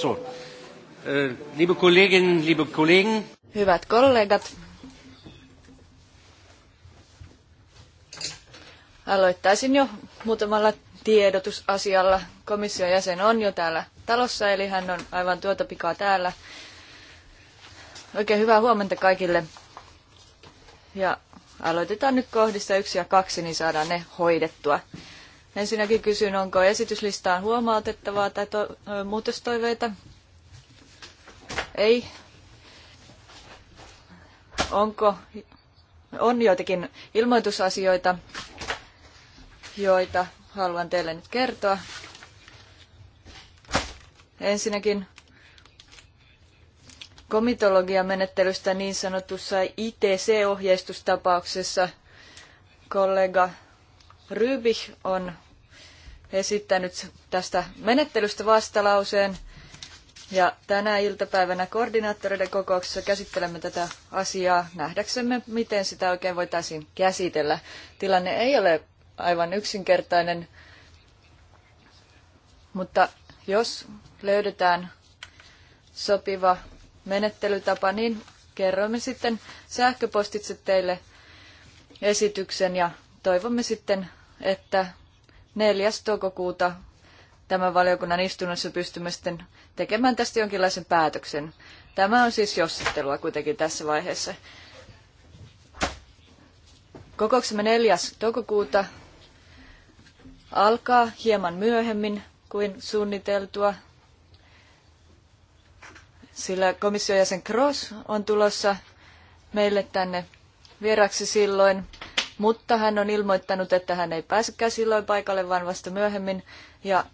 So. Äh, liebe Kolleginnen, liebe Kollegen. Hyvät kollegat. Aloittaisin jo muutamalla tiedotusasialla. Komission jäsen on jo täällä talossa, eli hän on aivan tuota pikaa täällä. Oikein hyvää huomenta kaikille. Ja aloitetaan nyt kohdista yksi ja kaksi, niin saadaan ne hoidettua. Ensinnäkin kysyn, onko esityslistaan huomautettavaa tai to- muutostoiveita? Ei. Onko, on joitakin ilmoitusasioita, joita haluan teille nyt kertoa. Ensinnäkin komitologiamenettelystä niin sanotussa ITC-ohjeistustapauksessa kollega Rybich on esittänyt tästä menettelystä vastalauseen. Ja tänä iltapäivänä koordinaattoreiden kokouksessa käsittelemme tätä asiaa nähdäksemme, miten sitä oikein voitaisiin käsitellä. Tilanne ei ole aivan yksinkertainen, mutta jos löydetään sopiva menettelytapa, niin kerromme sitten sähköpostitse teille esityksen ja toivomme sitten, että 4. toukokuuta tämän valiokunnan istunnossa pystymme sitten tekemään tästä jonkinlaisen päätöksen. Tämä on siis jossittelua kuitenkin tässä vaiheessa. Kokouksemme 4. toukokuuta alkaa hieman myöhemmin kuin suunniteltua, sillä komission jäsen Cross on tulossa meille tänne vieraksi silloin mutta hän on ilmoittanut, että hän ei pääsekään silloin paikalle, vaan vasta myöhemmin. Ja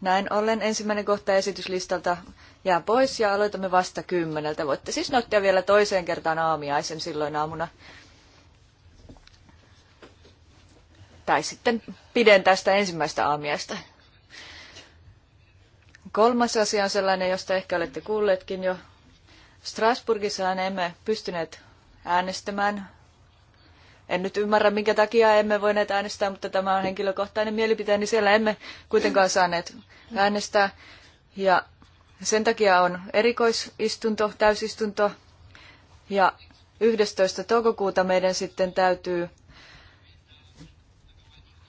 näin ollen ensimmäinen kohta esityslistalta jää pois ja aloitamme vasta kymmeneltä. Voitte siis nauttia vielä toiseen kertaan aamiaisen silloin aamuna. Tai sitten piden tästä ensimmäistä aamiaista. Kolmas asia on sellainen, josta ehkä olette kuulleetkin jo. Strasburgissa emme pystyneet äänestämään en nyt ymmärrä, minkä takia emme voineet äänestää, mutta tämä on henkilökohtainen mielipiteeni. Niin siellä emme kuitenkaan saaneet äänestää. Ja sen takia on erikoisistunto, täysistunto. Ja 11. toukokuuta meidän sitten täytyy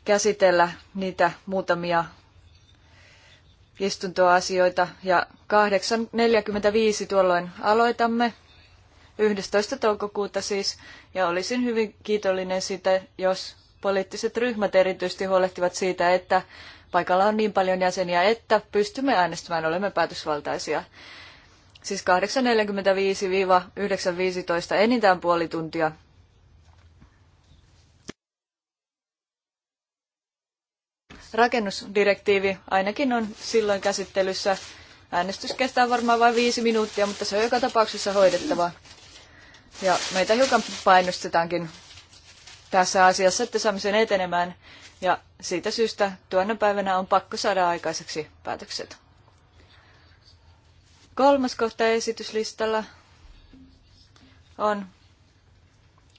käsitellä niitä muutamia istuntoasioita. Ja 8.45 tuolloin aloitamme 11. toukokuuta siis, ja olisin hyvin kiitollinen siitä, jos poliittiset ryhmät erityisesti huolehtivat siitä, että paikalla on niin paljon jäseniä, että pystymme äänestämään, olemme päätösvaltaisia. Siis 8.45-9.15 enintään puoli tuntia. Rakennusdirektiivi ainakin on silloin käsittelyssä. Äänestys kestää varmaan vain viisi minuuttia, mutta se on joka tapauksessa hoidettava. Ja meitä hiukan painostetaankin tässä asiassa, että saamme sen etenemään. Ja siitä syystä tuona päivänä on pakko saada aikaiseksi päätökset. Kolmas kohta esityslistalla on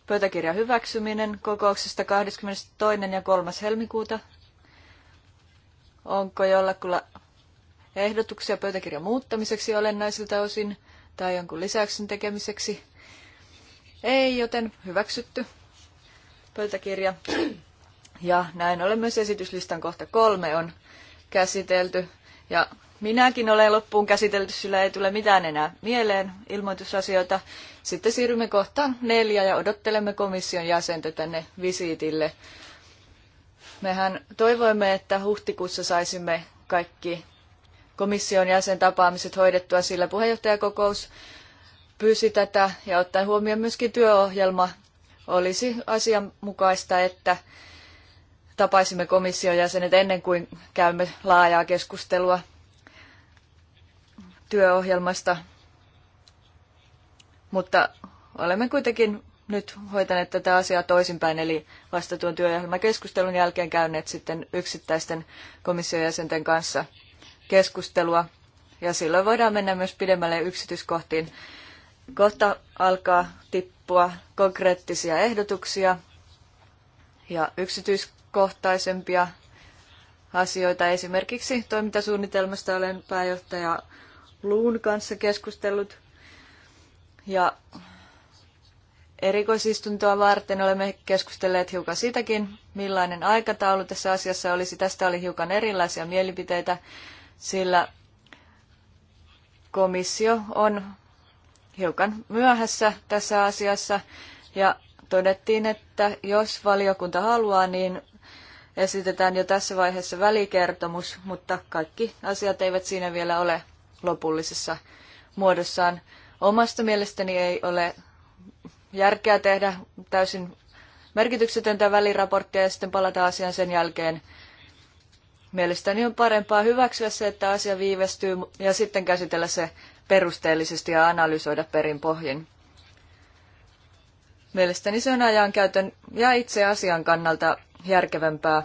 pöytäkirjan hyväksyminen kokouksesta 22. ja 3. helmikuuta. Onko jollakulla ehdotuksia pöytäkirjan muuttamiseksi olennaisilta osin tai jonkun lisäyksen tekemiseksi? Ei, joten hyväksytty pöytäkirja. Ja näin ollen myös esityslistan kohta kolme on käsitelty. Ja minäkin olen loppuun käsitelty, sillä ei tule mitään enää mieleen ilmoitusasioita. Sitten siirrymme kohtaan neljä ja odottelemme komission jäsentä tänne visiitille. Mehän toivoimme, että huhtikuussa saisimme kaikki komission jäsen tapaamiset hoidettua, sillä puheenjohtajakokous pyysi tätä ja ottaen huomioon myöskin työohjelma, olisi asianmukaista, että tapaisimme komission jäsenet ennen kuin käymme laajaa keskustelua työohjelmasta. Mutta olemme kuitenkin nyt hoitaneet tätä asiaa toisinpäin, eli vasta tuon työohjelmakeskustelun jälkeen käyneet sitten yksittäisten komission jäsenten kanssa keskustelua. Ja silloin voidaan mennä myös pidemmälle yksityiskohtiin Kohta alkaa tippua konkreettisia ehdotuksia ja yksityiskohtaisempia asioita. Esimerkiksi toimintasuunnitelmasta olen pääjohtaja Luun kanssa keskustellut. Ja erikoisistuntoa varten olemme keskustelleet hiukan sitäkin, millainen aikataulu tässä asiassa olisi. Tästä oli hiukan erilaisia mielipiteitä, sillä komissio on hiukan myöhässä tässä asiassa ja todettiin, että jos valiokunta haluaa, niin esitetään jo tässä vaiheessa välikertomus, mutta kaikki asiat eivät siinä vielä ole lopullisessa muodossaan. Omasta mielestäni ei ole järkeä tehdä täysin merkityksetöntä väliraporttia ja sitten palata asiaan sen jälkeen. Mielestäni on parempaa hyväksyä se, että asia viivästyy ja sitten käsitellä se perusteellisesti ja analysoida perin pohjin. Mielestäni se on ajankäytön ja itse asian kannalta järkevämpää,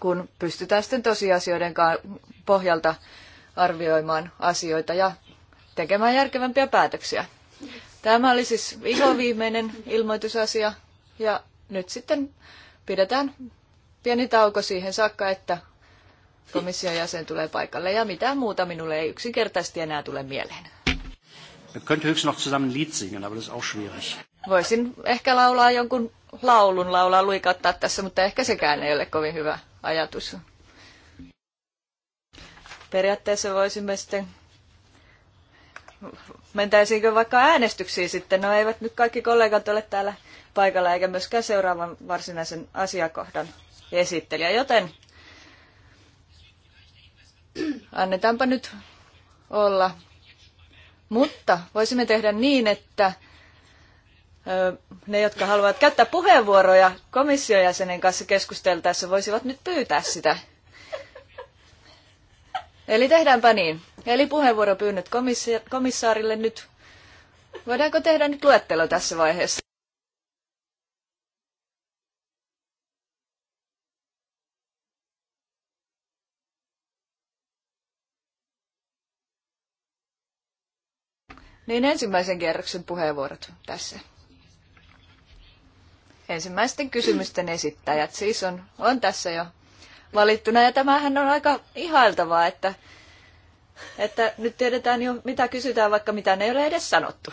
kun pystytään sitten tosiasioiden pohjalta arvioimaan asioita ja tekemään järkevämpiä päätöksiä. Tämä oli siis viimeinen ilmoitusasia ja nyt sitten pidetään pieni tauko siihen saakka, että komission jäsen tulee paikalle ja mitään muuta minulle ei yksinkertaisesti enää tule mieleen. Voisin ehkä laulaa jonkun laulun, laulaa luikauttaa tässä, mutta ehkä sekään ei ole kovin hyvä ajatus. Periaatteessa voisimme sitten mentäisiinkö vaikka äänestyksiin sitten? No eivät nyt kaikki kollegat ole täällä paikalla eikä myöskään seuraavan varsinaisen asiakohdan esittelijä, joten annetaanpa nyt olla. Mutta voisimme tehdä niin, että ne, jotka haluavat käyttää puheenvuoroja komission jäsenen kanssa keskusteltaessa, voisivat nyt pyytää sitä. Eli tehdäänpä niin. Eli puheenvuoropyynnöt komissaarille nyt. Voidaanko tehdä nyt luettelo tässä vaiheessa? Niin ensimmäisen kierroksen puheenvuorot tässä. Ensimmäisten kysymysten esittäjät siis on, on tässä jo valittuna. Ja tämähän on aika ihailtavaa, että, että nyt tiedetään jo mitä kysytään, vaikka mitä ei ole edes sanottu.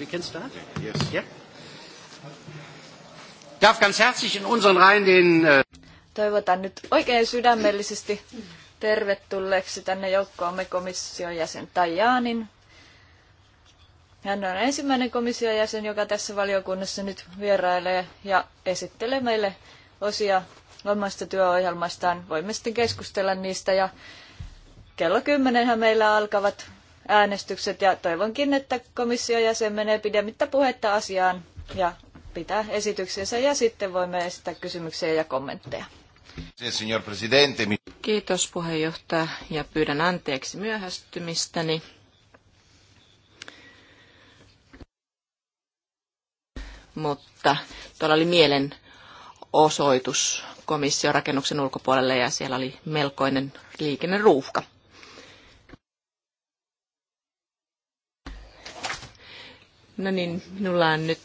We can start? Yes. Yeah. Darf ganz herzlich in unseren Reihen den... Äh, Toivotan nyt oikein sydämellisesti tervetulleeksi tänne joukkoomme komission jäsen Tajanin. Hän on ensimmäinen komission jäsen, joka tässä valiokunnassa nyt vierailee ja esittelee meille osia omasta työohjelmastaan. Voimme sitten keskustella niistä ja kello kymmenenhän meillä alkavat äänestykset ja toivonkin, että komission jäsen menee pidemmittä puhetta asiaan ja pitää esityksensä ja sitten voimme esittää kysymyksiä ja kommentteja. Kiitos puheenjohtaja ja pyydän anteeksi myöhästymistäni. Mutta tuolla oli mielen osoitus komission rakennuksen ulkopuolelle ja siellä oli melkoinen liikenneruuhka. No niin, minulla on nyt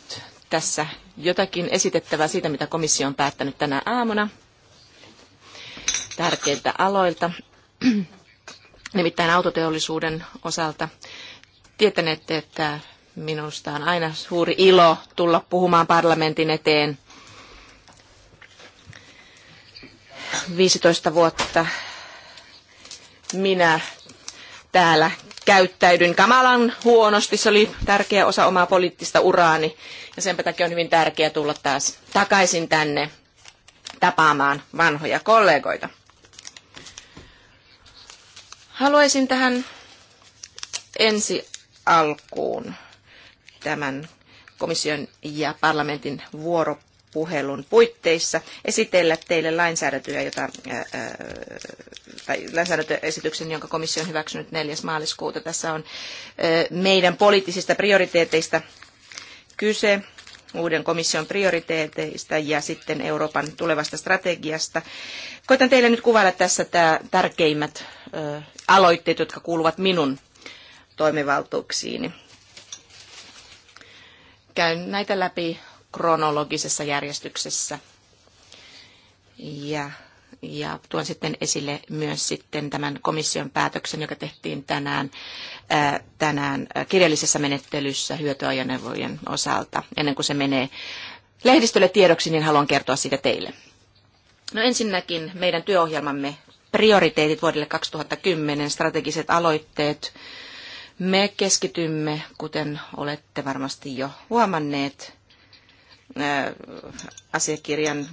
tässä jotakin esitettävää siitä, mitä komissio on päättänyt tänä aamuna tärkeiltä aloilta, nimittäin autoteollisuuden osalta. Tietänette, että minusta on aina suuri ilo tulla puhumaan parlamentin eteen. 15 vuotta minä täällä käyttäydyn kamalan huonosti. Se oli tärkeä osa omaa poliittista uraani ja sen takia on hyvin tärkeää tulla taas takaisin tänne tapaamaan vanhoja kollegoita. Haluaisin tähän ensi alkuun tämän komission ja parlamentin vuoropuolun puhelun puitteissa esitellä teille lainsäädäntöä, jota, tai lainsäädäntöesityksen, jonka komissio on hyväksynyt 4. maaliskuuta. Tässä on meidän poliittisista prioriteeteista kyse uuden komission prioriteeteista ja sitten Euroopan tulevasta strategiasta. Koitan teille nyt kuvailla tässä tämä tärkeimmät aloitteet, jotka kuuluvat minun toimivaltuuksiini. Käyn näitä läpi kronologisessa järjestyksessä. Ja, ja tuon sitten esille myös sitten tämän komission päätöksen, joka tehtiin tänään, ää, tänään kirjallisessa menettelyssä hyötyajoneuvojen osalta. Ennen kuin se menee lehdistölle tiedoksi, niin haluan kertoa siitä teille. No ensinnäkin meidän työohjelmamme prioriteetit vuodelle 2010, strategiset aloitteet. Me keskitymme, kuten olette varmasti jo huomanneet, Äh, asiakirjan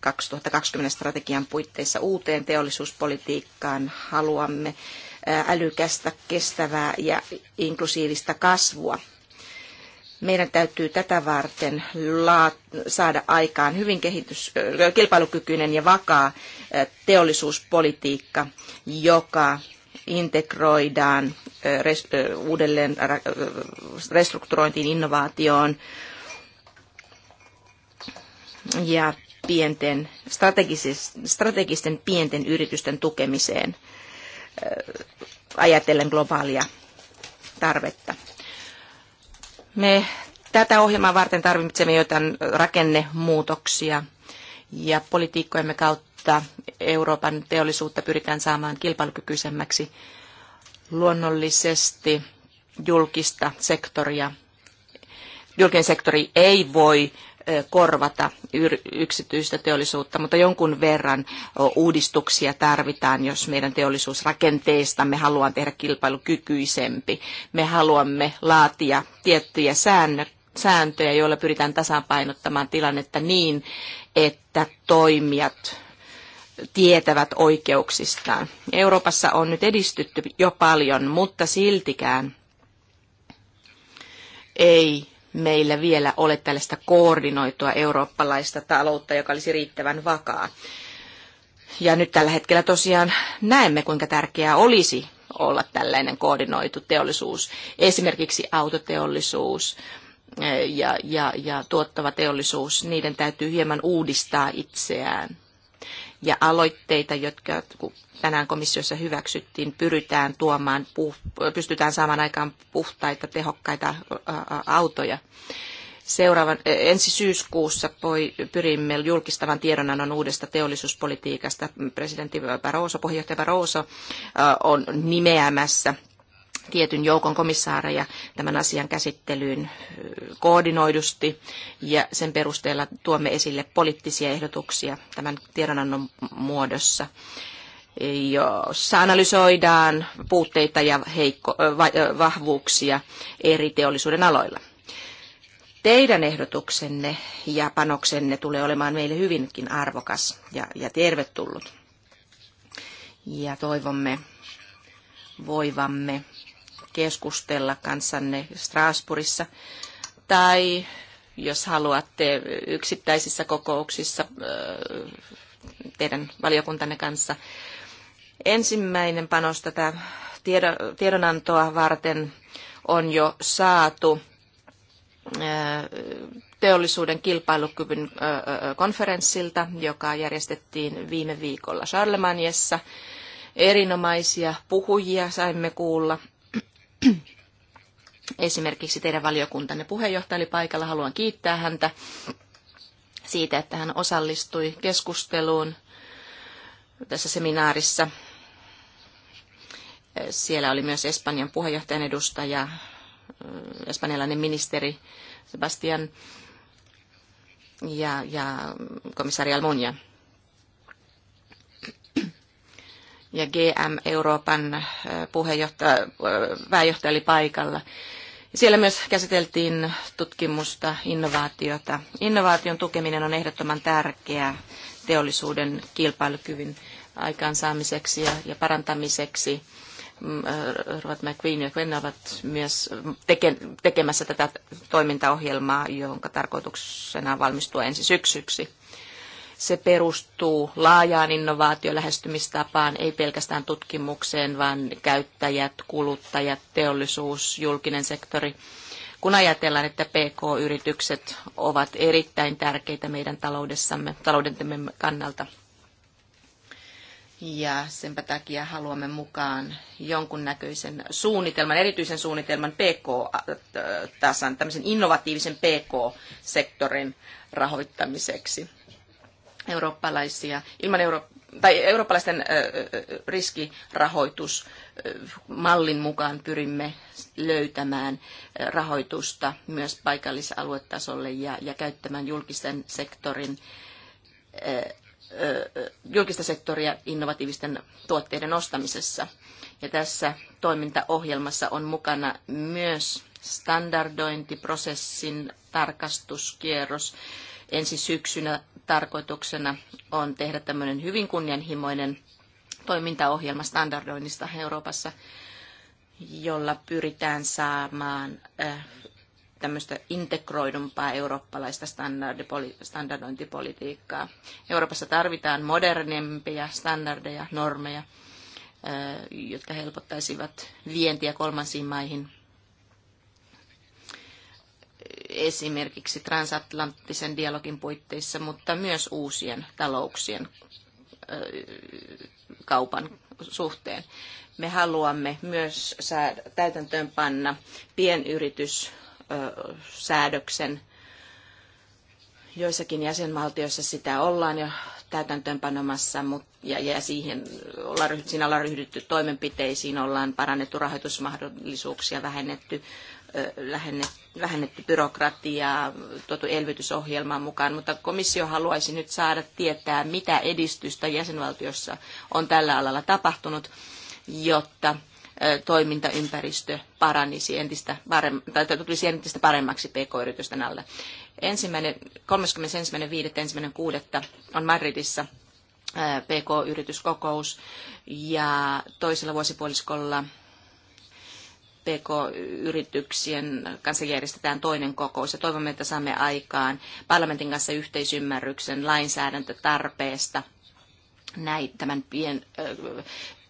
2020 strategian puitteissa uuteen teollisuuspolitiikkaan haluamme äh, älykästä, kestävää ja inklusiivista kasvua. Meidän täytyy tätä varten saada aikaan hyvin kehitys, äh, kilpailukykyinen ja vakaa teollisuuspolitiikka, joka integroidaan uudelleen restrukturointiin, innovaatioon, ja pienten, strategisten pienten yritysten tukemiseen äh, ajatellen globaalia tarvetta. Me tätä ohjelmaa varten tarvitsemme joitain rakennemuutoksia ja politiikkojemme kautta Euroopan teollisuutta pyritään saamaan kilpailukykyisemmäksi luonnollisesti julkista sektoria. Julkinen sektori ei voi korvata yksityistä teollisuutta, mutta jonkun verran uudistuksia tarvitaan, jos meidän teollisuusrakenteesta me haluamme tehdä kilpailukykyisempi. Me haluamme laatia tiettyjä sääntöjä, joilla pyritään tasapainottamaan tilannetta niin, että toimijat tietävät oikeuksistaan. Euroopassa on nyt edistytty jo paljon, mutta siltikään ei meillä vielä ole tällaista koordinoitua eurooppalaista taloutta, joka olisi riittävän vakaa. Ja nyt tällä hetkellä tosiaan näemme, kuinka tärkeää olisi olla tällainen koordinoitu teollisuus, esimerkiksi autoteollisuus, eh, ja, ja, ja tuottava teollisuus, niiden täytyy hieman uudistaa itseään ja aloitteita, jotka tänään komissiossa hyväksyttiin, pyritään tuomaan, pystytään saamaan aikaan puhtaita, tehokkaita autoja. Seuraavan, e, ensi syyskuussa pyrimme julkistavan tiedonannon uudesta teollisuuspolitiikasta. Presidentti Barroso, puheenjohtaja Barroso on nimeämässä tietyn joukon komissaareja tämän asian käsittelyyn koordinoidusti ja sen perusteella tuomme esille poliittisia ehdotuksia tämän tiedonannon muodossa jossa analysoidaan puutteita ja heikko, vahvuuksia eri teollisuuden aloilla. Teidän ehdotuksenne ja panoksenne tulee olemaan meille hyvinkin arvokas ja, ja tervetullut. Ja toivomme voivamme keskustella kanssanne Strasbourgissa tai jos haluatte yksittäisissä kokouksissa teidän valiokuntanne kanssa. Ensimmäinen panos tätä tiedonantoa varten on jo saatu teollisuuden kilpailukyvyn konferenssilta, joka järjestettiin viime viikolla Charlemagneessa. Erinomaisia puhujia saimme kuulla Esimerkiksi teidän valiokuntanne puheenjohtaja oli paikalla. Haluan kiittää häntä siitä, että hän osallistui keskusteluun tässä seminaarissa. Siellä oli myös Espanjan puheenjohtajan edustaja, espanjalainen ministeri Sebastian ja, ja komissaari Almunia. ja GM Euroopan puheenjohtaja, pääjohtaja oli paikalla. Siellä myös käsiteltiin tutkimusta, innovaatiota. Innovaation tukeminen on ehdottoman tärkeää teollisuuden kilpailukyvyn aikaansaamiseksi ja, ja parantamiseksi. Mm, Robert McQueen ja Quinn ovat myös teke, tekemässä tätä toimintaohjelmaa, jonka tarkoituksena on valmistua ensi syksyksi. Se perustuu laajaan innovaatiolähestymistapaan, ei pelkästään tutkimukseen, vaan käyttäjät, kuluttajat, teollisuus, julkinen sektori. Kun ajatellaan, että PK-yritykset ovat erittäin tärkeitä meidän taloudessamme, taloudentemme kannalta, ja senpä takia haluamme mukaan jonkun näköisen suunnitelman, erityisen suunnitelman PK-tasan, äh, tämmöisen innovatiivisen PK-sektorin rahoittamiseksi eurooppalaisia, ilman euro, tai eurooppalaisten riskirahoitusmallin mukaan pyrimme löytämään rahoitusta myös paikallisaluetasolle ja, ja käyttämään julkisen sektorin julkista sektoria innovatiivisten tuotteiden ostamisessa. Ja tässä toimintaohjelmassa on mukana myös standardointiprosessin tarkastuskierros, ensi syksynä tarkoituksena on tehdä tämmöinen hyvin kunnianhimoinen toimintaohjelma standardoinnista Euroopassa, jolla pyritään saamaan äh, tämmöistä integroidumpaa eurooppalaista standardointipolitiikkaa. Euroopassa tarvitaan modernimpia standardeja, normeja, äh, jotka helpottaisivat vientiä kolmansiin maihin esimerkiksi transatlanttisen dialogin puitteissa, mutta myös uusien talouksien kaupan suhteen. Me haluamme myös täytäntöönpanna pienyrityssäädöksen. Joissakin jäsenvaltioissa sitä ollaan jo täytäntöönpanomassa ja, ja siihen ollaan, siinä ollaan ryhdytty toimenpiteisiin, ollaan parannettu rahoitusmahdollisuuksia, vähennetty vähennetty byrokratiaa, tuotu elvytysohjelmaan mukaan, mutta komissio haluaisi nyt saada tietää, mitä edistystä jäsenvaltiossa on tällä alalla tapahtunut, jotta toimintaympäristö paranisi entistä parem- tai tulisi entistä paremmaksi pk-yritysten alle. Ensimmäinen, 31.5.1.6. on Madridissa PK-yrityskokous ja toisella vuosipuoliskolla PK-yrityksien kanssa järjestetään toinen kokous ja toivomme, että saamme aikaan parlamentin kanssa yhteisymmärryksen lainsäädäntötarpeesta näin tämän pien,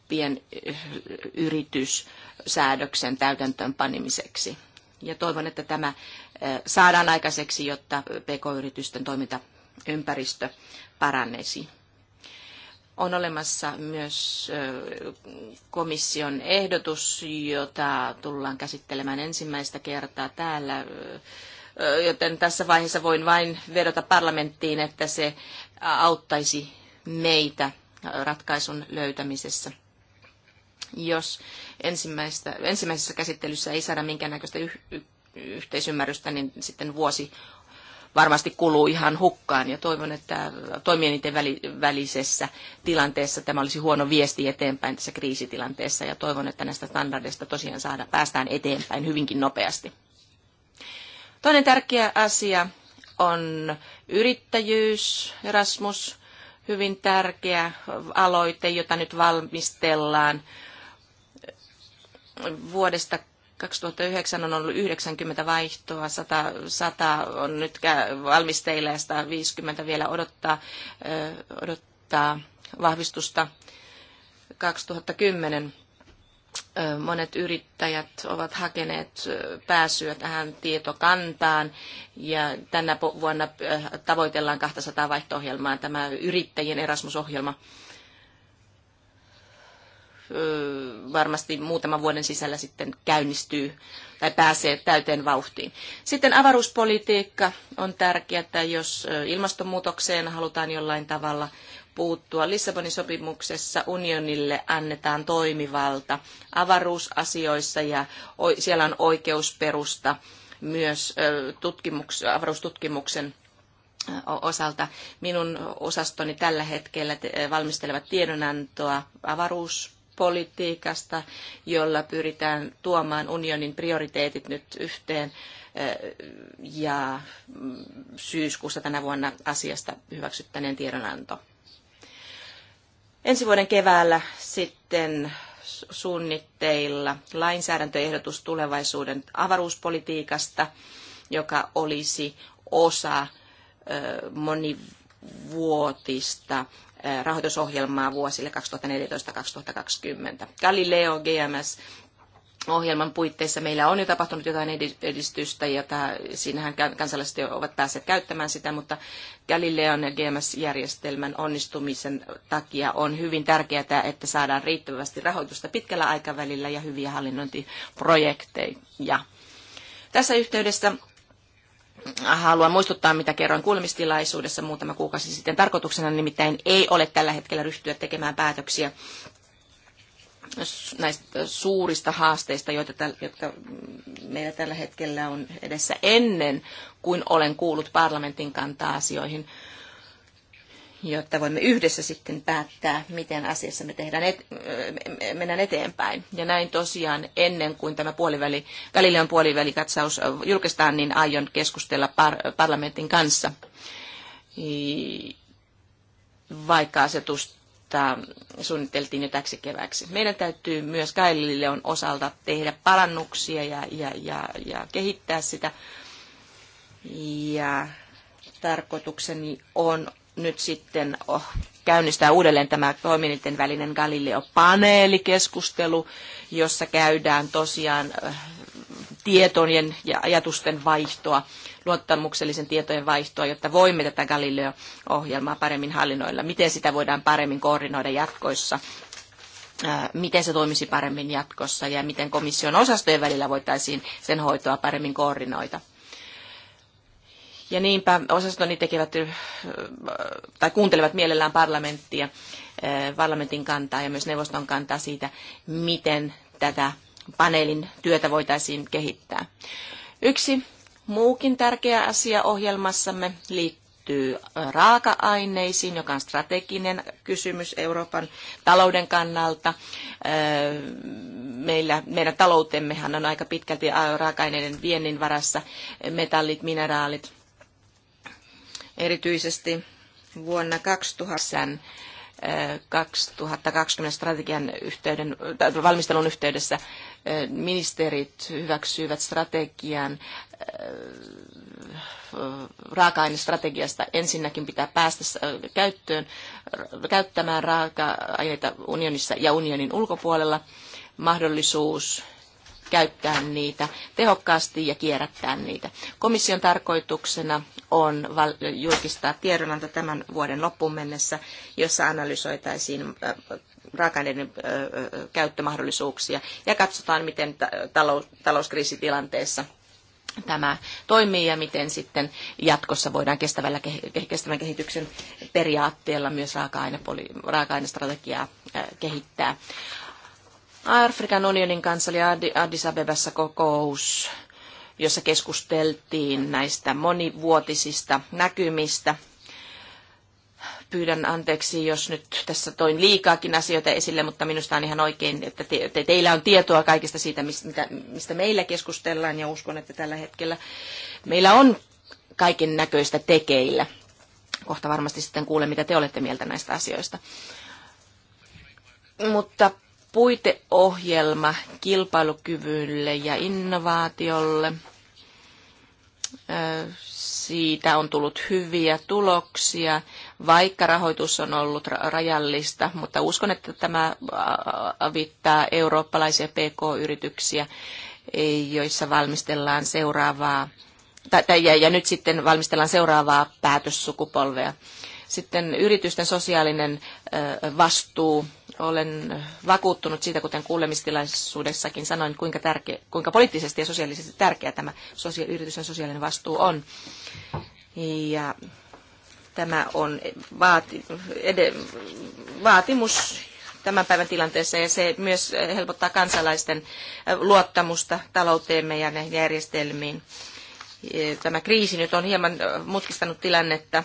pienyrityssäädöksen täytäntöönpanimiseksi. Ja toivon, että tämä saadaan aikaiseksi, jotta PK-yritysten toimintaympäristö paranneisi on olemassa myös komission ehdotus, jota tullaan käsittelemään ensimmäistä kertaa täällä. Joten tässä vaiheessa voin vain vedota parlamenttiin, että se auttaisi meitä ratkaisun löytämisessä. Jos ensimmäistä, ensimmäisessä käsittelyssä ei saada minkäännäköistä yh, yhteisymmärrystä, niin sitten vuosi varmasti kuluu ihan hukkaan ja toivon, että toimielinten välisessä tilanteessa tämä olisi huono viesti eteenpäin tässä kriisitilanteessa ja toivon, että näistä standardeista tosiaan saada, päästään eteenpäin hyvinkin nopeasti. Toinen tärkeä asia on yrittäjyys, Erasmus, hyvin tärkeä aloite, jota nyt valmistellaan vuodesta 2009 on ollut 90 vaihtoa, 100, 100 on nyt valmisteilla ja 150 vielä odottaa, odottaa vahvistusta. 2010 monet yrittäjät ovat hakeneet pääsyä tähän tietokantaan ja tänä vuonna tavoitellaan 200 vaihto-ohjelmaa tämä yrittäjien Erasmus-ohjelma varmasti muutaman vuoden sisällä sitten käynnistyy tai pääsee täyteen vauhtiin. Sitten avaruuspolitiikka on tärkeää, että jos ilmastonmuutokseen halutaan jollain tavalla puuttua. Lissabonin sopimuksessa unionille annetaan toimivalta avaruusasioissa ja siellä on oikeusperusta myös tutkimuks, avaruustutkimuksen osalta. Minun osastoni tällä hetkellä valmistelevat tiedonantoa avaruus politiikasta, jolla pyritään tuomaan unionin prioriteetit nyt yhteen. Eh, ja mm, syyskuussa tänä vuonna asiasta hyväksyttäneen tiedonanto. Ensi vuoden keväällä sitten suunnitteilla lainsäädäntöehdotus tulevaisuuden avaruuspolitiikasta, joka olisi osa eh, monivuotista rahoitusohjelmaa vuosille 2014-2020. Galileo GMS ohjelman puitteissa meillä on jo tapahtunut jotain edistystä ja siinähän kansalaiset ovat päässeet käyttämään sitä, mutta Galilean ja GMS-järjestelmän onnistumisen takia on hyvin tärkeää, että saadaan riittävästi rahoitusta pitkällä aikavälillä ja hyviä hallinnointiprojekteja. Tässä yhteydessä haluan muistuttaa, mitä kerroin kuulemistilaisuudessa muutama kuukausi sitten. Tarkoituksena nimittäin ei ole tällä hetkellä ryhtyä tekemään päätöksiä näistä suurista haasteista, joita, jotka meillä tällä hetkellä on edessä ennen kuin olen kuullut parlamentin kantaa asioihin jotta voimme yhdessä sitten päättää, miten asiassa me tehdään et, mennään eteenpäin. Ja näin tosiaan ennen kuin tämä puoliväli, Galileon puolivälikatsaus julkaistaan, niin aion keskustella par, parlamentin kanssa, vaikka asetusta suunniteltiin jo täksi keväksi. Meidän täytyy myös Galileon osalta tehdä parannuksia ja, ja, ja, ja kehittää sitä. Ja tarkoitukseni on nyt sitten oh, käynnistää uudelleen tämä toimielinten välinen Galileo-paneelikeskustelu, jossa käydään tosiaan eh, tietojen ja ajatusten vaihtoa, luottamuksellisen tietojen vaihtoa, jotta voimme tätä Galileo-ohjelmaa paremmin hallinnoilla. Miten sitä voidaan paremmin koordinoida jatkoissa? Eh, miten se toimisi paremmin jatkossa ja miten komission osastojen välillä voitaisiin sen hoitoa paremmin koordinoida ja niinpä osastoni tekevät tai kuuntelevat mielellään parlamenttia, parlamentin kantaa ja myös neuvoston kantaa siitä, miten tätä paneelin työtä voitaisiin kehittää. Yksi muukin tärkeä asia ohjelmassamme liittyy raaka-aineisiin, joka on strateginen kysymys Euroopan talouden kannalta. Meillä, meidän taloutemmehan on aika pitkälti raaka-aineiden viennin varassa, metallit, mineraalit, erityisesti vuonna 2000 2020 äh, strategian yhteyden, äh, valmistelun yhteydessä äh, ministerit hyväksyivät strategian raaka-ainestrategiasta. Ensinnäkin pitää päästä käyttöön, käyttämään raaka-aineita unionissa ja unionin ulkopuolella. Mahdollisuus käyttää niitä tehokkaasti ja kierrättää niitä. Komission tarkoituksena on julkistaa tiedonanto tämän vuoden loppuun mennessä, jossa analysoitaisiin äh, raaka-aineiden äh, äh, käyttömahdollisuuksia ja katsotaan, miten talouskriisitilanteessa tämä toimii ja miten sitten jatkossa voidaan kestävällä, kestävän kehityksen periaatteella myös raaka-ainestrategiaa raaka kehittää. Afrikan unionin kanssa oli Addis Abebassa kokous, jossa keskusteltiin näistä monivuotisista näkymistä. Pyydän anteeksi, jos nyt tässä toin liikaakin asioita esille, mutta minusta on ihan oikein, että te, te, teillä on tietoa kaikista siitä, mistä, mistä meillä keskustellaan, ja uskon, että tällä hetkellä meillä on kaiken näköistä tekeillä. Kohta varmasti sitten kuulen, mitä te olette mieltä näistä asioista. Mutta puiteohjelma kilpailukyvylle ja innovaatiolle. Siitä on tullut hyviä tuloksia, vaikka rahoitus on ollut rajallista, mutta uskon, että tämä avittaa eurooppalaisia PK-yrityksiä, e, joissa valmistellaan seuraavaa, tai, ja, ja nyt sitten valmistellaan seuraavaa päätössukupolvea. Sitten yritysten sosiaalinen vastuu olen vakuuttunut siitä, kuten kuulemistilaisuudessakin sanoin, kuinka, tärkeä, kuinka poliittisesti ja sosiaalisesti tärkeä tämä sosia- yritysten sosiaalinen vastuu on. Ja tämä on vaati, ed, vaatimus tämän päivän tilanteessa ja se myös helpottaa kansalaisten luottamusta talouteemme ja näihin järjestelmiin. Tämä kriisi nyt on hieman mutkistanut tilannetta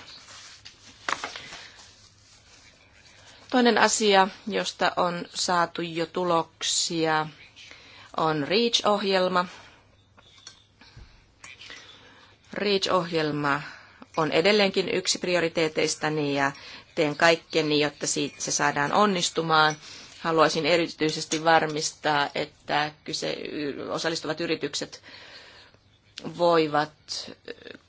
Toinen asia, josta on saatu jo tuloksia, on REACH-ohjelma. REACH-ohjelma on edelleenkin yksi prioriteeteistani ja teen kaikkeni, jotta siitä se saadaan onnistumaan. Haluaisin erityisesti varmistaa, että kyse, osallistuvat yritykset voivat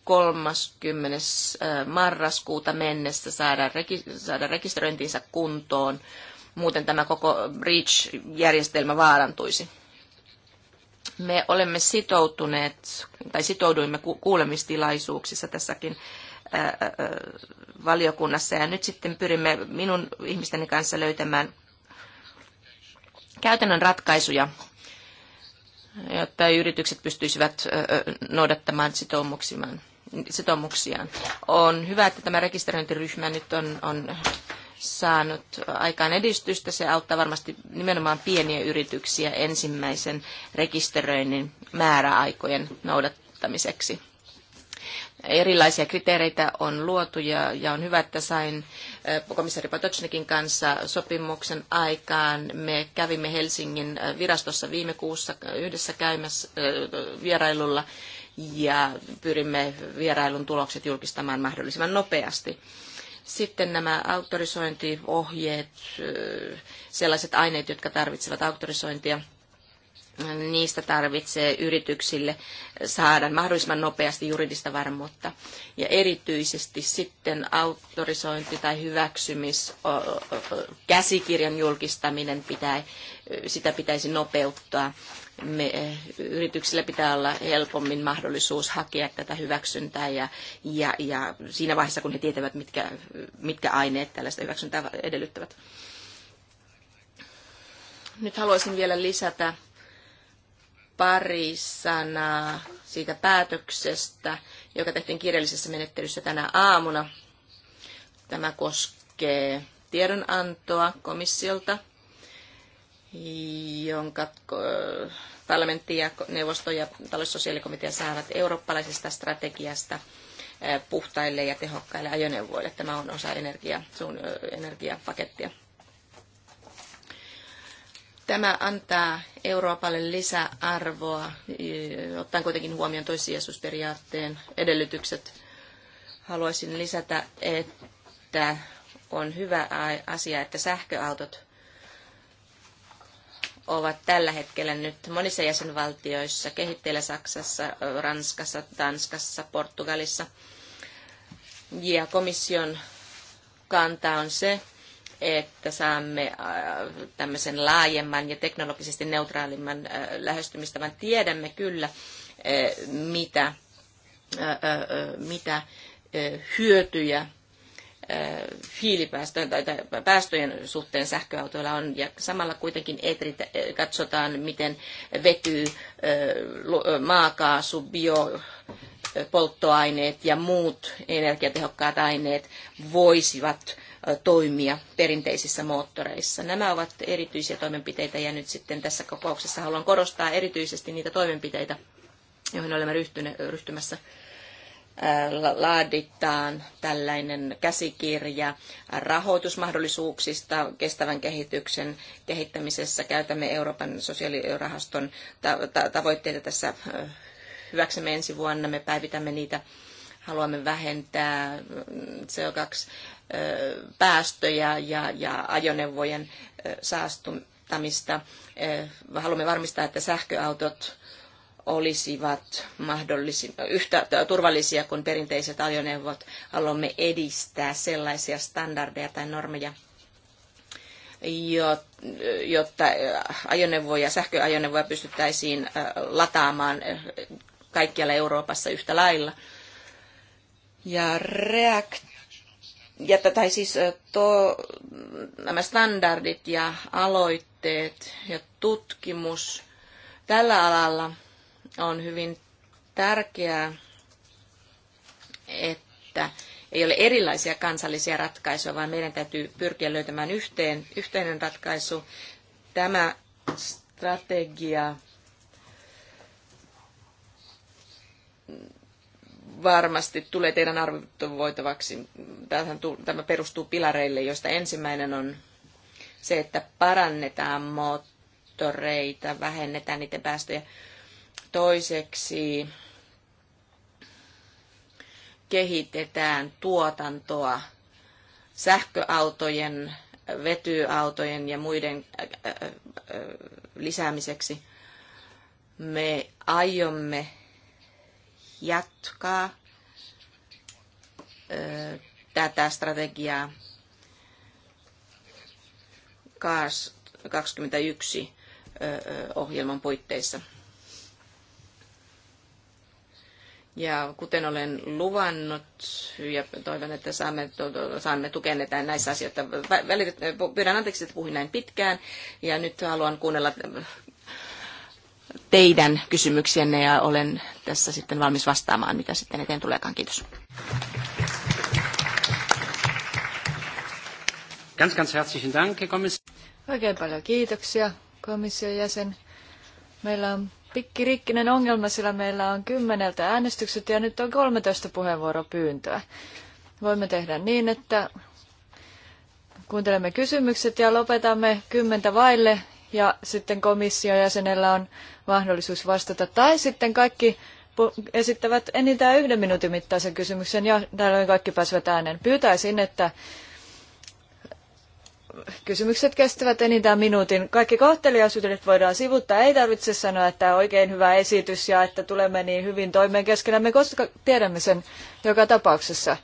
30. Äh, marraskuuta mennessä saada, saada rekisteröintinsä kuntoon. Muuten tämä koko REACH-järjestelmä vaarantuisi. Me olemme sitoutuneet, tai sitouduimme kuulemistilaisuuksissa tässäkin äh, äh, valiokunnassa, ja nyt sitten pyrimme minun ihmisteni kanssa löytämään käytännön ratkaisuja, jotta yritykset pystyisivät noudattamaan sitoumuksiaan sitoumuksiaan. On hyvä, että tämä rekisteröintiryhmä nyt on, on saanut aikaan edistystä. Se auttaa varmasti nimenomaan pieniä yrityksiä ensimmäisen rekisteröinnin määräaikojen noudattamiseksi. Erilaisia kriteereitä on luotu ja, ja on hyvä, että sain komissaari Patocnikin kanssa sopimuksen aikaan. Me kävimme Helsingin virastossa viime kuussa yhdessä käymässä vierailulla ja pyrimme vierailun tulokset julkistamaan mahdollisimman nopeasti. Sitten nämä auktorisointiohjeet, sellaiset aineet, jotka tarvitsevat auktorisointia, niistä tarvitsee yrityksille saada mahdollisimman nopeasti juridista varmuutta. Ja erityisesti sitten autorisointi tai hyväksymis, käsikirjan julkistaminen pitää, sitä pitäisi nopeuttaa me, eh, yrityksillä pitää olla helpommin mahdollisuus hakea tätä hyväksyntää ja, ja, ja siinä vaiheessa, kun he tietävät, mitkä, mitkä aineet tällaista hyväksyntää edellyttävät. Nyt haluaisin vielä lisätä pari sanaa siitä päätöksestä, joka tehtiin kirjallisessa menettelyssä tänä aamuna. Tämä koskee tiedonantoa komissiolta jonka äh, parlamentti ja neuvosto ja taloussosiaalikomitea saavat eurooppalaisesta strategiasta äh, puhtaille ja tehokkaille ajoneuvoille. Tämä on osa energia, sun, äh, energiapakettia. Tämä antaa Euroopalle lisäarvoa, ottaen kuitenkin huomioon toissijaisuusperiaatteen edellytykset. Haluaisin lisätä, että on hyvä asia, että sähköautot ovat tällä hetkellä nyt monissa jäsenvaltioissa, kehitteillä Saksassa, Ranskassa, Tanskassa, Portugalissa. Ja komission kanta on se, että saamme äh, tämmöisen laajemman ja teknologisesti neutraalimman äh, lähestymistavan. Tiedämme kyllä, äh, mitä, mitä hyötyjä Äh, hiilipäästöjen tai päästöjen suhteen sähköautoilla on, ja samalla kuitenkin etrit, äh, katsotaan, miten vety, äh, maakaasu, polttoaineet ja muut energiatehokkaat aineet voisivat toimia perinteisissä moottoreissa. Nämä ovat erityisiä toimenpiteitä ja nyt sitten tässä kokouksessa haluan korostaa erityisesti niitä toimenpiteitä, joihin olemme ryhtyne, ryhtymässä laaditaan tällainen käsikirja rahoitusmahdollisuuksista kestävän kehityksen kehittämisessä. Käytämme Euroopan sosiaalirahaston tavoitteita tässä hyväksemme ensi vuonna. Me päivitämme niitä. Haluamme vähentää mm, CO2-päästöjä ja, ja ajoneuvojen saastumista. Haluamme varmistaa, että sähköautot olisivat yhtä turvallisia kuin perinteiset ajoneuvot. Haluamme edistää sellaisia standardeja tai normeja, jotta äh, ajoneuvoja, sähköajoneuvoja pystyttäisiin äh, lataamaan äh, kaikkialla Euroopassa yhtä lailla. Ja reakt ja, tai siis to, nämä standardit ja aloitteet ja tutkimus tällä alalla on hyvin tärkeää, että ei ole erilaisia kansallisia ratkaisuja, vaan meidän täytyy pyrkiä löytämään yhteen, yhteinen ratkaisu. Tämä strategia varmasti tulee teidän arvioitavaksi. Tämä perustuu pilareille, joista ensimmäinen on se, että parannetaan moottoreita, vähennetään niiden päästöjä. Toiseksi kehitetään tuotantoa sähköautojen, vetyautojen ja muiden äh, äh, äh, lisäämiseksi. Me aiomme jatkaa tätä strategiaa CARS 21 ohjelman puitteissa. Ja kuten olen luvannut ja toivon, että saamme, to, saamme tukenne näissä asioissa, pyydän anteeksi, että puhuin näin pitkään ja nyt haluan kuunnella äh, teidän kysymyksienne ja olen tässä sitten valmis vastaamaan, mitä sitten eteen tuleekaan. Kiitos. Ganz, ganz herzlichen Dank, Oikein paljon kiitoksia, komission jäsen. Meillä on pikkirikkinen ongelma, sillä meillä on kymmeneltä äänestykset ja nyt on 13 puheenvuoropyyntöä. Voimme tehdä niin, että kuuntelemme kysymykset ja lopetamme kymmentä vaille ja sitten komission jäsenellä on mahdollisuus vastata. Tai sitten kaikki esittävät enintään yhden minuutin mittaisen kysymyksen ja tällöin kaikki pääsevät ääneen. Pyytäisin, että kysymykset kestävät enintään minuutin. Kaikki kohteliaisuudet voidaan sivuttaa. Ei tarvitse sanoa, että oikein hyvä esitys ja että tulemme niin hyvin toimeen keskenämme, koska tiedämme sen joka tapauksessa.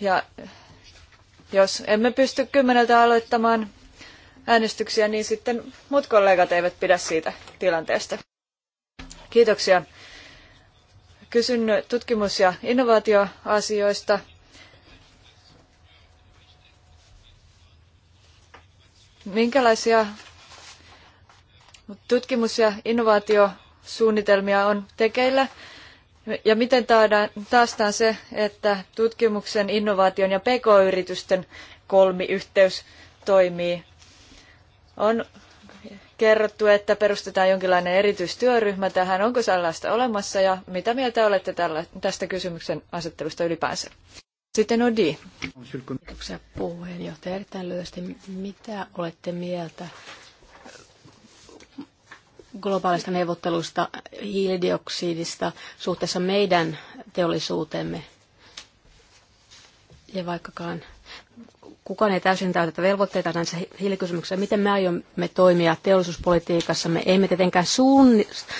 Ja jos emme pysty kymmeneltä aloittamaan äänestyksiä, niin sitten muut kollegat eivät pidä siitä tilanteesta. Kiitoksia. Kysyn tutkimus- ja innovaatioasioista Minkälaisia tutkimus- ja innovaatiosuunnitelmia on tekeillä? Ja miten taastaan se, että tutkimuksen, innovaation ja pk-yritysten kolmiyhteys toimii? On kerrottu, että perustetaan jonkinlainen erityistyöryhmä tähän. Onko sellaista olemassa ja mitä mieltä olette tästä kysymyksen asettelusta ylipäänsä? Sitten Odi. Kiitoksia puheenjohtaja. Erittäin lyhyesti, mitä olette mieltä globaalista neuvotteluista hiilidioksidista suhteessa meidän teollisuuteemme Ja vaikkakaan kukaan ei täysin tätä velvoitteita näissä hiilikysymyksissä. Miten me aiomme toimia teollisuuspolitiikassamme? Emme tietenkään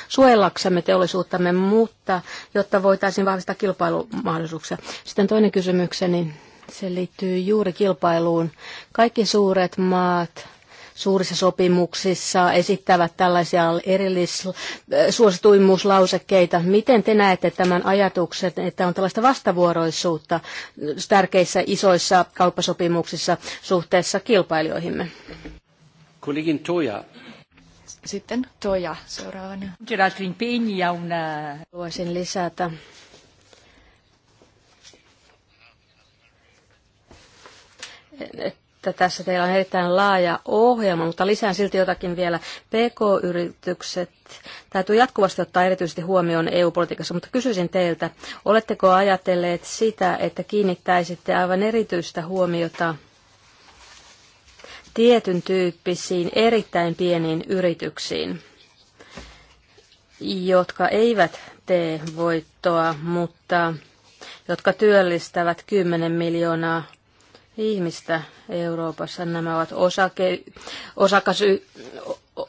suojellaksemme teollisuuttamme, mutta jotta voitaisiin vahvistaa kilpailumahdollisuuksia. Sitten toinen kysymykseni, se liittyy juuri kilpailuun. Kaikki suuret maat suurissa sopimuksissa esittävät tällaisia erillissuosituimmuuslausekkeita. Äh, Miten te näette tämän ajatuksen, että on tällaista vastavuoroisuutta tärkeissä isoissa kauppasopimuksissa suhteessa kilpailijoihimme? Kollegin Toja. Sitten Toja seuraavana. Voisin lisätä että tässä teillä on erittäin laaja ohjelma, mutta lisään silti jotakin vielä. PK-yritykset täytyy jatkuvasti ottaa erityisesti huomioon EU-politiikassa, mutta kysyisin teiltä, oletteko ajatelleet sitä, että kiinnittäisitte aivan erityistä huomiota tietyn tyyppisiin erittäin pieniin yrityksiin, jotka eivät tee voittoa, mutta jotka työllistävät 10 miljoonaa ihmistä Euroopassa. Nämä ovat osake, osakasy,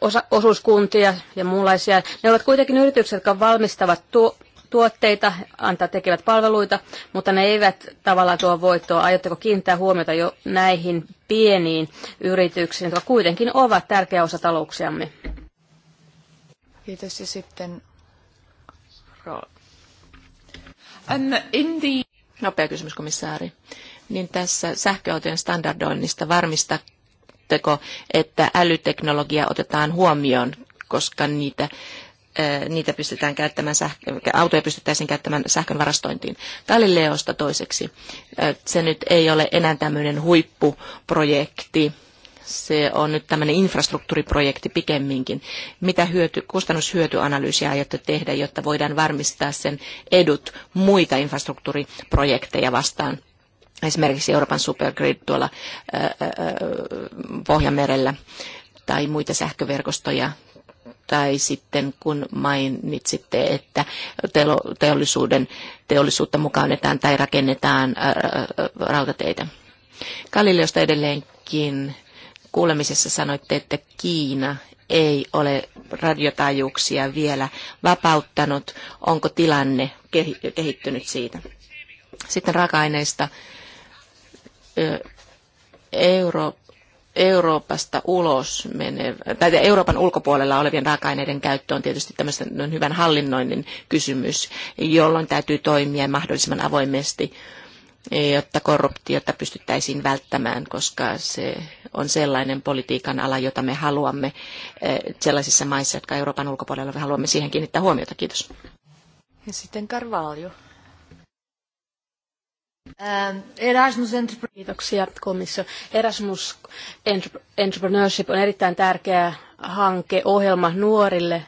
osa, osuuskuntia ja muunlaisia. Ne ovat kuitenkin yritykset, jotka valmistavat tuo, tuotteita, antaa tekevät palveluita, mutta ne eivät tavallaan tuo voittoa. Aiotteko kiinnittää huomiota jo näihin pieniin yrityksiin, jotka kuitenkin ovat tärkeä osa talouksiamme? Kiitos ja sitten Rool. Nopea kysymys, komissaari niin tässä sähköautojen standardoinnista varmistatteko, että älyteknologia otetaan huomioon, koska niitä niitä pystytään käyttämään sähkö, autoja pystyttäisiin käyttämään sähkön varastointiin. Galileosta toiseksi. Se nyt ei ole enää tämmöinen huippuprojekti. Se on nyt tämmöinen infrastruktuuriprojekti pikemminkin. Mitä hyöty, kustannushyötyanalyysiä aiotte tehdä, jotta voidaan varmistaa sen edut muita infrastruktuuriprojekteja vastaan? esimerkiksi Euroopan Supergrid tuolla Pohjanmerellä tai muita sähköverkostoja tai sitten kun mainitsitte, että teollisuuden, teollisuutta mukaan tai rakennetaan rautateitä. Galileosta edelleenkin kuulemisessa sanoitte, että Kiina ei ole radiotajuuksia vielä vapauttanut. Onko tilanne kehittynyt siitä? Sitten raaka-aineista Euro, Euroopasta ulos menevä, tai Euroopan ulkopuolella olevien raaka-aineiden käyttö on tietysti tämmöisen hyvän hallinnoinnin kysymys, jolloin täytyy toimia mahdollisimman avoimesti, jotta korruptiota pystyttäisiin välttämään, koska se on sellainen politiikan ala, jota me haluamme sellaisissa maissa, jotka Euroopan ulkopuolella me haluamme siihen kiinnittää huomiota. Kiitos. Ja sitten Carvalho. Ähm, Erasmus Kiitoksia komissio. Erasmus Entrepreneurship on erittäin tärkeä hanke, ohjelma nuorille,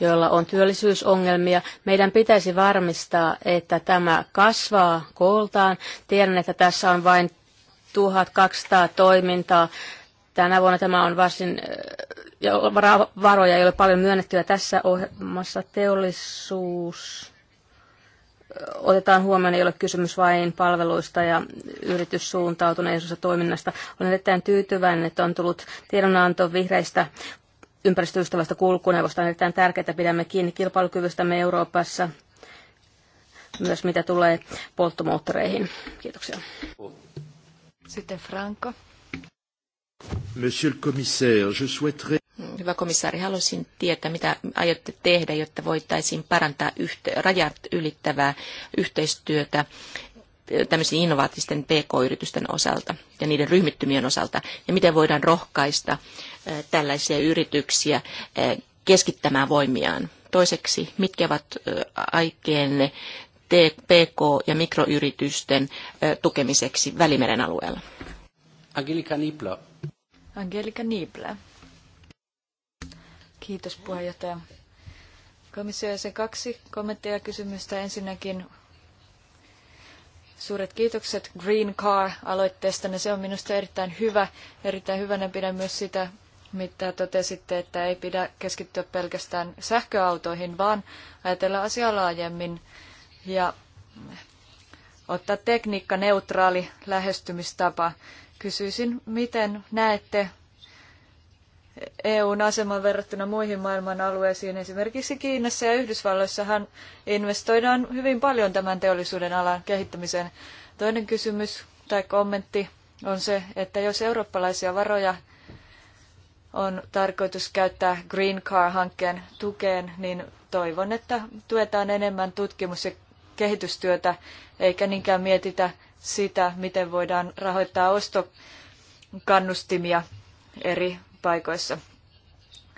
joilla on työllisyysongelmia. Meidän pitäisi varmistaa, että tämä kasvaa kooltaan. Tiedän, että tässä on vain 1200 toimintaa. Tänä vuonna tämä on varsin, äh, varoja ei ole paljon myönnettyä tässä ohjelmassa teollisuus otetaan huomioon, ei ole kysymys vain palveluista ja yrityssuuntautuneisuudesta toiminnasta. Olen erittäin tyytyväinen, että on tullut tiedonanto vihreistä ympäristöystävästä kulkuneuvosta. On erittäin tärkeää, että pidämme kiinni kilpailukyvystämme Euroopassa, myös mitä tulee polttomoottoreihin. Kiitoksia. Sitten Franco. Monsieur le commissaire, je souhaiterais... Hyvä komissaari, haluaisin tietää, mitä aiotte tehdä, jotta voitaisiin parantaa yhte- rajat ylittävää yhteistyötä tämmöisten innovaattisten PK-yritysten osalta ja niiden ryhmittymien osalta, ja miten voidaan rohkaista tällaisia yrityksiä keskittämään voimiaan. Toiseksi, mitkä ovat aikeenne PK- ja mikroyritysten tukemiseksi Välimeren alueella? Angelika Niplä. Angelika Niplä. Kiitos Komissio se kaksi kommenttia ja kysymystä. Ensinnäkin suuret kiitokset Green car aloitteesta, Se on minusta erittäin hyvä. Erittäin hyvänä pidän myös sitä, mitä totesitte, että ei pidä keskittyä pelkästään sähköautoihin, vaan ajatella asiaa laajemmin ja ottaa tekniikka neutraali lähestymistapa. Kysyisin, miten näette EUn aseman verrattuna muihin maailman alueisiin. Esimerkiksi Kiinassa ja Yhdysvalloissahan investoidaan hyvin paljon tämän teollisuuden alan kehittämiseen. Toinen kysymys tai kommentti on se, että jos eurooppalaisia varoja on tarkoitus käyttää Green Car-hankkeen tukeen, niin toivon, että tuetaan enemmän tutkimus- ja kehitystyötä, eikä niinkään mietitä sitä, miten voidaan rahoittaa ostokannustimia eri paikoissa.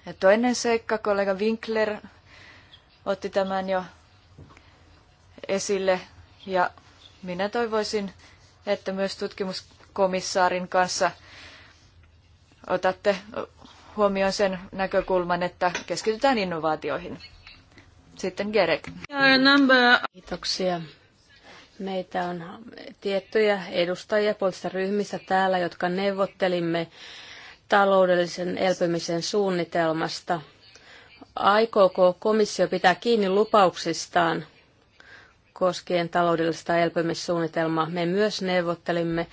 Ja toinen seikka, kollega Winkler otti tämän jo esille ja minä toivoisin, että myös tutkimuskomissaarin kanssa otatte huomioon sen näkökulman, että keskitytään innovaatioihin. Sitten Gerek. Kiitoksia. Meitä on tiettyjä edustajia puolesta ryhmissä täällä, jotka neuvottelimme taloudellisen elpymisen suunnitelmasta. Aikooko komissio pitää kiinni lupauksistaan koskien taloudellista elpymissuunnitelmaa? Me myös neuvottelimme eh,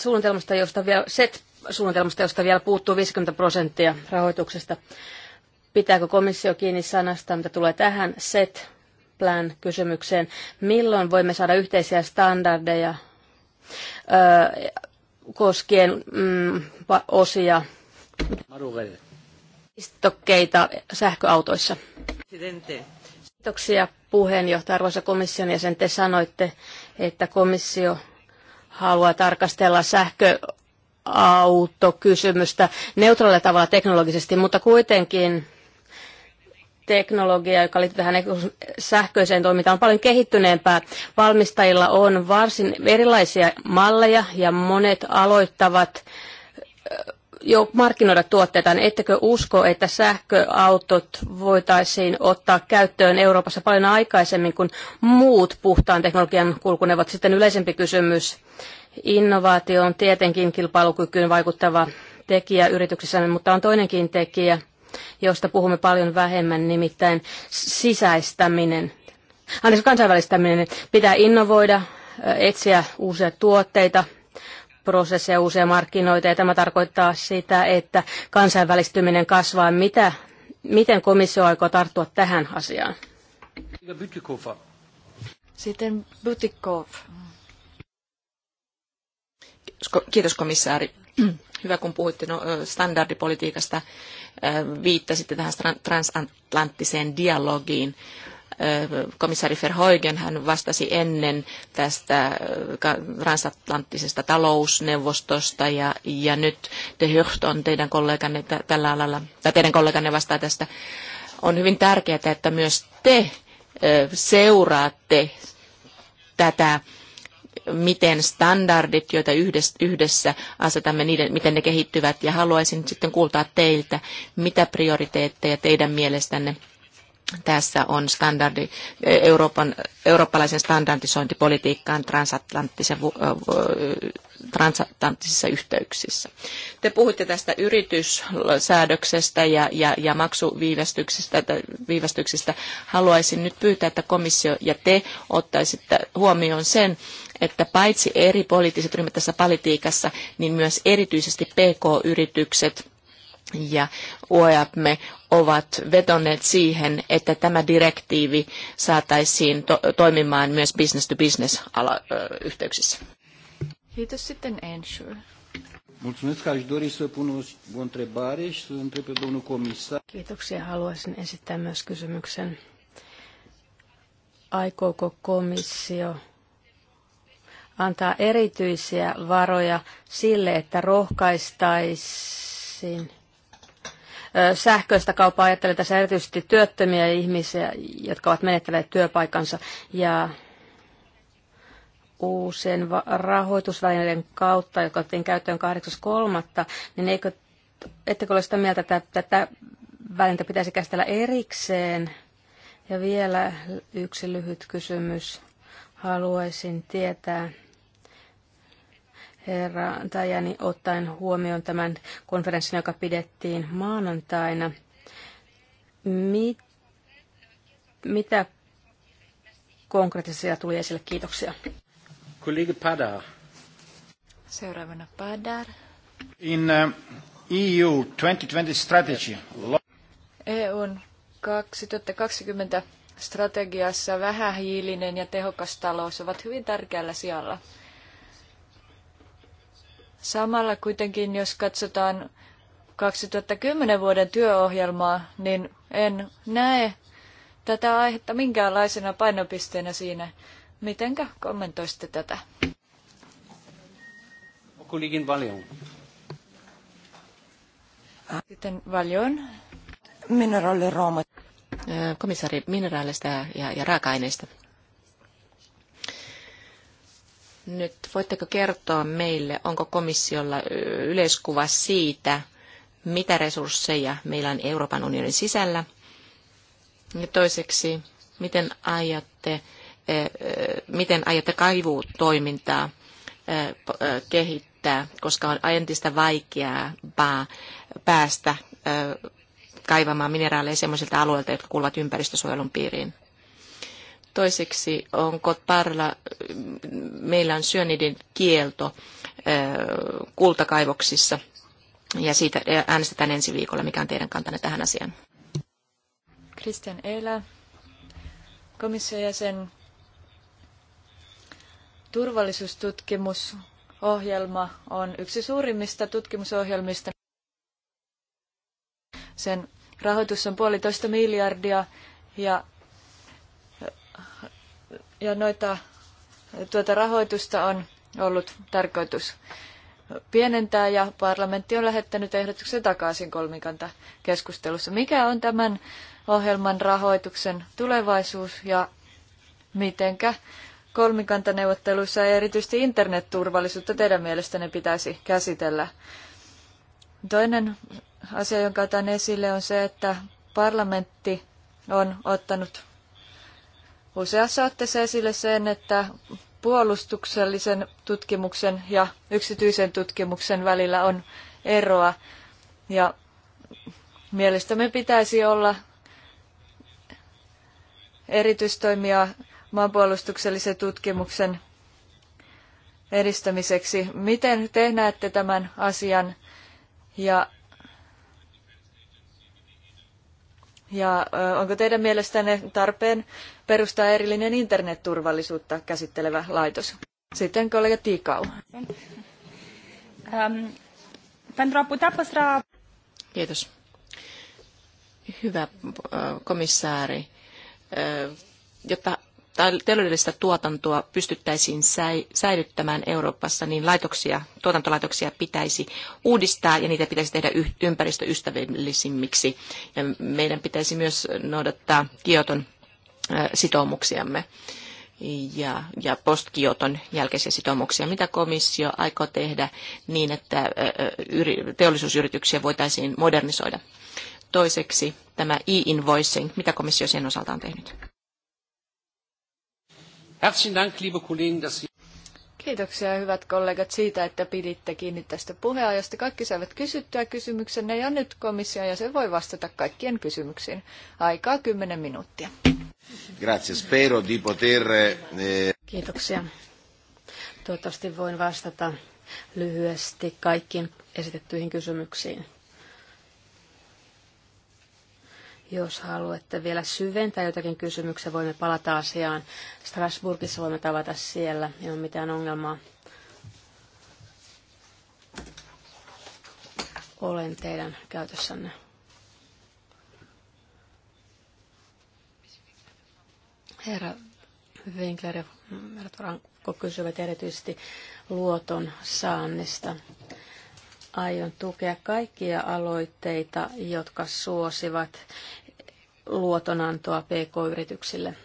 suunnitelmasta, josta vielä, SET-suunnitelmasta, josta vielä puuttuu 50 prosenttia rahoituksesta. Pitääkö komissio kiinni sanasta, mitä tulee tähän SET-plan-kysymykseen? Milloin voimme saada yhteisiä standardeja eh, koskien mm, osia istokkeita sähköautoissa. Presidente. Kiitoksia puheenjohtaja, arvoisa komission jäsen. Te sanoitte, että komissio haluaa tarkastella sähköautokysymystä neutraalilla tavalla teknologisesti, mutta kuitenkin teknologia, joka liittyy tähän sähköiseen toimintaan, on paljon kehittyneempää. Valmistajilla on varsin erilaisia malleja ja monet aloittavat jo markkinoida tuotteita. Ettekö usko, että sähköautot voitaisiin ottaa käyttöön Euroopassa paljon aikaisemmin kuin muut puhtaan teknologian kulkunevat? Sitten yleisempi kysymys. Innovaatio on tietenkin kilpailukykyyn vaikuttava tekijä yrityksissä, mutta on toinenkin tekijä – josta puhumme paljon vähemmän, nimittäin sisäistäminen. Anteeksi, kansainvälistäminen. Pitää innovoida, etsiä uusia tuotteita, prosesseja, uusia markkinoita, ja tämä tarkoittaa sitä, että kansainvälistyminen kasvaa. Mitä, miten komissio aikoo tarttua tähän asiaan? Sitten Butikov. Kiitos komissaari. Hyvä, kun puhuitte no, standardipolitiikasta. Äh, viittasitte tähän transatlanttiseen dialogiin. Äh, komissaari Verhoigen hän vastasi ennen tästä äh, transatlanttisesta talousneuvostosta ja, ja nyt de Hucht on teidän kolleganne tällä alalla, tai teidän kolleganne vastaa tästä. On hyvin tärkeää, että myös te seuraatte tätä miten standardit, joita yhdessä asetamme, niiden, miten ne kehittyvät. Ja haluaisin sitten kuultaa teiltä, mitä prioriteetteja teidän mielestänne tässä on standardi, Euroopan, eurooppalaisen standardisointipolitiikkaan transatlanttisen, transatlanttisissa yhteyksissä. Te puhuitte tästä yrityssäädöksestä ja, ja, ja maksuviivästyksistä. Viivästyksistä. Haluaisin nyt pyytää, että komissio ja te ottaisitte huomioon sen, että paitsi eri poliittiset ryhmät tässä politiikassa, niin myös erityisesti PK-yritykset ja OEAPME ovat vetonneet siihen, että tämä direktiivi saataisiin to- toimimaan myös business-to-business-yhteyksissä. Kiitos sitten Ensure. Kiitoksia, haluaisin esittää myös kysymyksen. Aikooko komissio antaa erityisiä varoja sille, että rohkaistaisiin sähköistä kauppaa ajattelen tässä erityisesti työttömiä ihmisiä, jotka ovat menettäneet työpaikansa ja uusien rahoitusvälineiden kautta, joka otettiin käyttöön 8.3., niin eikö, ettekö ole sitä mieltä, että tätä välintä pitäisi käsitellä erikseen? Ja vielä yksi lyhyt kysymys. Haluaisin tietää, herra Tajani, ottaen huomioon tämän konferenssin, joka pidettiin maanantaina. Mit, mitä konkreettisia tuli esille? Kiitoksia. Kollega Padar. Seuraavana Padar. In uh, EU 2020 strategy. EUn 2020 strategiassa vähähiilinen ja tehokas talous ovat hyvin tärkeällä sijalla. Samalla kuitenkin, jos katsotaan 2010 vuoden työohjelmaa, niin en näe tätä aihetta minkäänlaisena painopisteenä siinä. Mitenkä kommentoisitte tätä? Kollegin Valion. Sitten Valion. Mineraalirooma. Komissaari mineraaleista ja, ja raaka-aineista. Nyt voitteko kertoa meille, onko komissiolla yleiskuva siitä, mitä resursseja meillä on Euroopan unionin sisällä? Ja toiseksi, miten aiotte, miten aiotte kaivuutoimintaa kehittää, koska on entistä vaikeaa päästä kaivamaan mineraaleja sellaisilta alueilta, jotka kuuluvat ympäristönsuojelun piiriin. Toiseksi, onko parla, meillä on syönidin kielto kultakaivoksissa ja siitä äänestetään ensi viikolla. Mikä on teidän kantanne tähän asiaan? Christian Eila, komission jäsen, turvallisuustutkimusohjelma on yksi suurimmista tutkimusohjelmista. Sen rahoitus on puolitoista miljardia ja ja noita, tuota rahoitusta on ollut tarkoitus pienentää ja parlamentti on lähettänyt ehdotuksen takaisin kolmikanta keskustelussa. Mikä on tämän ohjelman rahoituksen tulevaisuus ja mitenkä kolmikantaneuvotteluissa ja erityisesti internetturvallisuutta teidän mielestänne pitäisi käsitellä? Toinen asia, jonka otan esille, on se, että parlamentti on ottanut Useassa otteessa esille sen, että puolustuksellisen tutkimuksen ja yksityisen tutkimuksen välillä on eroa. Ja mielestämme pitäisi olla erityistoimia maanpuolustuksellisen tutkimuksen edistämiseksi. Miten te näette tämän asian ja Ja onko teidän mielestänne tarpeen perustaa erillinen internetturvallisuutta käsittelevä laitos? Sitten kollega Tikau. Ähm, Kiitos. Hyvä komissaari, jotta taloudellista tuotantoa pystyttäisiin säilyttämään Euroopassa, niin laitoksia, tuotantolaitoksia pitäisi uudistaa ja niitä pitäisi tehdä ympäristöystävällisimmiksi. Ja meidän pitäisi myös noudattaa Kioton sitoumuksiamme ja, ja post-Kioton jälkeisiä sitoumuksia. Mitä komissio aikoo tehdä niin, että teollisuusyrityksiä voitaisiin modernisoida? Toiseksi tämä e-invoicing. Mitä komissio sen osalta on tehnyt? Herzlichen Dank, liebe Kollegen, dass Sie... Kiitoksia hyvät kollegat siitä, että piditte kiinni tästä puheajasta. Kaikki saivat kysyttyä kysymyksenne ja nyt komission ja se voi vastata kaikkien kysymyksiin. Aikaa 10 minuuttia. Grazie, spero di poter... Eh, Kiitoksia. Toivottavasti voin vastata lyhyesti kaikkiin esitettyihin kysymyksiin. Jos haluatte vielä syventää jotakin kysymyksiä, voimme palata asiaan. Strasbourgissa voimme tavata siellä, ei ole mitään ongelmaa. Olen teidän käytössänne. Herra Winkler ja Franko kysyvät erityisesti luoton saannista. Aion tukea kaikkia aloitteita, jotka suosivat luotonantoa PK-yrityksille.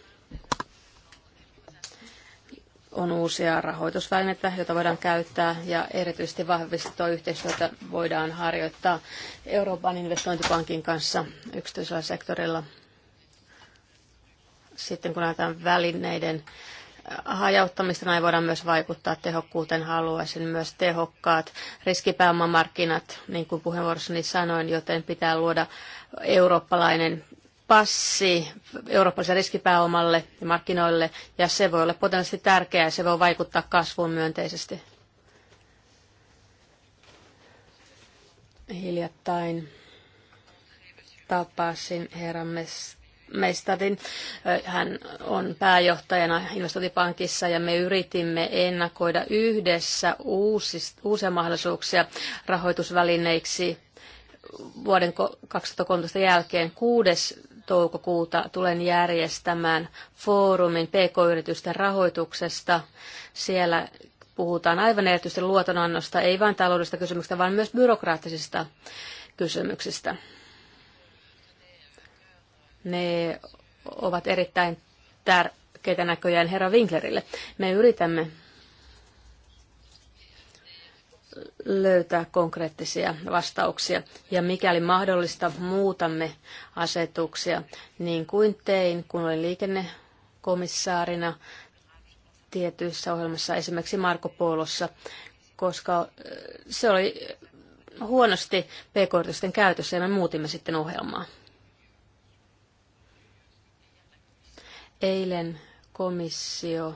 On uusia rahoitusvälineitä, joita voidaan käyttää ja erityisesti vahvistettua yhteistyötä voidaan harjoittaa Euroopan investointipankin kanssa yksityisellä sektorilla. Sitten kun näytetään välineiden hajauttamista, näin voidaan myös vaikuttaa tehokkuuteen. Haluaisin myös tehokkaat riskipääomamarkkinat, niin kuin puheenvuorossani sanoin, joten pitää luoda eurooppalainen passi eurooppalaiselle riskipääomalle ja markkinoille, ja se voi olla potentiaalisesti tärkeää, ja se voi vaikuttaa kasvuun myönteisesti. Hiljattain tapasin herra Meistadin. Hän on pääjohtajana investointipankissa ja me yritimme ennakoida yhdessä uusista, uusia mahdollisuuksia rahoitusvälineiksi vuoden 2013 jälkeen. Kuudes toukokuuta tulen järjestämään foorumin pk-yritysten rahoituksesta. Siellä puhutaan aivan erityisesti luotonannosta, ei vain taloudellisista kysymyksistä, vaan myös byrokraattisista kysymyksistä. Ne ovat erittäin tärkeitä näköjään herra Winklerille. Me yritämme löytää konkreettisia vastauksia. Ja mikäli mahdollista, muutamme asetuksia niin kuin tein, kun olin liikennekomissaarina tietyissä ohjelmassa, esimerkiksi Marko Polossa, koska äh, se oli huonosti pk käytössä ja me muutimme sitten ohjelmaa. Eilen komissio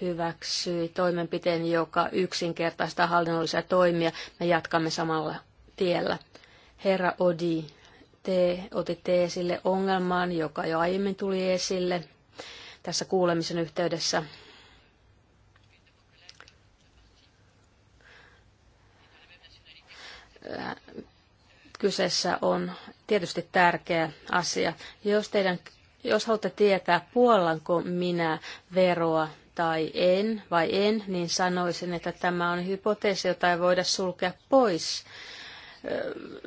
hyväksyi toimenpiteen, joka yksinkertaista hallinnollisia toimia. Me jatkamme samalla tiellä. Herra Odi, te otitte esille ongelman, joka jo aiemmin tuli esille tässä kuulemisen yhteydessä. Kyseessä on tietysti tärkeä asia. Jos, teidän, jos haluatte tietää, puollanko minä veroa tai en, vai en, niin sanoisin, että tämä on hypoteesi, jota ei voida sulkea pois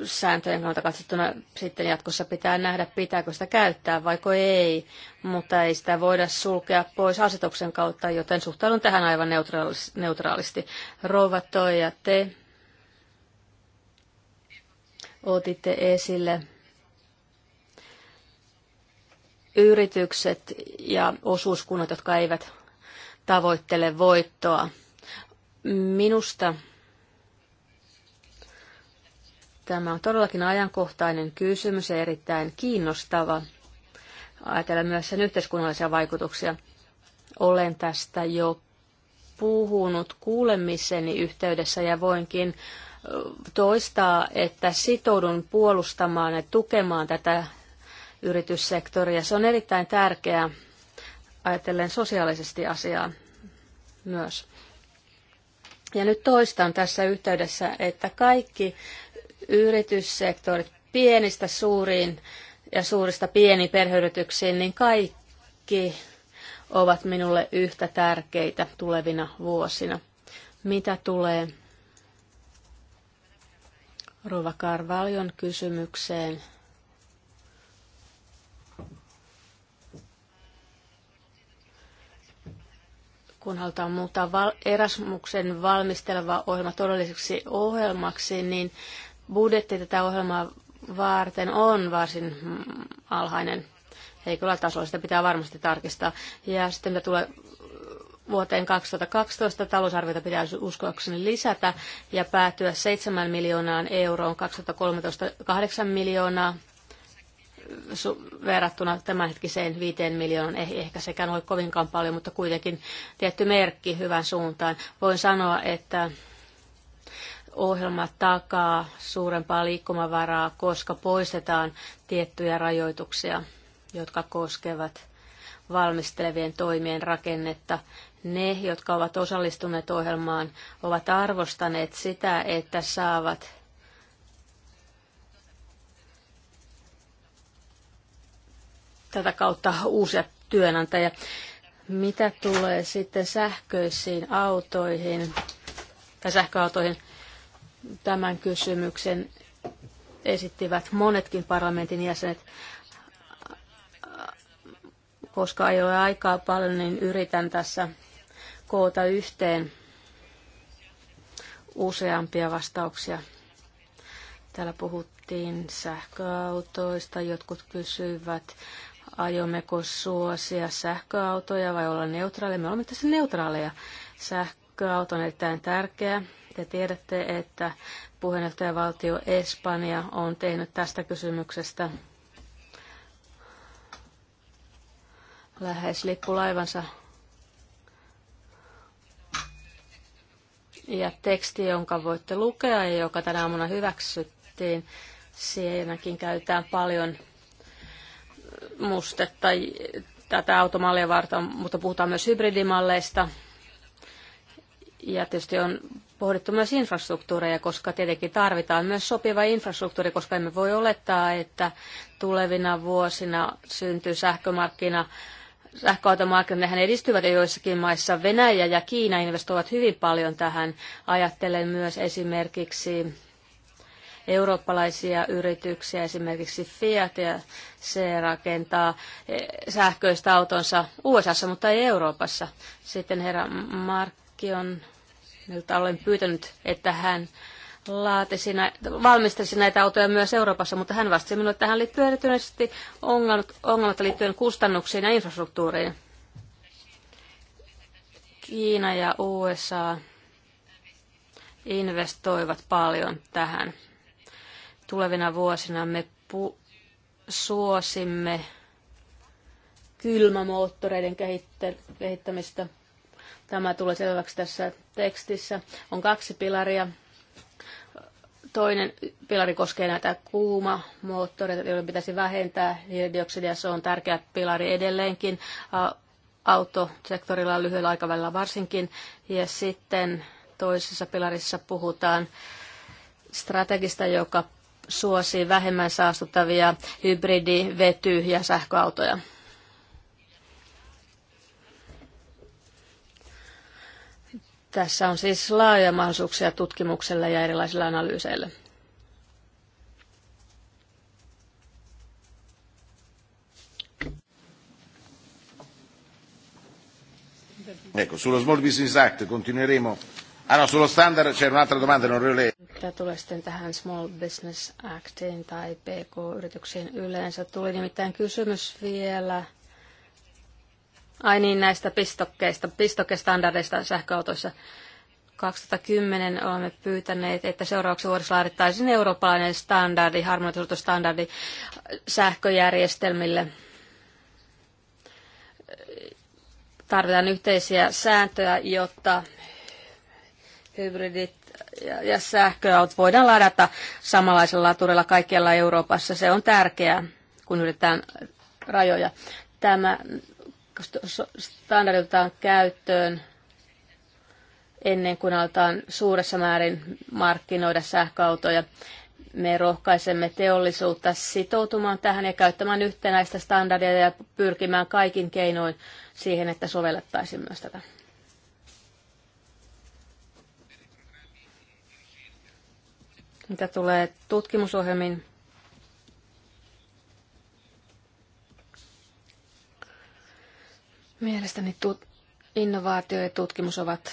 sääntöjen kannalta katsottuna sitten jatkossa pitää nähdä, pitääkö sitä käyttää vaiko ei, mutta ei sitä voida sulkea pois asetuksen kautta, joten suhtaudun tähän aivan neutraalisti. Rouva ja te otitte esille yritykset ja osuuskunnat, jotka eivät tavoittele voittoa. Minusta tämä on todellakin ajankohtainen kysymys ja erittäin kiinnostava. Ajatella myös sen yhteiskunnallisia vaikutuksia. Olen tästä jo puhunut kuulemiseni yhteydessä ja voinkin toistaa, että sitoudun puolustamaan ja tukemaan tätä yrityssektoria. Se on erittäin tärkeää ajatellen sosiaalisesti asiaa myös. Ja nyt toistan tässä yhteydessä, että kaikki yrityssektorit pienistä suuriin ja suurista pieniin perheyrityksiin, niin kaikki ovat minulle yhtä tärkeitä tulevina vuosina. Mitä tulee Rova Karvaljon kysymykseen kun halutaan muuttaa val- Erasmuksen valmisteleva ohjelma todelliseksi ohjelmaksi, niin budjetti tätä ohjelmaa varten on varsin alhainen. Heikolla tasolla sitä pitää varmasti tarkistaa. Ja sitten mitä tulee vuoteen 2012 talousarviota pitää uskoakseni lisätä ja päätyä 7 miljoonaan euroon, 2013 8 miljoonaa verrattuna tämänhetkiseen viiteen miljoonaan, ei ehkä sekään ole kovinkaan paljon, mutta kuitenkin tietty merkki hyvän suuntaan. Voin sanoa, että ohjelma takaa suurempaa liikkumavaraa, koska poistetaan tiettyjä rajoituksia, jotka koskevat valmistelevien toimien rakennetta. Ne, jotka ovat osallistuneet ohjelmaan, ovat arvostaneet sitä, että saavat tätä kautta uusia työnantajia. Mitä tulee sitten sähköisiin autoihin tai sähköautoihin, tämän kysymyksen esittivät monetkin parlamentin jäsenet. Koska ei ole aikaa paljon, niin yritän tässä koota yhteen useampia vastauksia. Täällä puhuttiin sähköautoista, jotkut kysyivät Ajommeko suosia sähköautoja vai olla neutraaleja? Me olemme tässä neutraaleja. Sähköauto on erittäin tärkeä. Te tiedätte, että puheenjohtajavaltio Espanja on tehnyt tästä kysymyksestä lähes lippulaivansa. Ja teksti, jonka voitte lukea ja joka tänä aamuna hyväksyttiin, siinäkin käytetään paljon mustetta tätä automallia varten, mutta puhutaan myös hybridimalleista. Ja tietysti on pohdittu myös infrastruktuureja, koska tietenkin tarvitaan myös sopiva infrastruktuuri, koska emme voi olettaa, että tulevina vuosina syntyy sähkömarkkina sähköautomarkkinat edistyvät jo joissakin maissa. Venäjä ja Kiina investoivat hyvin paljon tähän. Ajattelen myös esimerkiksi eurooppalaisia yrityksiä, esimerkiksi Fiat, ja se rakentaa eh, sähköistä autonsa USAssa, mutta ei Euroopassa. Sitten herra on miltä olen pyytänyt, että hän laatisi, valmistaisi näitä autoja myös Euroopassa, mutta hän vastasi minulle, että tähän liittyy erityisesti ongelmat, ongelmat liittyen kustannuksiin ja infrastruktuuriin. Kiina ja USA investoivat paljon tähän Tulevina vuosina me pu- suosimme kylmämoottoreiden kehittämistä. Tämä tulee selväksi tässä tekstissä. On kaksi pilaria. Toinen pilari koskee näitä kuumamoottoreita, joilla pitäisi vähentää hiilidioksidia. Se on tärkeä pilari edelleenkin autosektorilla lyhyellä aikavälillä varsinkin. Ja sitten toisessa pilarissa puhutaan strategista, joka suosii vähemmän saastuttavia hybridi-, vety- ja sähköautoja. Tässä on siis laajoja mahdollisuuksia tutkimukselle ja erilaisille analyyseille. Ecco, sullo Small Business Act continueremo Ah, no, standard c'è un'altra domanda, non Mitä tulee sitten tähän Small Business Actiin tai PK-yrityksiin yleensä? Tuli nimittäin kysymys vielä. Ai niin, näistä pistokkeista, pistokkestandardeista sähköautoissa. 2010 olemme pyytäneet, että seuraavaksi vuodessa laadittaisiin eurooppalainen standardi, harmonisoitu standardi sähköjärjestelmille. Tarvitaan yhteisiä sääntöjä, jotta hybridit ja, ja sähköautot voidaan ladata samanlaisella laturilla kaikkialla Euroopassa. Se on tärkeää, kun yritetään rajoja. Tämä standardi käyttöön ennen kuin aletaan suuressa määrin markkinoida sähköautoja. Me rohkaisemme teollisuutta sitoutumaan tähän ja käyttämään yhtenäistä standardia ja pyrkimään kaikin keinoin siihen, että sovellettaisiin myös tätä Mitä tulee tutkimusohjelmiin, mielestäni tut- innovaatio ja tutkimus ovat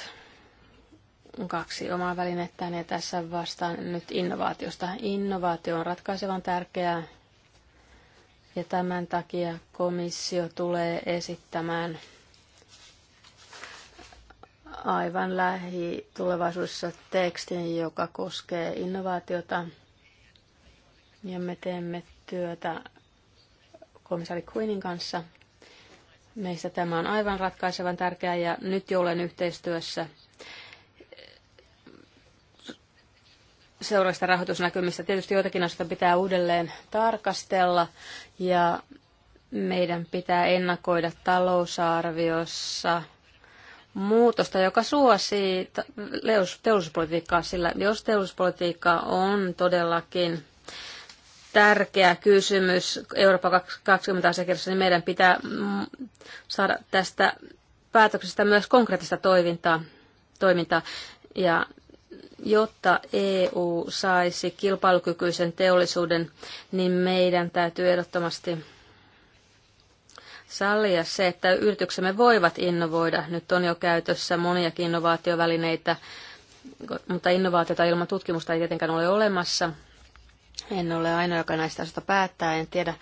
kaksi omaa välinettään ja tässä vastaan nyt innovaatiosta. Innovaatio on ratkaisevan tärkeää ja tämän takia komissio tulee esittämään aivan lähitulevaisuudessa tekstin, joka koskee innovaatiota. Ja me teemme työtä komissaari Queenin kanssa. Meistä tämä on aivan ratkaisevan tärkeää ja nyt jo olen yhteistyössä seuraavista rahoitusnäkymistä. Tietysti joitakin asioita pitää uudelleen tarkastella ja meidän pitää ennakoida talousarviossa – muutosta, joka suosii teollisuuspolitiikkaa, sillä jos teollisuuspolitiikka on todellakin tärkeä kysymys Eurooppa 20 asiakirjassa, niin meidän pitää mm, saada tästä päätöksestä myös konkreettista toimintaa, toimintaa. Ja jotta EU saisi kilpailukykyisen teollisuuden, niin meidän täytyy ehdottomasti sallia se, että yrityksemme voivat innovoida. Nyt on jo käytössä moniakin innovaatiovälineitä, mutta innovaatiota ilman tutkimusta ei tietenkään ole olemassa. En ole ainoa, joka näistä asioista päättää. En tiedä,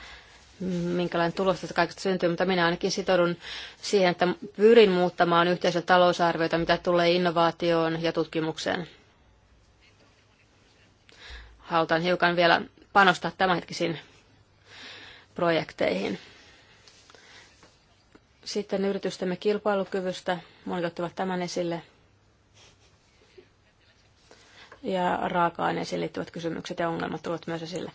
minkälainen tulos tästä kaikesta syntyy, mutta minä ainakin sitoudun siihen, että pyrin muuttamaan yhteisön talousarvioita, mitä tulee innovaatioon ja tutkimukseen. Halutaan hiukan vielä panostaa tämänhetkisiin projekteihin. Sitten yritystemme kilpailukyvystä. Monet ottivat tämän esille. Ja raaka-aineisiin liittyvät kysymykset ja ongelmat tulevat myös esille.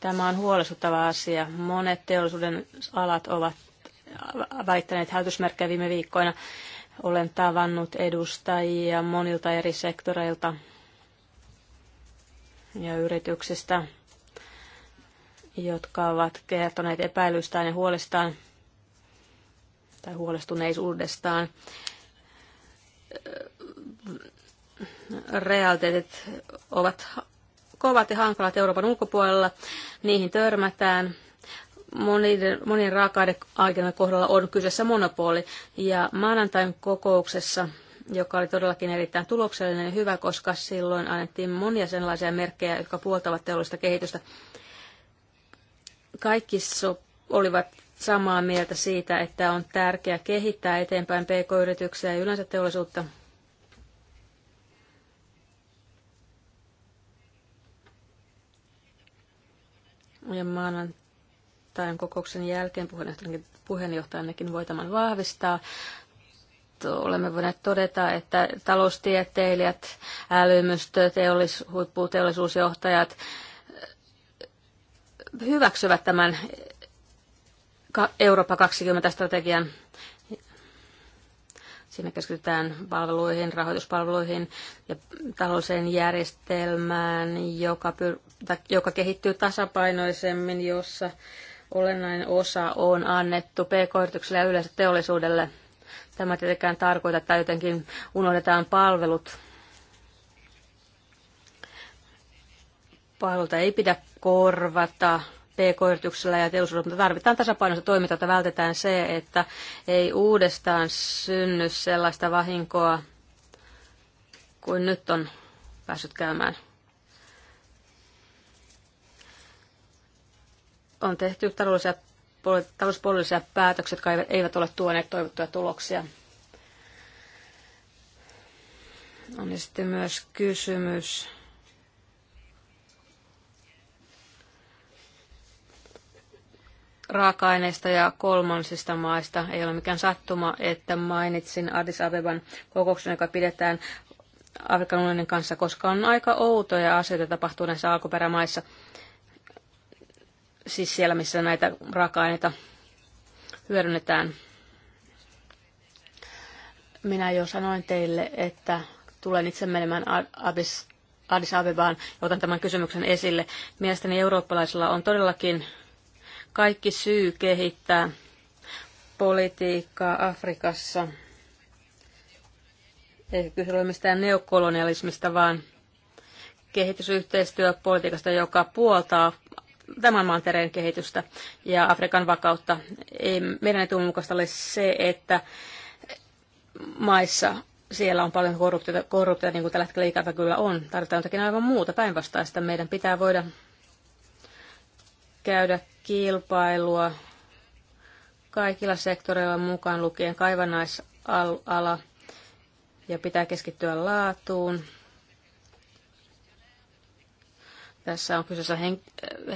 Tämä on huolestuttava asia. Monet teollisuuden alat ovat väittäneet hälytysmerkkejä viime viikkoina. Olen tavannut edustajia monilta eri sektoreilta ja yrityksistä, jotka ovat kertoneet epäilystään ja huolestaan tai huolestuneisuudestaan. Realiteetit ovat kovat ja hankalat Euroopan ulkopuolella. Niihin törmätään. Monien, monien raaka-aineiden kohdalla on kyseessä monopoli. Ja maanantain kokouksessa joka oli todellakin erittäin tuloksellinen ja hyvä, koska silloin annettiin monia sellaisia merkkejä, jotka puoltavat teollista kehitystä. Kaikki so- olivat samaa mieltä siitä, että on tärkeää kehittää eteenpäin pk-yrityksiä ja yleensä teollisuutta. Ja maanantain kokouksen jälkeen puheenjohtajannekin voi tämän vahvistaa. Olemme voineet todeta, että taloustieteilijät, älymystö, teollis, huipputeollisuusjohtajat eh, hyväksyvät tämän Eurooppa 20-strategian. Siinä keskitytään palveluihin, rahoituspalveluihin ja talouseen järjestelmään, joka, pyr- joka kehittyy tasapainoisemmin, jossa olennainen osa on annettu pk-yritykselle ja yleensä teollisuudelle. Tämä tietenkään tarkoita, että jotenkin unohdetaan palvelut. Palveluita ei pidä korvata PK-yrityksillä ja teollisuudella, mutta tarvitaan tasapainoista toimintaa, että vältetään se, että ei uudestaan synny sellaista vahinkoa kuin nyt on päässyt käymään. On tehty taloudellisia, talouspoliittisia päätöksiä, jotka eivät ole tuoneet toivottuja tuloksia. On sitten myös kysymys raaka-aineista ja kolmansista maista. Ei ole mikään sattuma, että mainitsin Addis Abeban kokouksen, joka pidetään Afrikan unionin kanssa, koska on aika outoja asioita tapahtuu näissä alkuperämaissa, siis siellä, missä näitä raaka-aineita hyödynnetään. Minä jo sanoin teille, että tulen itse menemään Addis Abebaan ja otan tämän kysymyksen esille. Mielestäni eurooppalaisilla on todellakin kaikki syy kehittää politiikkaa Afrikassa. Ei kyse ole mistään neokolonialismista, vaan kehitysyhteistyöpolitiikasta, joka puoltaa tämän maantereen kehitystä ja Afrikan vakautta. Ei meidän etuun mukaista ole se, että maissa siellä on paljon korruptiota, korruptiota niin kuin tällä hetkellä ikävä kyllä on. Tarvitaan jotakin aivan muuta päinvastaista. Meidän pitää voida käydä kilpailua kaikilla sektoreilla mukaan lukien kaivannaisala ja pitää keskittyä laatuun, tässä on kyseessä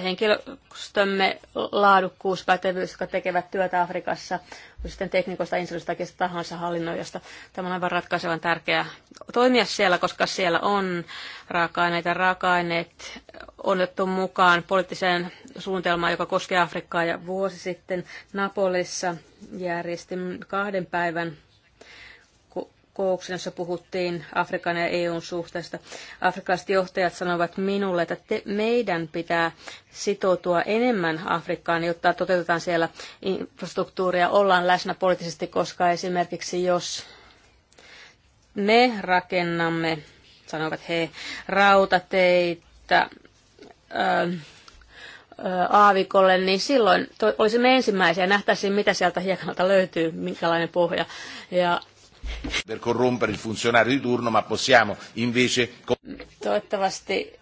henkilöstömme laadukkuus, pätevyys, jotka tekevät työtä Afrikassa, on sitten teknikosta, insinööristä tai kestä tahansa hallinnoijasta. Tämä on aivan ratkaisevan tärkeää toimia siellä, koska siellä on raaka-aineita. Raaka-aineet on otettu mukaan poliittiseen suunnitelmaan, joka koskee Afrikkaa. Ja vuosi sitten Napolissa järjestin kahden päivän kokouksen, jossa puhuttiin Afrikan ja EUn suhteesta. Afrikalaiset johtajat sanoivat minulle, että te, meidän pitää sitoutua enemmän Afrikkaan, jotta toteutetaan siellä infrastruktuuria, ollaan läsnä poliittisesti, koska esimerkiksi jos me rakennamme, sanovat he, rautateitä, öö, aavikolle, niin silloin olisimme ensimmäisiä ja nähtäisiin, mitä sieltä hiekanalta löytyy, minkälainen pohja. Ja Per corrompere il funzionario di turno, ma possiamo invece... Toivottavasti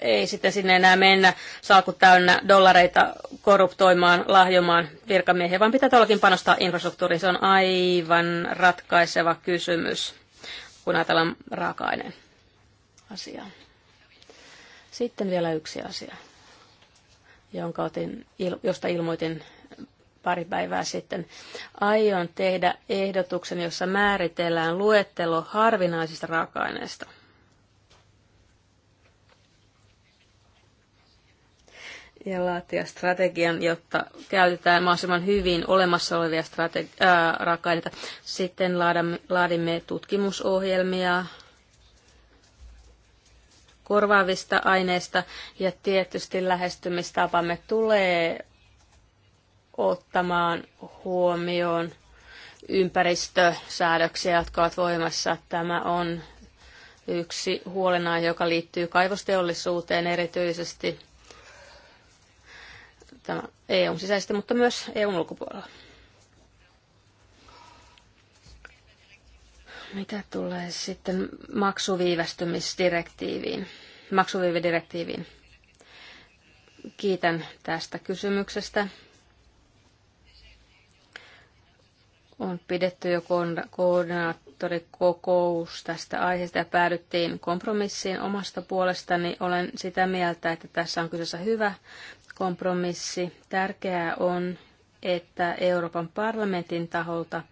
ei sitten sinne enää mennä salkut täynnä dollareita korruptoimaan, lahjomaan virkamiehiä, vaan pitää todellakin panostaa infrastruktuuriin. Se on aivan ratkaiseva kysymys, kun ajatellaan raaka-aineen asiaa. Sitten vielä yksi asia, jonka otin, josta ilmoitin pari päivää sitten. Aion tehdä ehdotuksen, jossa määritellään luettelo harvinaisista raaka-aineista. ja laatia strategian, jotta käytetään mahdollisimman hyvin olemassa olevia strategi- äh, raaka-aineita. Sitten laadimme tutkimusohjelmia korvaavista aineista ja tietysti lähestymistapamme tulee ottamaan huomioon ympäristösäädöksiä, jotka ovat voimassa. Tämä on yksi huolenaihe, joka liittyy kaivosteollisuuteen erityisesti tämä EUn sisäisesti, mutta myös EUn ulkopuolella. Mitä tulee sitten maksuviivästymisdirektiiviin, maksuviividirektiiviin? Kiitän tästä kysymyksestä. On pidetty jo koordinaattorikokous tästä aiheesta ja päädyttiin kompromissiin omasta puolestani. Olen sitä mieltä, että tässä on kyseessä hyvä kompromissi. Tärkeää on, että Euroopan parlamentin taholta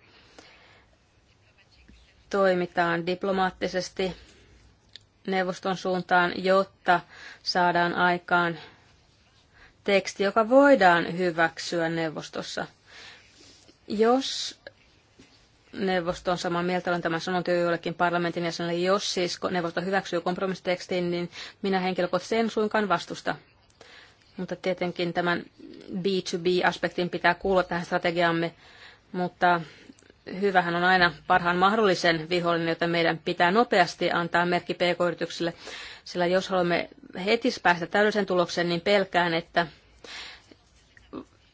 toimitaan diplomaattisesti neuvoston suuntaan, jotta saadaan aikaan teksti, joka voidaan hyväksyä neuvostossa. Jos neuvosto on samaa mieltä, olen tämän sanonut jo joillekin parlamentin jäsenelle, jos siis neuvosto hyväksyy kompromissitekstin, niin minä henkilökohtaisesti en suinkaan vastusta. Mutta tietenkin tämän B2B-aspektin pitää kuulua tähän strategiamme, mutta hyvähän on aina parhaan mahdollisen vihollinen, joten meidän pitää nopeasti antaa merkki pk-yrityksille, sillä jos haluamme heti päästä täydelliseen tulokseen, niin pelkään, että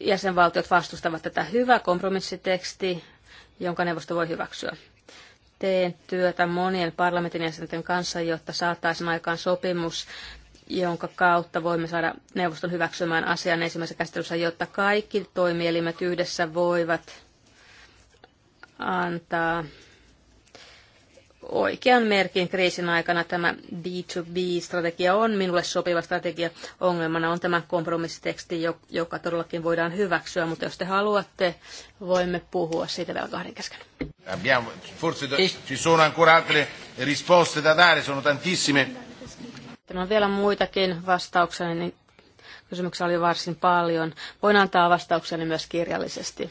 jäsenvaltiot vastustavat tätä. Hyvä kompromissiteksti jonka neuvosto voi hyväksyä. Teen työtä monien parlamentin jäsenten kanssa, jotta saataisiin aikaan sopimus, jonka kautta voimme saada neuvoston hyväksymään asian ensimmäisessä käsittelyssä, jotta kaikki toimielimet yhdessä voivat antaa oikean merkin kriisin aikana tämä B2B-strategia on minulle sopiva strategia. Ongelmana on tämä kompromissiteksti, joka todellakin voidaan hyväksyä, mutta jos te haluatte, voimme puhua siitä vielä kahden kesken. Abbiamo, forse ci sono ancora altre risposte da dare, sono tantissime. Tämä on vielä muitakin vastauksia, niin kysymyksiä oli varsin paljon. Voin antaa vastaukseni myös kirjallisesti.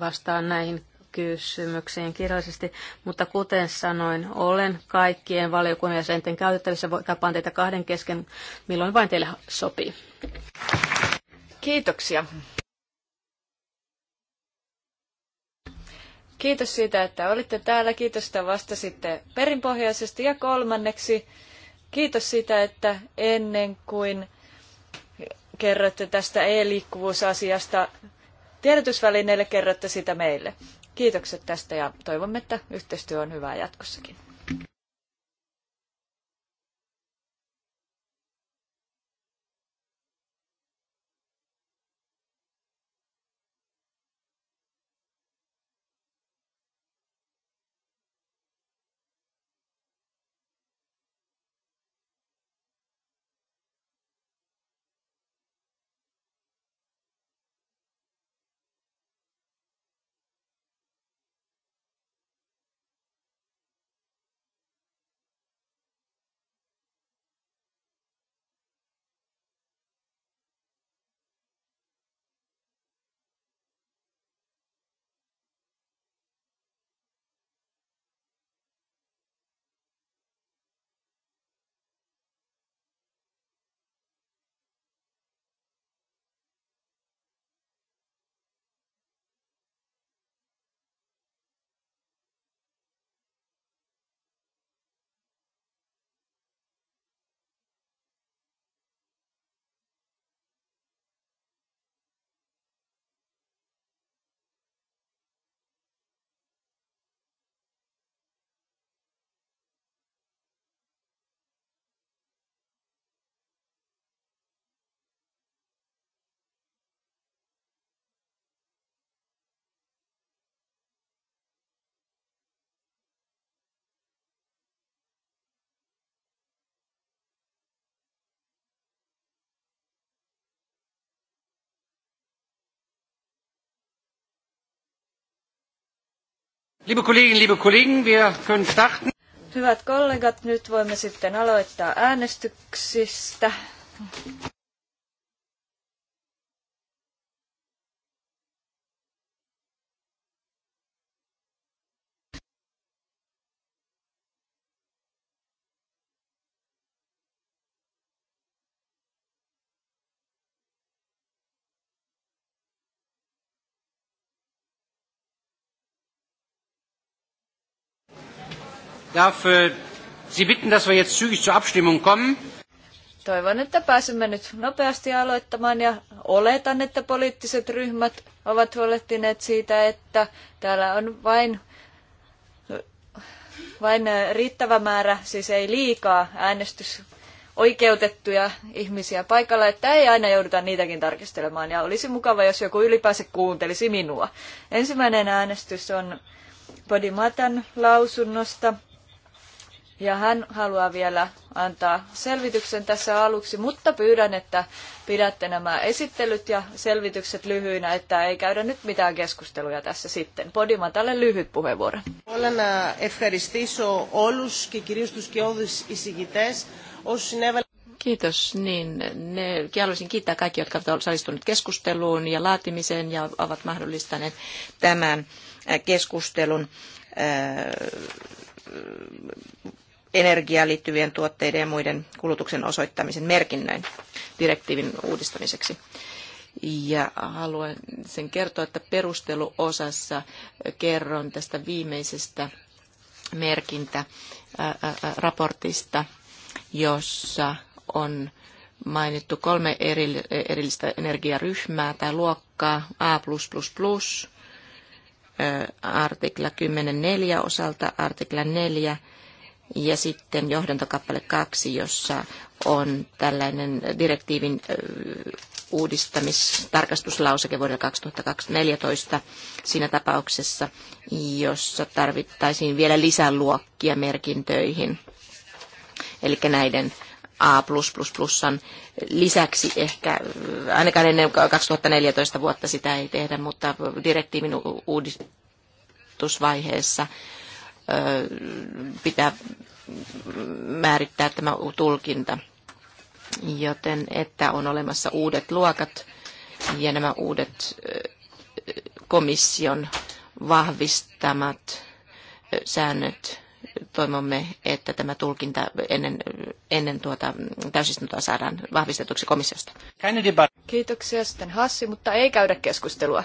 Vastaan näihin kysymyksiin kirjallisesti, mutta kuten sanoin, olen kaikkien valiokunnan jäsenten käytettävissä. Tapaan teitä kahden kesken, milloin vain teille sopii. Kiitoksia. Kiitos siitä, että olitte täällä. Kiitos, että vastasitte perinpohjaisesti. Ja kolmanneksi, kiitos siitä, että ennen kuin kerrotte tästä e-liikkuvuusasiasta tiedotusvälineille, kerrotte sitä meille. Kiitokset tästä ja toivomme, että yhteistyö on hyvää jatkossakin. Liebe liebe Kollegen, wir können starten. Hyvät kollegat, nyt voimme sitten aloittaa äänestyksistä. darf Sie bitten, dass wir jetzt zügig zur Abstimmung kommen. Toivon, että pääsemme nyt nopeasti aloittamaan ja oletan, että poliittiset ryhmät ovat huolehtineet siitä, että täällä on vain, vain riittävä määrä, siis ei liikaa äänestysoikeutettuja ihmisiä paikalla, että ei aina jouduta niitäkin tarkistelemaan. Ja olisi mukava, jos joku ylipäänsä kuuntelisi minua. Ensimmäinen äänestys on Podimatan lausunnosta ja hän haluaa vielä antaa selvityksen tässä aluksi, mutta pyydän, että pidätte nämä esittelyt ja selvitykset lyhyinä, että ei käydä nyt mitään keskusteluja tässä sitten. Podimatalle lyhyt puheenvuoro. Olen ευχαριστήσω όλους και κυρίως τους κοιόδους εισηγητές όσους συνέβαλαν Kiitos. Niin, ne, haluaisin kiittää kaikki, jotka ovat osallistuneet keskusteluun ja laatimiseen ja ovat mahdollistaneet tämän äh, keskustelun äh, energiaan liittyvien tuotteiden ja muiden kulutuksen osoittamisen merkinnöin direktiivin uudistamiseksi. Ja haluan sen kertoa, että perusteluosassa kerron tästä viimeisestä merkintäraportista, jossa on mainittu kolme erillistä energiaryhmää tai luokkaa A++, artikla 10.4 osalta, artikla 4 ja sitten johdantokappale kaksi, jossa on tällainen direktiivin uudistamistarkastuslauseke vuodelta 2014 siinä tapauksessa, jossa tarvittaisiin vielä lisäluokkia merkintöihin. Eli näiden A++ lisäksi ehkä, ainakaan ennen 2014 vuotta sitä ei tehdä, mutta direktiivin uudistusvaiheessa pitää määrittää tämä tulkinta. Joten että on olemassa uudet luokat ja nämä uudet komission vahvistamat säännöt. Toivomme, että tämä tulkinta ennen, ennen tuota täysistuntoa saadaan vahvistetuksi komissiosta. Kiitoksia sitten Hassi, mutta ei käydä keskustelua.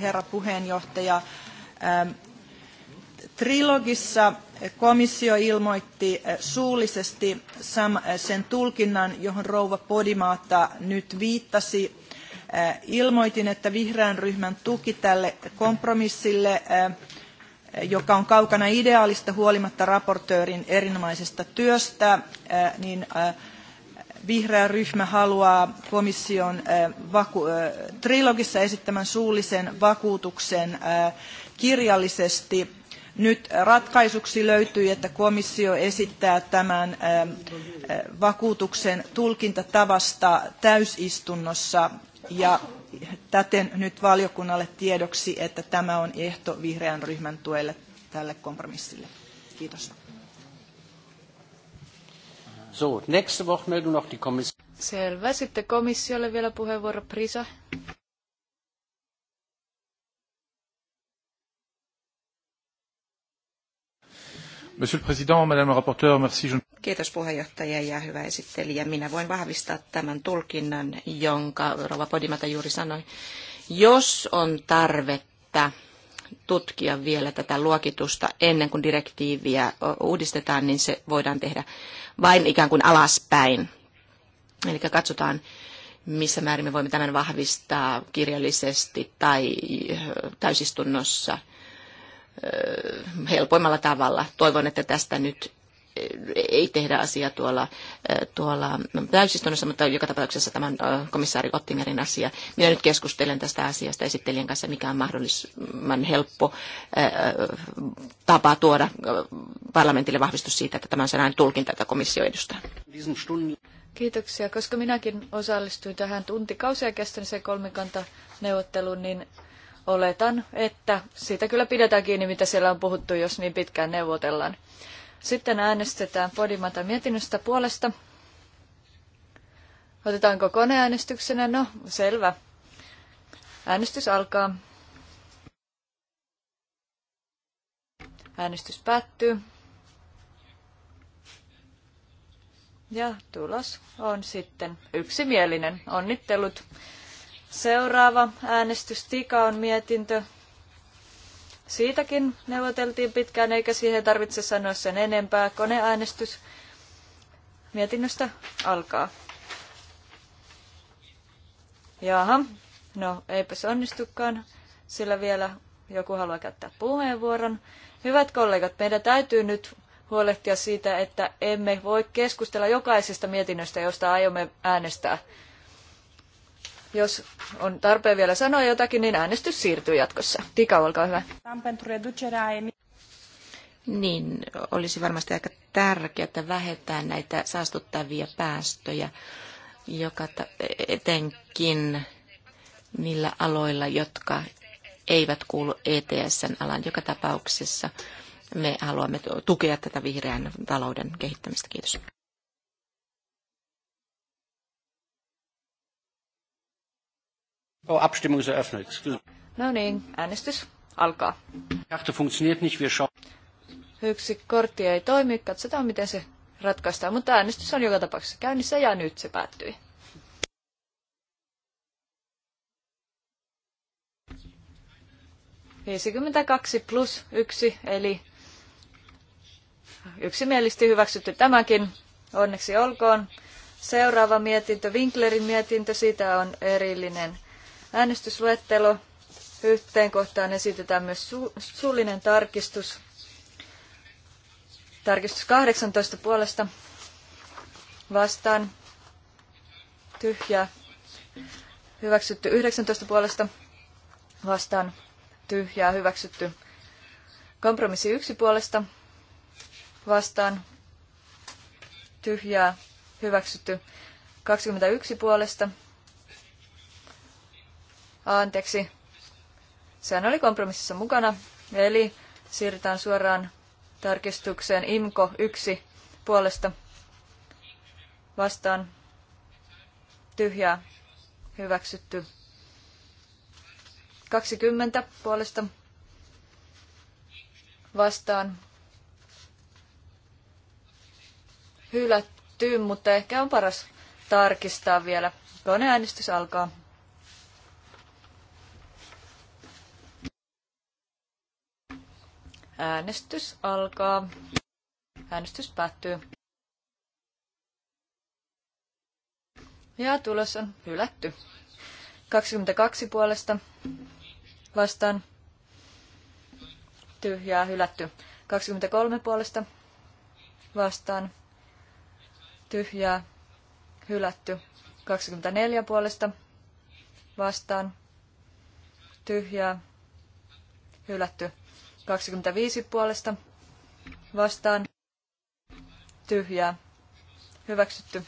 Herra puheenjohtaja, Trilogissa komissio ilmoitti eh, suullisesti eh, sen tulkinnan, johon rouva Podimaata nyt viittasi. Eh, ilmoitin, että vihreän ryhmän tuki tälle kompromissille, joka on kaukana ideaalista huolimatta raportöörin erinomaisesta työstä, niin vihreä ryhmä haluaa komission trilogissa esittämän suullisen vakuutuksen kirjallisesti nyt ratkaisuksi löytyi, että komissio esittää tämän vakuutuksen tulkintatavasta täysistunnossa ja täten nyt valiokunnalle tiedoksi, että tämä on ehto vihreän ryhmän tuelle tälle kompromissille. Kiitos. So, Selvä. Sitten komissiolle vielä puheenvuoro Prisa. Monsieur le Président, Madame la Rapporteure, merci. Kiitos puheenjohtaja ja hyvä esittelijä. Minä voin vahvistaa tämän tulkinnan, jonka Rova Podimata juuri sanoi. Jos on tarvetta tutkia vielä tätä luokitusta ennen kuin direktiiviä uudistetaan, niin se voidaan tehdä vain ikään kuin alaspäin. Eli katsotaan, missä määrin me voimme tämän vahvistaa kirjallisesti tai täysistunnossa – helpoimmalla tavalla. Toivon, että tästä nyt ei tehdä asiaa tuolla, tuolla täysistunnossa, mutta joka tapauksessa tämän komissaari Ottingerin asia. Minä nyt keskustelen tästä asiasta esittelijän kanssa, mikä on mahdollisimman helppo tapa tuoda parlamentille vahvistus siitä, että tämän sanan tulkinta, jota komissio edustaa. Kiitoksia. Koska minäkin osallistuin tähän tuntikausia kestäneeseen kolmikanta neuvotteluun, niin oletan, että siitä kyllä pidetään kiinni, mitä siellä on puhuttu, jos niin pitkään neuvotellaan. Sitten äänestetään Podimata mietinnöstä puolesta. Otetaanko koneäänestyksenä? No, selvä. Äänestys alkaa. Äänestys päättyy. Ja tulos on sitten yksimielinen. Onnittelut Seuraava äänestys on mietintö. Siitäkin neuvoteltiin pitkään, eikä siihen tarvitse sanoa sen enempää. Koneäänestys mietinnöstä alkaa. Jaha, no eipä se onnistukaan, sillä vielä joku haluaa käyttää puheenvuoron. Hyvät kollegat, meidän täytyy nyt huolehtia siitä, että emme voi keskustella jokaisesta mietinnöstä, josta aiomme äänestää. Jos on tarpeen vielä sanoa jotakin, niin äänestys siirtyy jatkossa. Tika, olkaa hyvä. Niin, olisi varmasti aika tärkeää vähentää näitä saastuttavia päästöjä, joka etenkin niillä aloilla, jotka eivät kuulu ETSn alan joka tapauksessa. Me haluamme tukea tätä vihreän talouden kehittämistä. Kiitos. Oh, Abstimmung ist eröffnet. No niin, äänestys alkaa. Karte funktioniert nicht, wir schauen. Yksi kortti ei toimi, katsotaan miten se ratkaistaan, mutta äänestys on joka tapauksessa käynnissä ja nyt se päättyi. Viisikymmentäkaksi plus yksi, eli yksimielisesti hyväksytty tämäkin. Onneksi olkoon. Seuraava mietintö, Winklerin mietintö, siitä on erillinen Äänestysluettelo yhteen kohtaan esitetään myös su- suullinen tarkistus. Tarkistus 18 puolesta vastaan tyhjää. Hyväksytty 19 puolesta vastaan tyhjää. Hyväksytty kompromissi 1 puolesta vastaan tyhjää. Hyväksytty 21 puolesta Anteeksi. Sehän oli kompromississa mukana. Eli siirrytään suoraan tarkistukseen IMKO 1 puolesta vastaan tyhjää hyväksytty. 20 puolesta vastaan hylätty, mutta ehkä on paras tarkistaa vielä. Koneäänestys alkaa. Äänestys alkaa. Äänestys päättyy. Ja tulos on hylätty. 22 puolesta vastaan. Tyhjää hylätty. 23 puolesta vastaan. Tyhjää hylätty. 24 puolesta vastaan. Tyhjää hylätty. 25 puolesta vastaan tyhjää. Hyväksytty.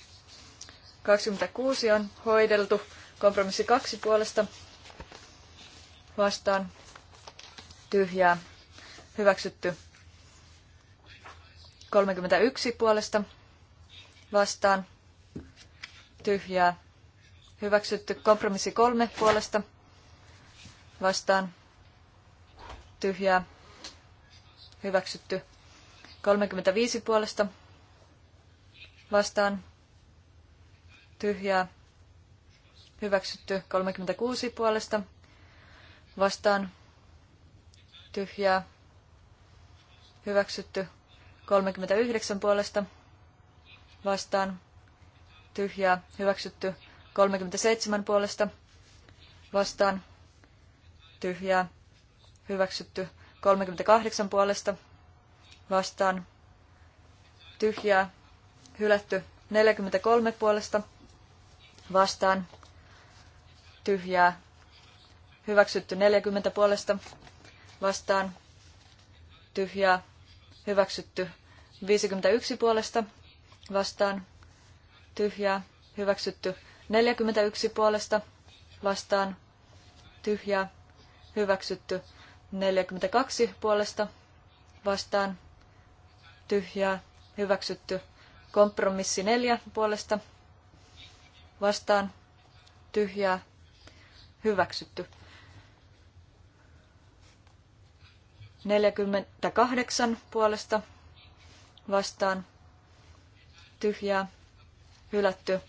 26 on hoideltu. Kompromissi 2 puolesta vastaan tyhjää. Hyväksytty. 31 puolesta vastaan tyhjää. Hyväksytty. Kompromissi 3 puolesta vastaan tyhjää hyväksytty. 35 puolesta vastaan tyhjää hyväksytty. 36 puolesta vastaan tyhjää hyväksytty. 39 puolesta vastaan tyhjää hyväksytty. 37 puolesta vastaan tyhjää hyväksytty. 38 puolesta vastaan tyhjää hylätty 43 puolesta vastaan tyhjää hyväksytty 40 puolesta vastaan tyhjää hyväksytty 51 puolesta vastaan tyhjää hyväksytty 41 puolesta vastaan tyhjää hyväksytty 42 puolesta vastaan tyhjää hyväksytty. Kompromissi 4 puolesta vastaan tyhjää hyväksytty. 48 puolesta vastaan tyhjää hylätty.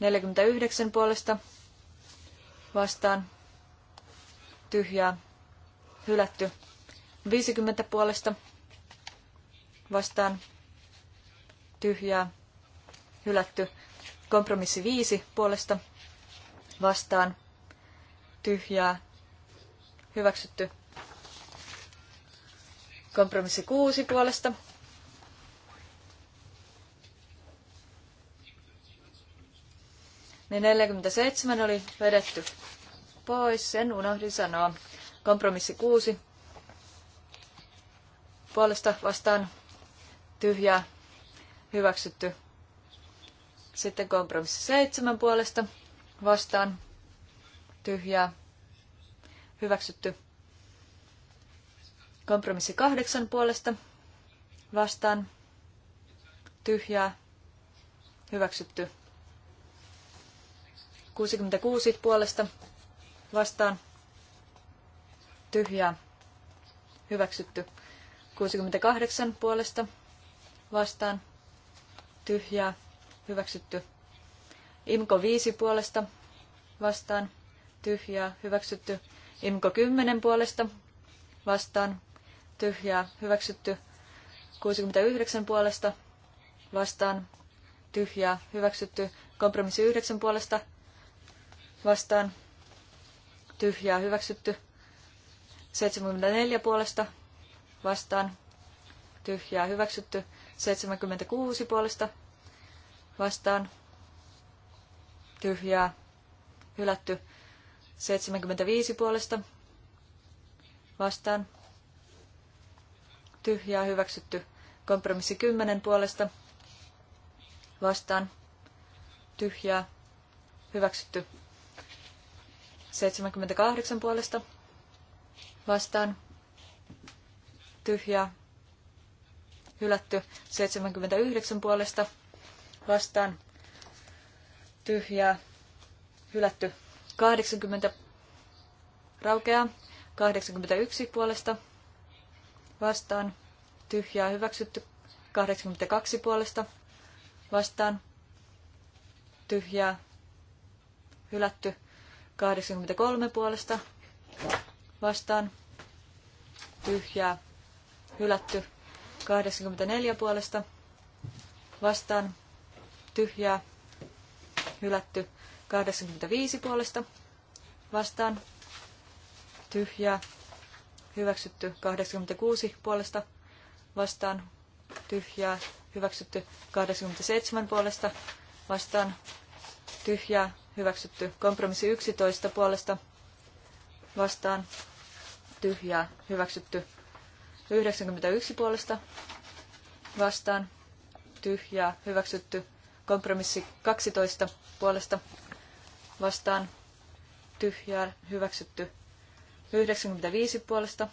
49 puolesta vastaan tyhjää hylätty. 50 puolesta vastaan tyhjää, hylätty. Kompromissi 5 puolesta vastaan tyhjää, hyväksytty. Kompromissi 6 puolesta niin 47 oli vedetty pois, sen unohdin sanoa. Kompromissi 6. Puolesta vastaan tyhjää hyväksytty. Sitten kompromissi 7 puolesta vastaan tyhjää hyväksytty. Kompromissi 8 puolesta vastaan tyhjää hyväksytty. 66 puolesta vastaan tyhjää hyväksytty. 68 puolesta vastaan tyhjää hyväksytty. Imko 5 puolesta vastaan tyhjää hyväksytty. Imko 10 puolesta vastaan tyhjää hyväksytty. 69 puolesta vastaan tyhjää hyväksytty. Kompromissi 9 puolesta vastaan tyhjää hyväksytty. 74 puolesta vastaan tyhjää hyväksytty. 76 puolesta vastaan tyhjää hylätty. 75 puolesta vastaan tyhjää hyväksytty. Kompromissi 10 puolesta vastaan tyhjää hyväksytty. 78 puolesta vastaan tyhjä, hylätty 79 puolesta vastaan tyhjä, hylätty 80 raukea 81 puolesta vastaan tyhjää hyväksytty 82 puolesta vastaan tyhjää hylätty 83 puolesta vastaan tyhjää hylätty. 84 puolesta vastaan tyhjää hylätty. 85 puolesta vastaan tyhjää hyväksytty. 86 puolesta vastaan tyhjää hyväksytty. 87 puolesta vastaan tyhjää hyväksytty. Kompromissi 11 puolesta vastaan tyhjää, hyväksytty. 91 puolesta vastaan, tyhjää, hyväksytty. Kompromissi 12 puolesta vastaan, tyhjää, hyväksytty. 95 puolesta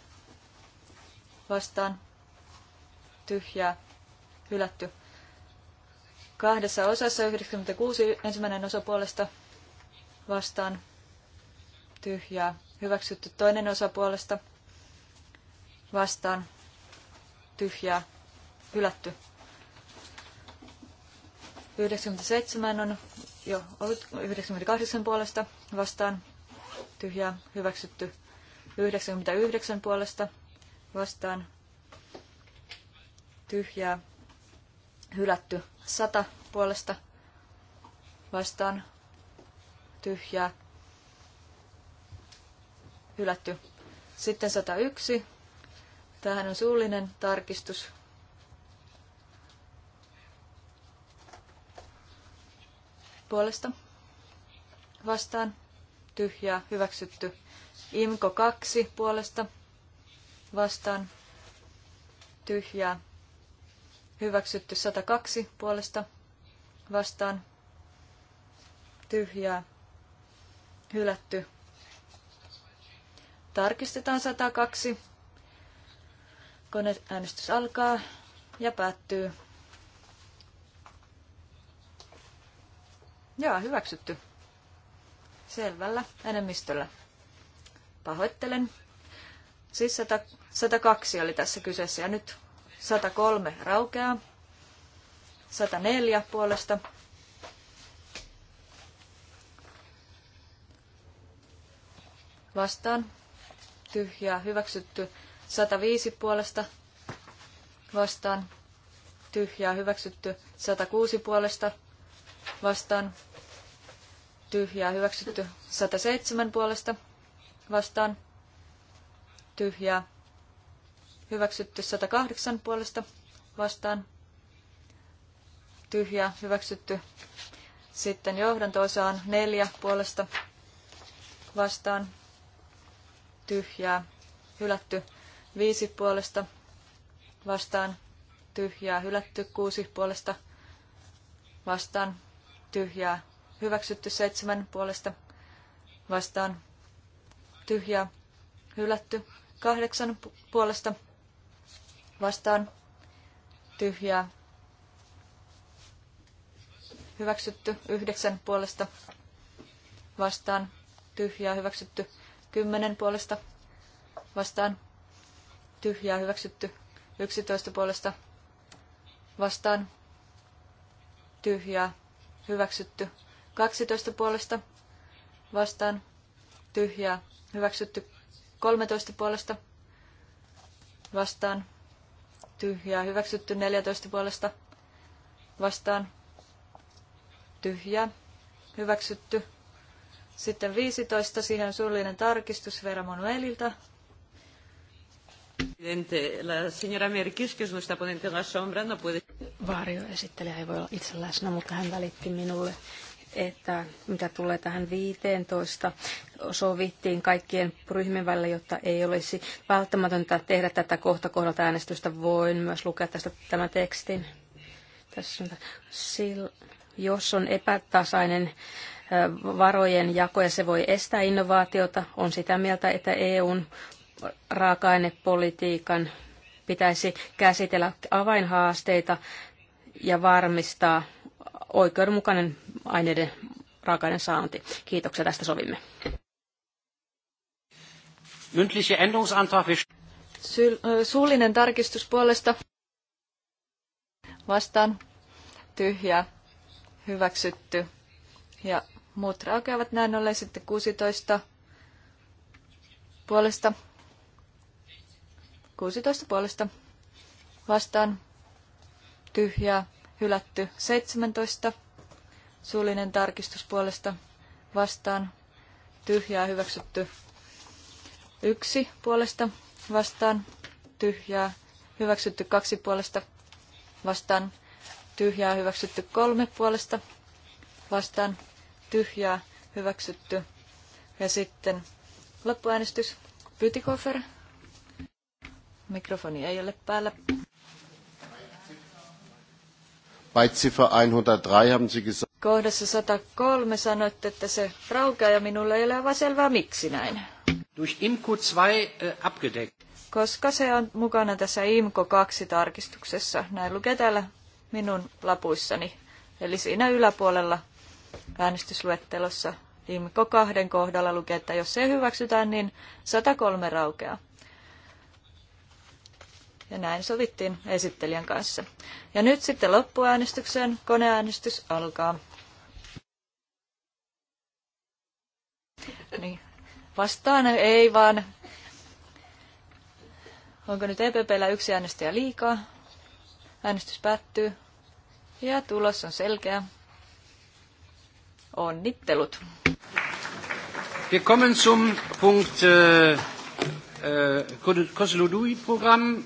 vastaan, tyhjää, hylätty. Kahdessa osassa 96 ensimmäinen osa puolesta vastaan, tyhjää, Hyväksytty toinen osa puolesta vastaan tyhjää hylätty. 97 on jo ollut 98 puolesta vastaan tyhjää hyväksytty. 99 puolesta vastaan tyhjää hylätty. 100 puolesta vastaan tyhjää hylätty. Sitten 101. Tähän on suullinen tarkistus. Puolesta. Vastaan. Tyhjää. Hyväksytty. Imko 2 puolesta. Vastaan. Tyhjää. Hyväksytty 102 puolesta. Vastaan. Tyhjää. Hylätty Tarkistetaan 102. Koneäänestys alkaa ja päättyy. Joo, hyväksytty. Selvällä enemmistöllä. Pahoittelen. Siis 100, 102 oli tässä kyseessä ja nyt 103 raukeaa. 104 puolesta. Vastaan tyhjää hyväksytty 105 puolesta vastaan tyhjää hyväksytty 106 puolesta vastaan tyhjää hyväksytty 107 puolesta vastaan tyhjää hyväksytty 108 puolesta vastaan tyhjää hyväksytty sitten johdanto-osaan 4 puolesta vastaan tyhjää, hylätty. Viisi puolesta vastaan tyhjää, hylätty. Kuusi puolesta vastaan tyhjää, hyväksytty. Seitsemän puolesta vastaan tyhjää, hylätty. Kahdeksan puolesta vastaan tyhjää, hyväksytty. Yhdeksän puolesta vastaan tyhjää, hyväksytty 10 puolesta vastaan tyhjää hyväksytty. 11 puolesta vastaan tyhjää hyväksytty. 12 puolesta vastaan tyhjää hyväksytty. 13 puolesta vastaan tyhjää hyväksytty. 14 puolesta vastaan tyhjää hyväksytty. Sitten 15, siihen suullinen tarkistus Vera Manuelilta. La señora Merkis, que es nuestra ponente en la sombra, no puede... Varjo esittelijä ei voi olla itse läsnä, mutta hän välitti minulle, että mitä tulee tähän 15, sovittiin kaikkien ryhmien välillä, jotta ei olisi välttämätöntä tehdä tätä kohta kohdalta äänestystä. Voin myös lukea tästä tämän tekstin. Tässä on, jos on epätasainen varojen jako ja se voi estää innovaatiota. On sitä mieltä, että EUn raaka-ainepolitiikan pitäisi käsitellä avainhaasteita ja varmistaa oikeudenmukainen aineiden raaka-aineen saanti. Kiitoksia, tästä sovimme. Mündliche Änderungsantrag. Suullinen tarkistus puolesta. Vastaan. Tyhjä. Hyväksytty. Ja Muut raukeavat näin ollen sitten 16 puolesta. 16 puolesta vastaan tyhjää hylätty 17. Suullinen tarkistus puolesta vastaan tyhjää hyväksytty yksi puolesta vastaan tyhjää hyväksytty kaksi puolesta vastaan tyhjää hyväksytty kolme puolesta vastaan tyhjää, hyväksytty. Ja sitten loppuäänestys, Pytikofer. Mikrofoni ei ole päällä. Bei Ziffer 103 haben Sie gesagt. Kohdassa 103 sanoitte, että se raukeaa ja minulle ei ole aivan selvää miksi näin. Durch IMCO 2 äh, abgedeckt. Koska se on mukana tässä IMCO 2 tarkistuksessa. Näin lukee täällä minun lapuissani. Eli siinä yläpuolella äänestysluettelossa Imko kahden kohdalla lukee, että jos se hyväksytään, niin 103 raukeaa. Ja näin sovittiin esittelijän kanssa. Ja nyt sitten loppuäänestykseen koneäänestys alkaa. Niin. Vastaan ei vaan. Onko nyt EPPllä yksi äänestäjä liikaa? Äänestys päättyy. Ja tulos on selkeä. Onnittelut. Wir kommen zum Punkt äh, äh Koslodui-Programm.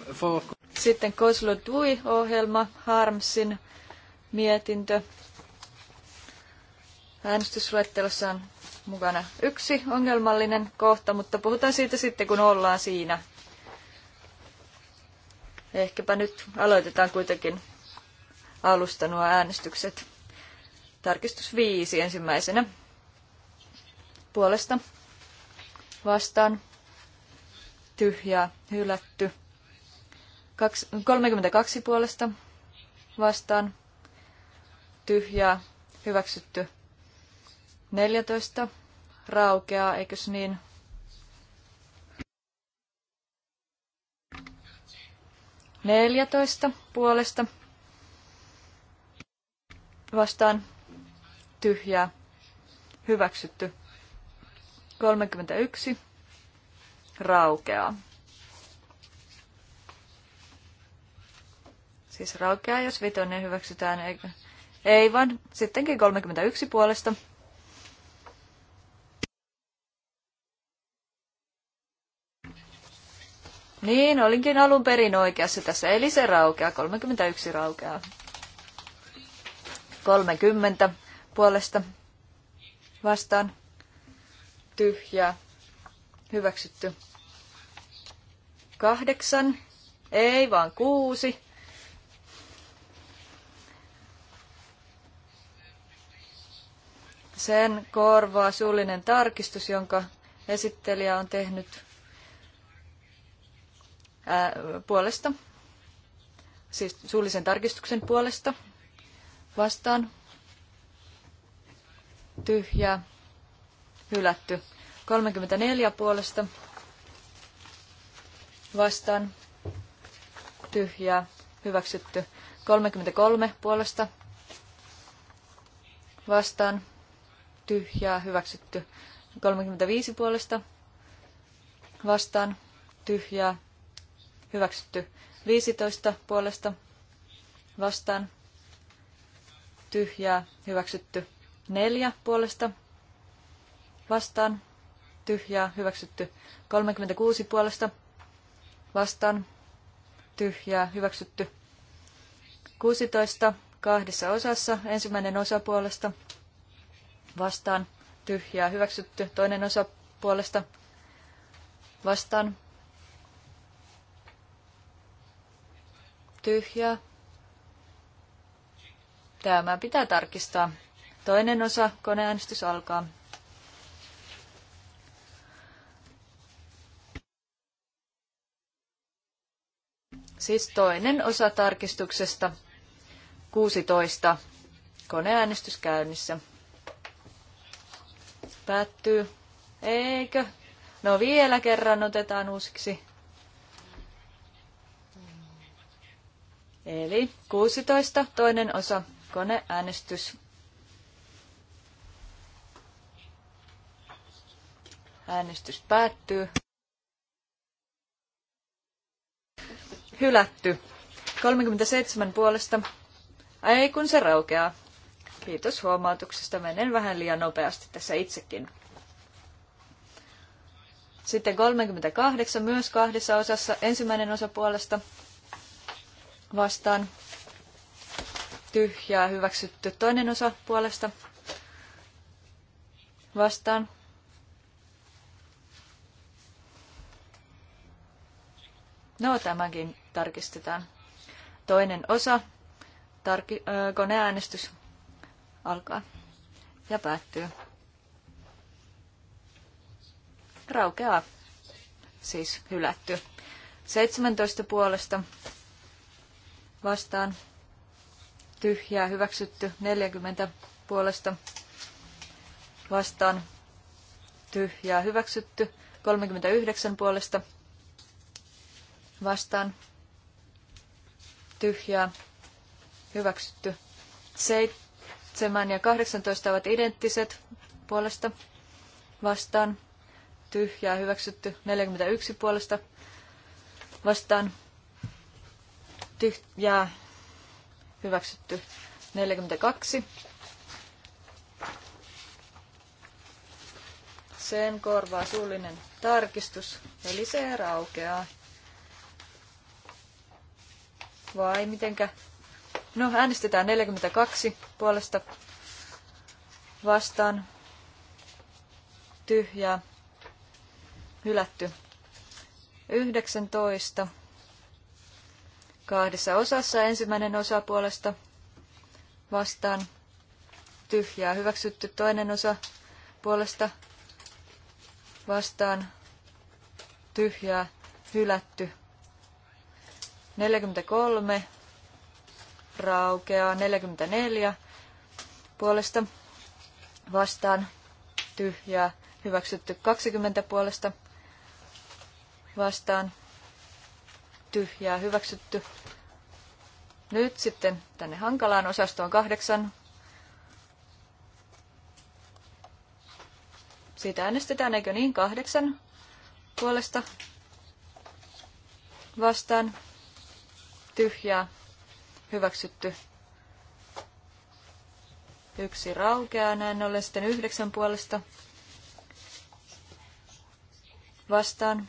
Sitten Koslodui-ohjelma, Harmsin mietintö. Äänestysluettelossa on mukana yksi ongelmallinen kohta, mutta puhutaan siitä sitten, kun ollaan siinä. Ehkäpä nyt aloitetaan kuitenkin alusta nuo äänestykset. Tarkistus 5 ensimmäisenä. Puolesta vastaan tyhjää hylätty. 32 puolesta vastaan tyhjää hyväksytty. 14 raukeaa, eikös niin? Neljätoista puolesta vastaan tyhjää, hyväksytty. 31 raukeaa. Siis raukeaa, jos vitonen hyväksytään, eikö? Ei vaan, sittenkin 31 puolesta. Niin, olinkin alun perin oikeassa tässä, eli se raukeaa, 31 raukeaa. 30 puolesta vastaan tyhjää hyväksytty. Kahdeksan, ei vaan kuusi. Sen korvaa suullinen tarkistus, jonka esittelijä on tehnyt ää, puolesta, siis suullisen tarkistuksen puolesta vastaan tyhjää, hylätty. 34 puolesta vastaan, tyhjää, hyväksytty. 33 puolesta vastaan, tyhjää, hyväksytty. 35 puolesta vastaan, tyhjää, hyväksytty. 15 puolesta vastaan, tyhjää, hyväksytty. 4 puolesta vastaan tyhjää hyväksytty 36 puolesta vastaan tyhjää hyväksytty 16 kahdessa osassa ensimmäinen osa puolesta vastaan tyhjää hyväksytty toinen osa puolesta vastaan tyhjää. Tämä pitää tarkistaa. Toinen osa, koneäänestys alkaa. Siis toinen osa tarkistuksesta 16. Koneäänestys käynnissä. Päättyy. Eikö? No vielä kerran otetaan uusiksi. Eli 16. toinen osa koneäänestys Äänestys päättyy. Hylätty. 37 puolesta. Ei kun se raukeaa. Kiitos huomautuksesta. Menen vähän liian nopeasti tässä itsekin. Sitten 38 myös kahdessa osassa. Ensimmäinen osa puolesta vastaan. Tyhjää hyväksytty. Toinen osa puolesta vastaan. No, tämäkin tarkistetaan. Toinen osa. Tarki, äh, koneäänestys alkaa ja päättyy. Raukeaa. Siis hylätty. 17 puolesta vastaan. Tyhjää hyväksytty. 40 puolesta vastaan. Tyhjää hyväksytty. 39 puolesta vastaan tyhjää hyväksytty. 7 ja 18 ovat identtiset puolesta vastaan tyhjää hyväksytty. 41 puolesta vastaan tyhjää hyväksytty. 42 Sen korvaa suullinen tarkistus, eli se raukeaa vai mitenkä? No, äänestetään 42 puolesta vastaan tyhjää, hylätty. 19. Kahdessa osassa ensimmäinen osa puolesta vastaan tyhjää, hyväksytty toinen osa puolesta vastaan tyhjää, hylätty. 43 raukeaa 44 puolesta vastaan tyhjää hyväksytty 20 puolesta vastaan tyhjää hyväksytty. Nyt sitten tänne hankalaan osastoon kahdeksan. Siitä äänestetään, eikö niin? Kahdeksan puolesta vastaan tyhjää, hyväksytty. Yksi raukeaa, näin ollen sitten yhdeksän puolesta. Vastaan,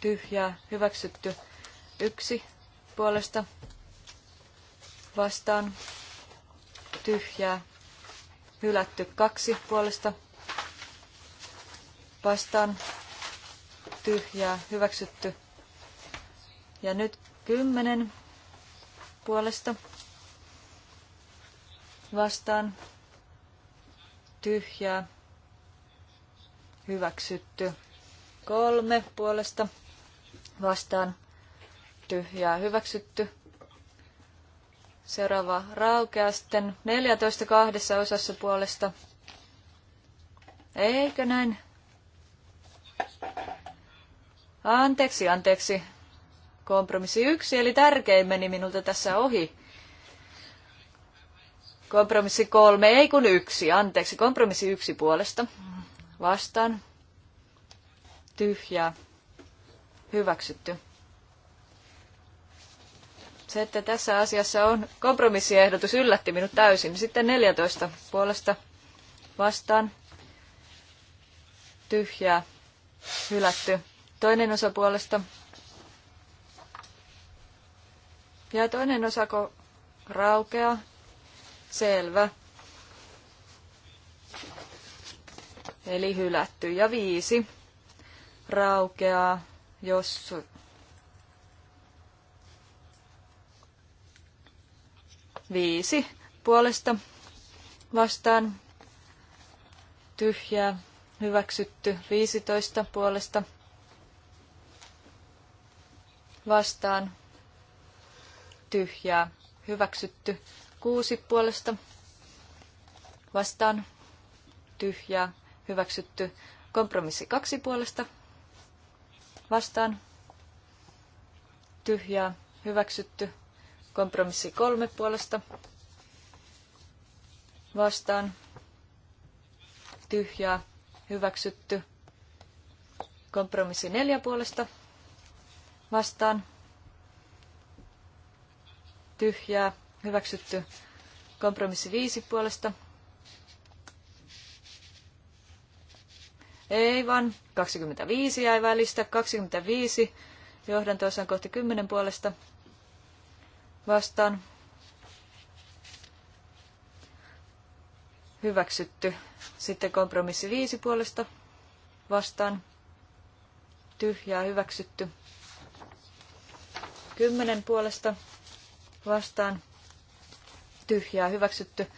tyhjää, hyväksytty. Yksi puolesta. Vastaan, tyhjää, hylätty. Kaksi puolesta. Vastaan, tyhjää, hyväksytty. Ja nyt Kymmenen puolesta vastaan tyhjää hyväksytty. Kolme puolesta vastaan tyhjää hyväksytty. Seuraava raukea sitten 14 kahdessa osassa puolesta. Eikö näin? Anteeksi, anteeksi. Kompromissi yksi, eli tärkein meni minulta tässä ohi. Kompromissi kolme, ei kun yksi, anteeksi, kompromissi yksi puolesta. Vastaan. Tyhjää. Hyväksytty. Se, että tässä asiassa on kompromissiehdotus, yllätti minut täysin. Sitten 14 puolesta vastaan. Tyhjää. Hylätty. Toinen osa puolesta Ja toinen osako raukea. Selvä. Eli hylätty. Ja viisi raukeaa, jos viisi puolesta vastaan tyhjää hyväksytty Viisitoista puolesta vastaan tyhjää hyväksytty. Kuusi puolesta vastaan tyhjää hyväksytty. Kompromissi kaksi puolesta vastaan tyhjää hyväksytty. Kompromissi kolme puolesta vastaan tyhjää hyväksytty. Kompromissi neljä puolesta vastaan tyhjää, hyväksytty. Kompromissi viisi puolesta. Ei vaan, 25 jäi välistä, 25 osan kohti 10 puolesta vastaan. Hyväksytty. Sitten kompromissi viisi puolesta vastaan. Tyhjää hyväksytty. kymmenen puolesta vastaan tyhjää hyväksytty.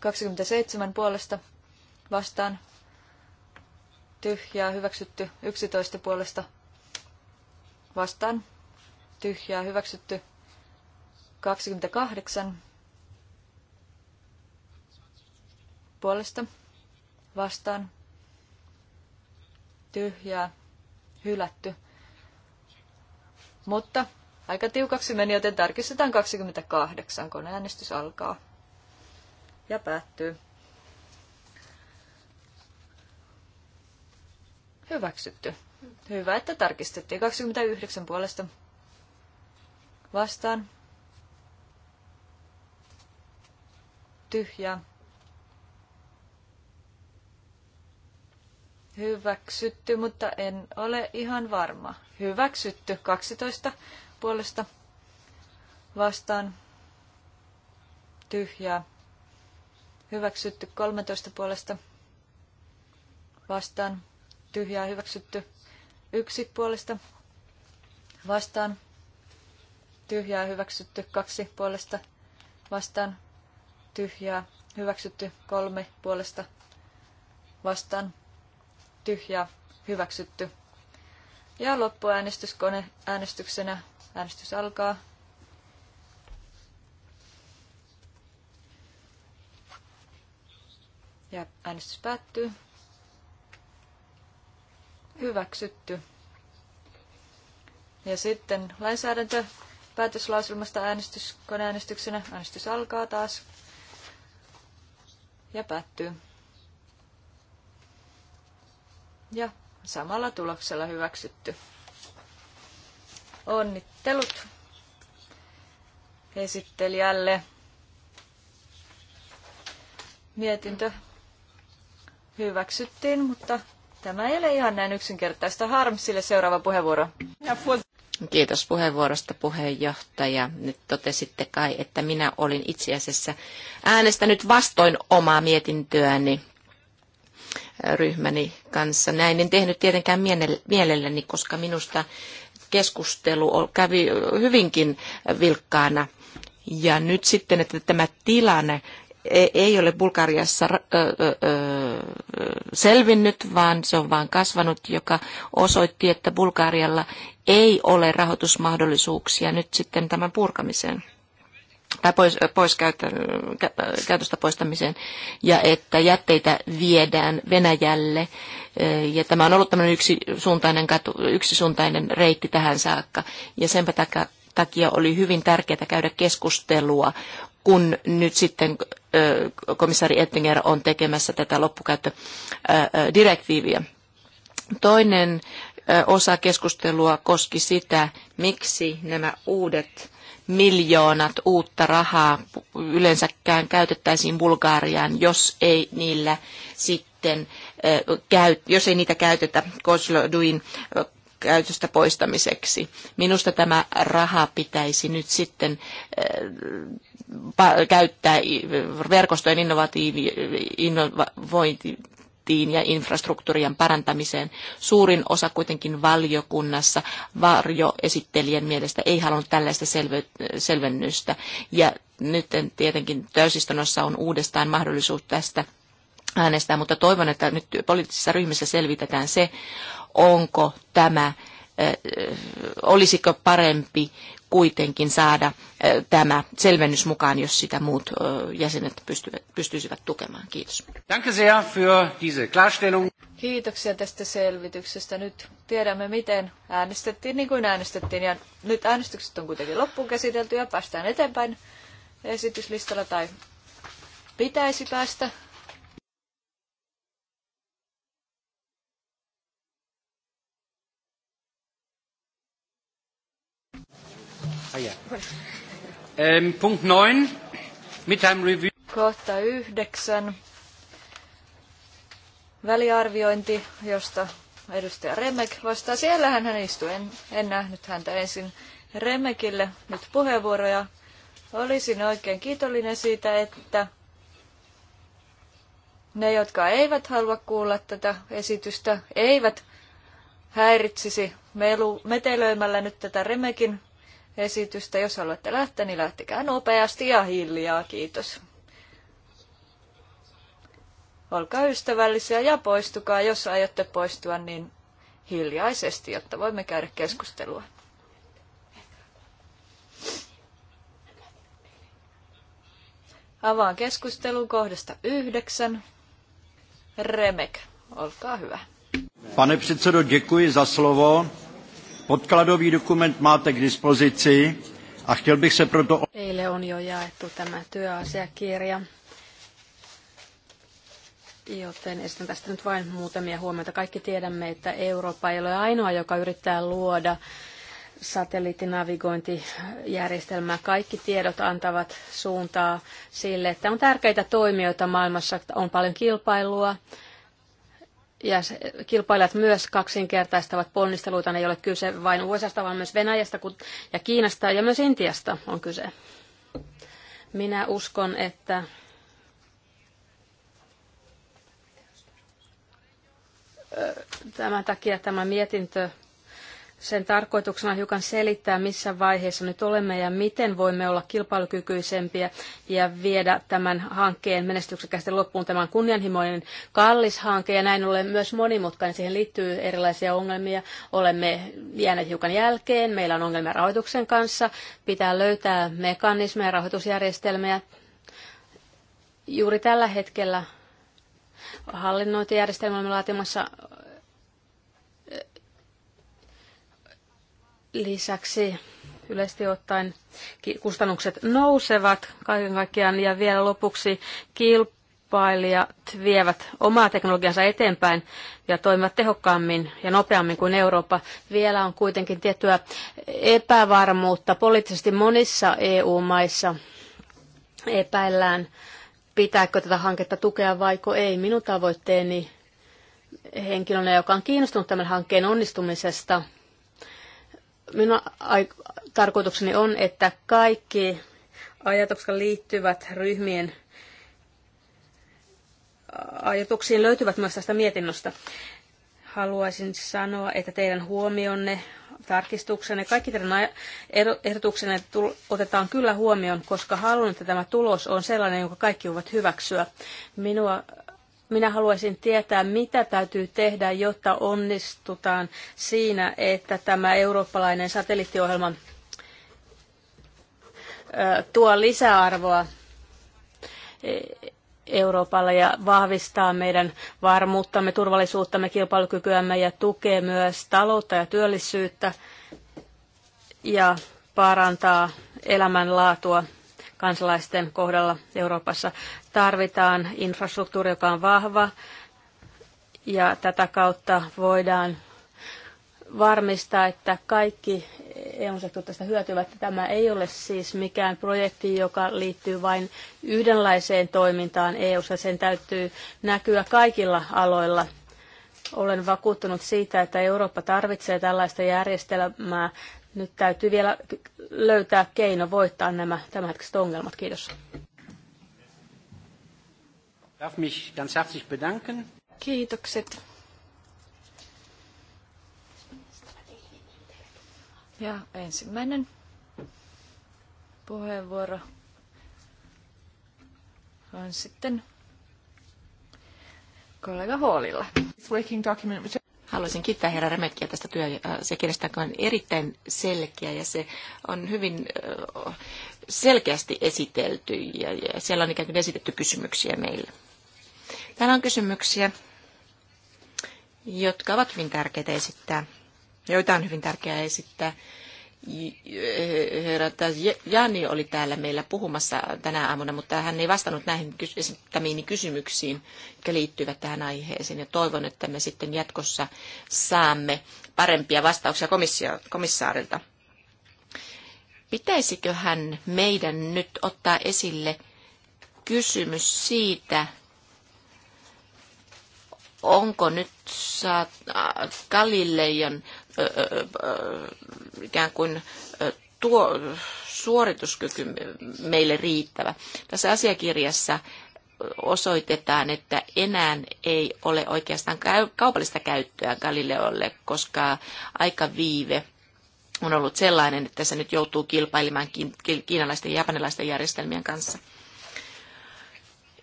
27 puolesta vastaan tyhjää hyväksytty. 11 puolesta vastaan tyhjää hyväksytty. 28 puolesta vastaan tyhjää hylätty. Mutta Aika tiukaksi meni, joten tarkistetaan 28, kun äänestys alkaa ja päättyy. Hyväksytty. Hyvä, että tarkistettiin. 29 puolesta vastaan. Tyhjä. Hyväksytty, mutta en ole ihan varma. Hyväksytty. 12 puolesta vastaan tyhjää. Hyväksytty 13 puolesta vastaan tyhjää. Hyväksytty yksi puolesta vastaan tyhjää. Hyväksytty kaksi puolesta vastaan tyhjää. Hyväksytty kolme puolesta vastaan tyhjää. Hyväksytty. Ja loppuäänestyskone äänestyksenä Äänestys alkaa. Ja äänestys päättyy. Hyväksytty. Ja sitten lainsäädäntö päätöslauselmasta äänestys, koneäänestyksenä. Äänestys alkaa taas ja päättyy. Ja samalla tuloksella hyväksytty. Onnittelut. Onnittelut esittelijälle. Mietintö hyväksyttiin, mutta tämä ei ole ihan näin yksinkertaista. Harmsille seuraava puheenvuoro. Kiitos puheenvuorosta puheenjohtaja. Nyt totesitte kai, että minä olin itse asiassa äänestänyt vastoin omaa mietintöäni ryhmäni kanssa. Näin en tehnyt tietenkään mielelläni, koska minusta keskustelu kävi hyvinkin vilkkaana. Ja nyt sitten, että tämä tilanne e- ei ole Bulgariassa selvinnyt, vaan se on vain kasvanut, joka osoitti, että Bulgarialla ei ole rahoitusmahdollisuuksia nyt sitten tämän purkamiseen tai pois, pois käytöstä poistamiseen, ja että jätteitä viedään Venäjälle. Ja tämä on ollut tämmöinen yksisuuntainen, katu, yksisuuntainen reitti tähän saakka, ja sen takia oli hyvin tärkeää käydä keskustelua, kun nyt sitten komissaari Ettinger on tekemässä tätä loppukäyttödirektiiviä. Toinen osa keskustelua koski sitä, miksi nämä uudet miljoonat uutta rahaa yleensäkään käytettäisiin Bulgariaan, jos ei niillä sitten, jos ei niitä käytetä Kosloduin käytöstä poistamiseksi. Minusta tämä raha pitäisi nyt sitten käyttää verkostojen innovatiivi, innovointi, budjettiin ja infrastruktuurien parantamiseen. Suurin osa kuitenkin valiokunnassa varjoesittelijän mielestä ei halunnut tällaista selvennystä. Ja nyt tietenkin täysistunnossa on uudestaan mahdollisuus tästä äänestää, mutta toivon, että nyt poliittisissa ryhmissä selvitetään se, onko tämä olisiko parempi kuitenkin saada tämä selvennys mukaan, jos sitä muut jäsenet pystyvät, pystyisivät tukemaan. Kiitos. Danke sehr für diese Klarstellung. Kiitoksia tästä selvityksestä. Nyt tiedämme, miten äänestettiin niin kuin äänestettiin. Ja nyt äänestykset on kuitenkin loppuun käsitelty ja päästään eteenpäin esityslistalla tai pitäisi päästä. Ah, ähm, Punkt 9. Midtime Review. Kohta yhdeksän. Väliarviointi, josta edustaja Remek vastaa. Siellähän hän istui. En, en nähnyt häntä ensin. Remekille nyt puheenvuoroja. Olisin oikein kiitollinen siitä, että ne, jotka eivät halua kuulla tätä esitystä, eivät häiritsisi melu, metelöimällä nyt tätä Remekin esitystä. Jos haluatte lähteä, niin lähtekää nopeasti ja hiljaa. Kiitos. Olkaa ystävällisiä ja poistukaa. Jos aiotte poistua, niin hiljaisesti, jotta voimme käydä keskustelua. Avaan keskustelun kohdasta yhdeksän. Remek, olkaa hyvä. Pane předsedo, děkuji za slovo. Podkladový dokument máte k dispozici a chtěl bych se proto... Teille on jo jaettu tämä työasiakirja, joten esitän tästä nyt vain muutamia huomioita. Kaikki tiedämme, että Eurooppa ei ole ainoa, joka yrittää luoda satelliittinavigointijärjestelmää. Kaikki tiedot antavat suuntaa sille, että on tärkeitä toimijoita maailmassa, on paljon kilpailua, ja kilpailijat myös kaksinkertaistavat ponnisteluita. ei ole kyse vain USAsta, vaan myös Venäjästä ja Kiinasta ja myös Intiasta on kyse. Minä uskon, että tämän takia tämä mietintö sen tarkoituksena on hiukan selittää, missä vaiheessa nyt olemme ja miten voimme olla kilpailukykyisempiä ja viedä tämän hankkeen menestyksekkäästi loppuun. Tämä on kunnianhimoinen, kallis hanke ja näin ollen myös monimutkainen. Siihen liittyy erilaisia ongelmia. Olemme jääneet hiukan jälkeen. Meillä on ongelmia rahoituksen kanssa. Pitää löytää mekanismeja ja rahoitusjärjestelmiä. Juuri tällä hetkellä hallinnointijärjestelmä olemme laatimassa Lisäksi yleisesti ottaen kustannukset nousevat kaiken kaikkiaan ja vielä lopuksi kilpailijat vievät omaa teknologiansa eteenpäin ja toimivat tehokkaammin ja nopeammin kuin Eurooppa. Vielä on kuitenkin tiettyä epävarmuutta poliittisesti monissa EU-maissa epäillään, pitääkö tätä hanketta tukea vaiko ei. Minun tavoitteeni henkilönä, joka on kiinnostunut tämän hankkeen onnistumisesta, minun tarkoitukseni on, että kaikki ajatukset liittyvät ryhmien ajatuksiin löytyvät myös tästä mietinnöstä. Haluaisin sanoa, että teidän huomionne, tarkistuksenne, kaikki teidän ehdotuksenne otetaan kyllä huomioon, koska haluan, että tämä tulos on sellainen, jonka kaikki voivat hyväksyä. Minua minä haluaisin tietää, mitä täytyy tehdä, jotta onnistutaan siinä, että tämä eurooppalainen satelliittiohjelma tuo lisäarvoa e, Euroopalle ja vahvistaa meidän varmuuttamme, turvallisuuttamme, kilpailukykyämme ja tukee myös taloutta ja työllisyyttä ja parantaa elämänlaatua kansalaisten kohdalla Euroopassa tarvitaan infrastruktuuri, joka on vahva, ja tätä kautta voidaan varmistaa, että kaikki EU-sektorit tästä hyötyvät. Tämä ei ole siis mikään projekti, joka liittyy vain yhdenlaiseen toimintaan eu Sen täytyy näkyä kaikilla aloilla. Olen vakuuttunut siitä, että Eurooppa tarvitsee tällaista järjestelmää. Nyt täytyy vielä löytää keino voittaa nämä tämänhetkiset ongelmat. Kiitos. Darf mich ganz herzlich bedanken. Kiitokset. Ja ensimmäinen puheenvuoro on sitten kollega Hoolilla. Haluaisin kiittää herra Remetkiä tästä äh, Se joka on erittäin selkeä ja se on hyvin äh, selkeästi esitelty ja siellä on ikään kuin esitetty kysymyksiä meille. Täällä on kysymyksiä, jotka ovat hyvin tärkeitä esittää, joita on hyvin tärkeää esittää. Herra Jani oli täällä meillä puhumassa tänä aamuna, mutta hän ei vastannut näihin esittämiini kysymyksiin, jotka liittyvät tähän aiheeseen. Ja toivon, että me sitten jatkossa saamme parempia vastauksia komissaarilta. komissaarilta. Pitäisiköhän meidän nyt ottaa esille kysymys siitä, onko nyt saat, äh, Galileian ikään kuin tuo suorituskyky meille riittävä. Tässä asiakirjassa osoitetaan, että enää ei ole oikeastaan kaupallista käyttöä Galileolle, koska aika viive on ollut sellainen, että se nyt joutuu kilpailemaan kiinalaisten ja japanilaisten järjestelmien kanssa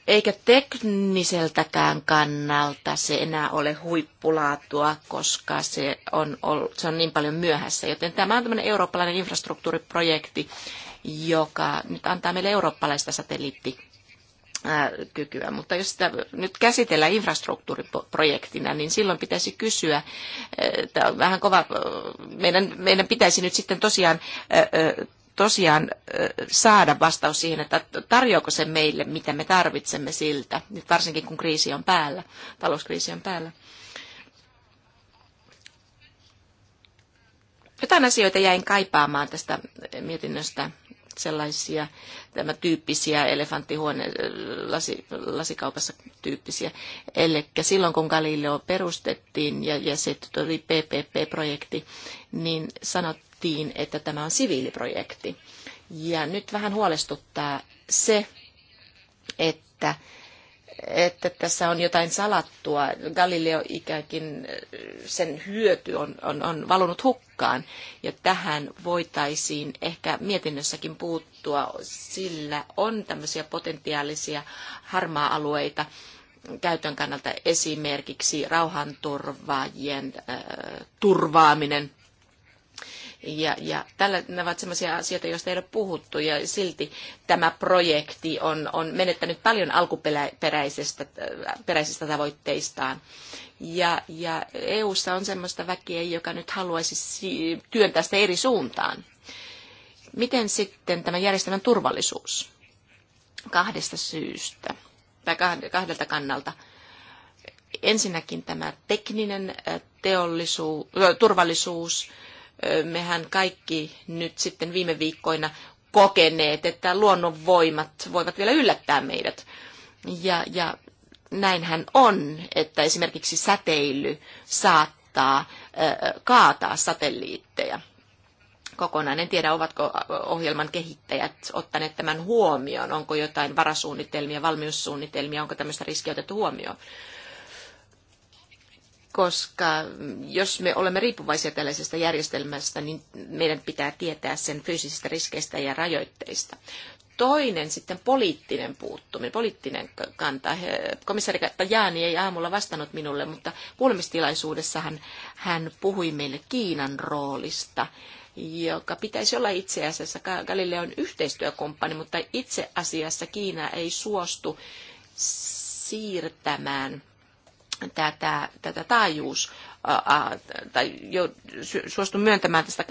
eikä tekniseltäkään kannalta se enää ole huippulaatua, koska se on, ollut, se on niin paljon myöhässä. Joten tämä on tämmöinen eurooppalainen infrastruktuuriprojekti, joka nyt antaa meille eurooppalaista satelliitti kykyä. Mutta jos sitä nyt käsitellään infrastruktuuriprojektina, niin silloin pitäisi kysyä, että on vähän kova, meidän, meidän pitäisi nyt sitten tosiaan tosiaan saada vastaus siihen, että tarjoako se meille, mitä me tarvitsemme siltä, nyt varsinkin kun kriisi on päällä, talouskriisi on päällä. Jotain asioita jäin kaipaamaan tästä mietinnöstä sellaisia tämä tyyppisiä elefanttihuone lasi, lasikaupassa tyyppisiä. Eli silloin kun Galileo perustettiin ja, ja se oli PPP-projekti, niin sanot, sanottiin, että tämä on siviiliprojekti. Ja nyt vähän huolestuttaa se, että, että tässä on jotain salattua. Galileo ikäänkin sen hyöty on, on, on valunut hukkaan. Ja tähän voitaisiin ehkä mietinnössäkin puuttua, sillä on tämmöisiä potentiaalisia harmaa-alueita käytön kannalta esimerkiksi rauhanturvaajien äh, turvaaminen ja, ja tällä, nämä ovat sellaisia asioita, joista ei ole puhuttu, ja silti tämä projekti on, on menettänyt paljon alkuperäisistä äh, peräisistä tavoitteistaan. Ja, ja EU:ssa on sellaista väkeä, joka nyt haluaisi työntää sitä eri suuntaan. Miten sitten tämä järjestelmän turvallisuus? Kahdesta syystä, tai kahdelta kannalta ensinnäkin tämä tekninen äh, teollisuus, äh, turvallisuus mehän kaikki nyt sitten viime viikkoina kokeneet, että luonnonvoimat voivat vielä yllättää meidät. Ja, ja näinhän on, että esimerkiksi säteily saattaa kaataa satelliitteja kokonaan. En tiedä, ovatko ohjelman kehittäjät ottaneet tämän huomioon, onko jotain varasuunnitelmia, valmiussuunnitelmia, onko tämmöistä riskiä otettu huomioon koska jos me olemme riippuvaisia tällaisesta järjestelmästä, niin meidän pitää tietää sen fyysisistä riskeistä ja rajoitteista. Toinen sitten poliittinen puuttuminen, poliittinen kanta. Komissaari Jaani ei aamulla vastannut minulle, mutta hän, hän puhui meille Kiinan roolista joka pitäisi olla itse asiassa Galileon yhteistyökumppani, mutta itse asiassa Kiina ei suostu siirtämään tätä, tätä taajuus, tai jo, suostu myöntämään tästä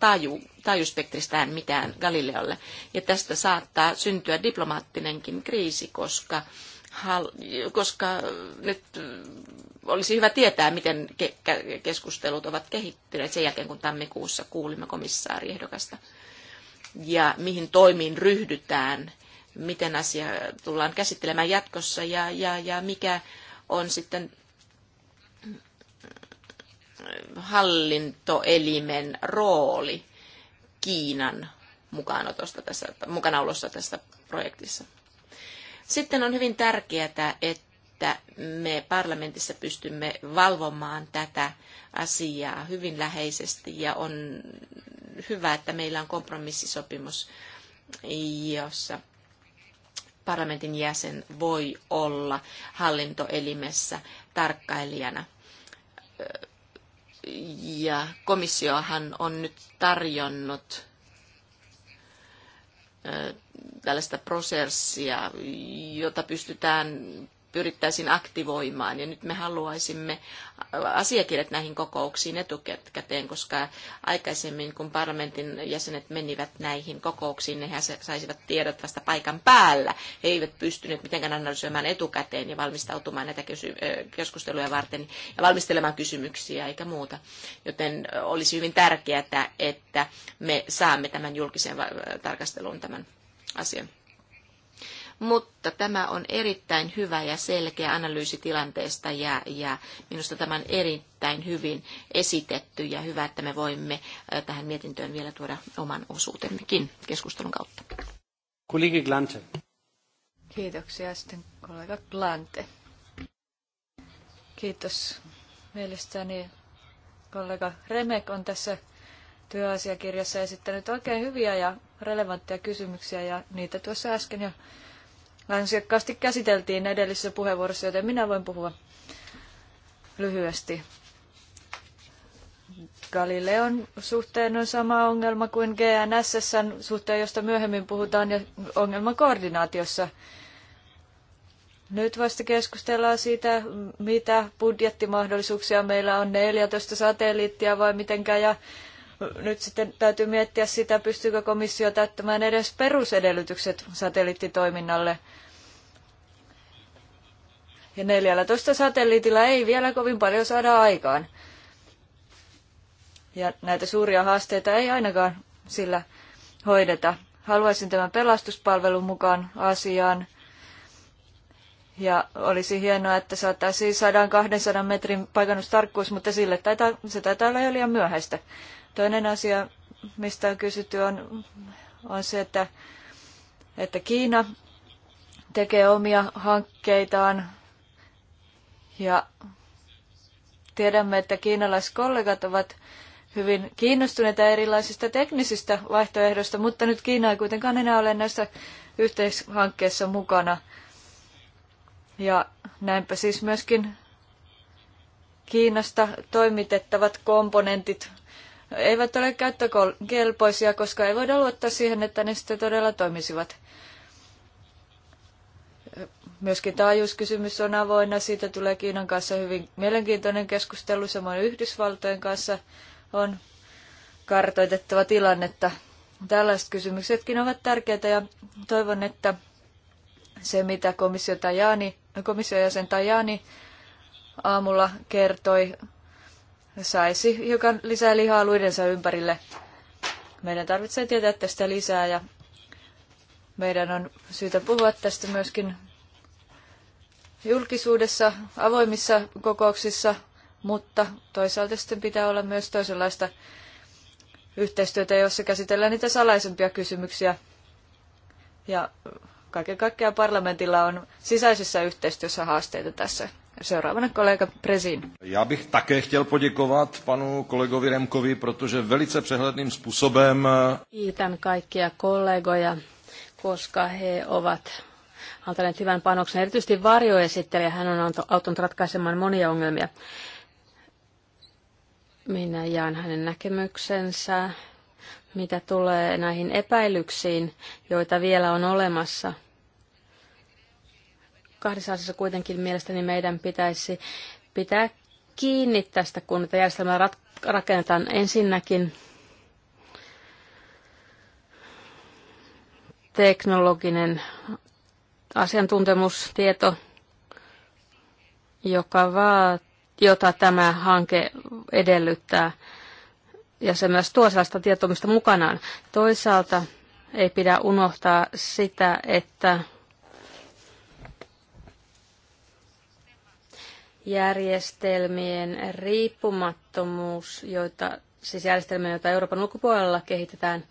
taaju, taajuuspektristään mitään Galileolle. Ja tästä saattaa syntyä diplomaattinenkin kriisi, koska, koska nyt olisi hyvä tietää, miten keskustelut ovat kehittyneet sen jälkeen, kun tammikuussa kuulimme komissaariehdokasta. Ja mihin toimiin ryhdytään, miten asia tullaan käsittelemään jatkossa ja, ja, ja mikä, on sitten hallintoelimen rooli Kiinan mukanaolossa tässä, mukanaolossa tässä projektissa. Sitten on hyvin tärkeää, että me parlamentissa pystymme valvomaan tätä asiaa hyvin läheisesti ja on hyvä, että meillä on kompromissisopimus, jossa parlamentin jäsen voi olla hallintoelimessä tarkkailijana. Ja komissiohan on nyt tarjonnut tällaista prosessia, jota pystytään pyrittäisiin aktivoimaan. Ja nyt me haluaisimme asiakirjat näihin kokouksiin etukäteen, koska aikaisemmin kun parlamentin jäsenet menivät näihin kokouksiin, niin he saisivat tiedot vasta paikan päällä. He eivät pystyneet mitenkään analysoimaan etukäteen ja valmistautumaan näitä keskusteluja varten ja valmistelemaan kysymyksiä eikä muuta. Joten olisi hyvin tärkeää, että me saamme tämän julkisen tarkastelun tämän asian mutta tämä on erittäin hyvä ja selkeä analyysi tilanteesta ja, ja minusta tämä on erittäin hyvin esitetty ja hyvä, että me voimme tähän mietintöön vielä tuoda oman osuutemmekin keskustelun kautta. Kollegi Glante. Kiitoksia sitten kollega Glante. Kiitos. Mielestäni kollega Remek on tässä työasiakirjassa esittänyt oikein hyviä ja relevantteja kysymyksiä ja niitä tuossa äsken jo ansiokkaasti käsiteltiin edellisessä puheenvuorossa, joten minä voin puhua lyhyesti. Galileon suhteen on sama ongelma kuin GNSSn suhteen, josta myöhemmin puhutaan, ja ongelma koordinaatiossa. Nyt vasta keskustellaan siitä, mitä budjettimahdollisuuksia meillä on, 14 satelliittia vai mitenkä, ja nyt sitten täytyy miettiä sitä, pystyykö komissio täyttämään edes perusedellytykset satelliittitoiminnalle. Ja 14 satelliitilla ei vielä kovin paljon saada aikaan. Ja näitä suuria haasteita ei ainakaan sillä hoideta. Haluaisin tämän pelastuspalvelun mukaan asiaan. Ja olisi hienoa, että saataisiin 100-200 metrin paikannustarkkuus, mutta sille taitaa, se taitaa olla jo liian myöhäistä. Toinen asia, mistä on kysytty, on, on se, että, että Kiina tekee omia hankkeitaan ja tiedämme, että kiinalaiskollegat ovat hyvin kiinnostuneita erilaisista teknisistä vaihtoehdoista, mutta nyt Kiina ei kuitenkaan enää ole näissä yhteishankkeissa mukana. Ja näinpä siis myöskin Kiinasta toimitettavat komponentit eivät ole käyttökelpoisia, koska ei voida luottaa siihen, että ne sitten todella toimisivat. Myöskin taajuuskysymys on avoinna. Siitä tulee Kiinan kanssa hyvin mielenkiintoinen keskustelu. Samoin Yhdysvaltojen kanssa on kartoitettava tilannetta. Tällaiset kysymyksetkin ovat tärkeitä ja toivon, että se mitä komissio, Tajani, komission jäsen Tajani aamulla kertoi saisi hiukan lisää lihaa luidensa ympärille. Meidän tarvitsee tietää tästä lisää ja meidän on syytä puhua tästä myöskin julkisuudessa, avoimissa kokouksissa, mutta toisaalta sitten pitää olla myös toisenlaista yhteistyötä, jossa käsitellään niitä salaisempia kysymyksiä. Ja kaiken kaikkiaan parlamentilla on sisäisessä yhteistyössä haasteita tässä Seuraavana kolega Prezin. Já bych také chtěl poděkovat panu kolegovi Remkovi, protože velice přehledným způsobem... Eh, Kiitän kaikkia kollegoja, koska he ovat antaneet hyvän panoksen. Erityisesti varjoesittelijä, hän on auttanut ratkaisemaan monia ongelmia. Minä jaan hänen näkemyksensä, mitä tulee näihin epäilyksiin, joita vielä on olemassa – kahdessa asiassa kuitenkin mielestäni meidän pitäisi pitää kiinni tästä, kun tätä järjestelmää rat- rakennetaan ensinnäkin teknologinen asiantuntemustieto, joka vaatii jota tämä hanke edellyttää. Ja se myös tuo sellaista tietoa, mistä mukanaan. Toisaalta ei pidä unohtaa sitä, että järjestelmien riippumattomuus, joita, siis järjestelmiä, joita Euroopan ulkopuolella kehitetään,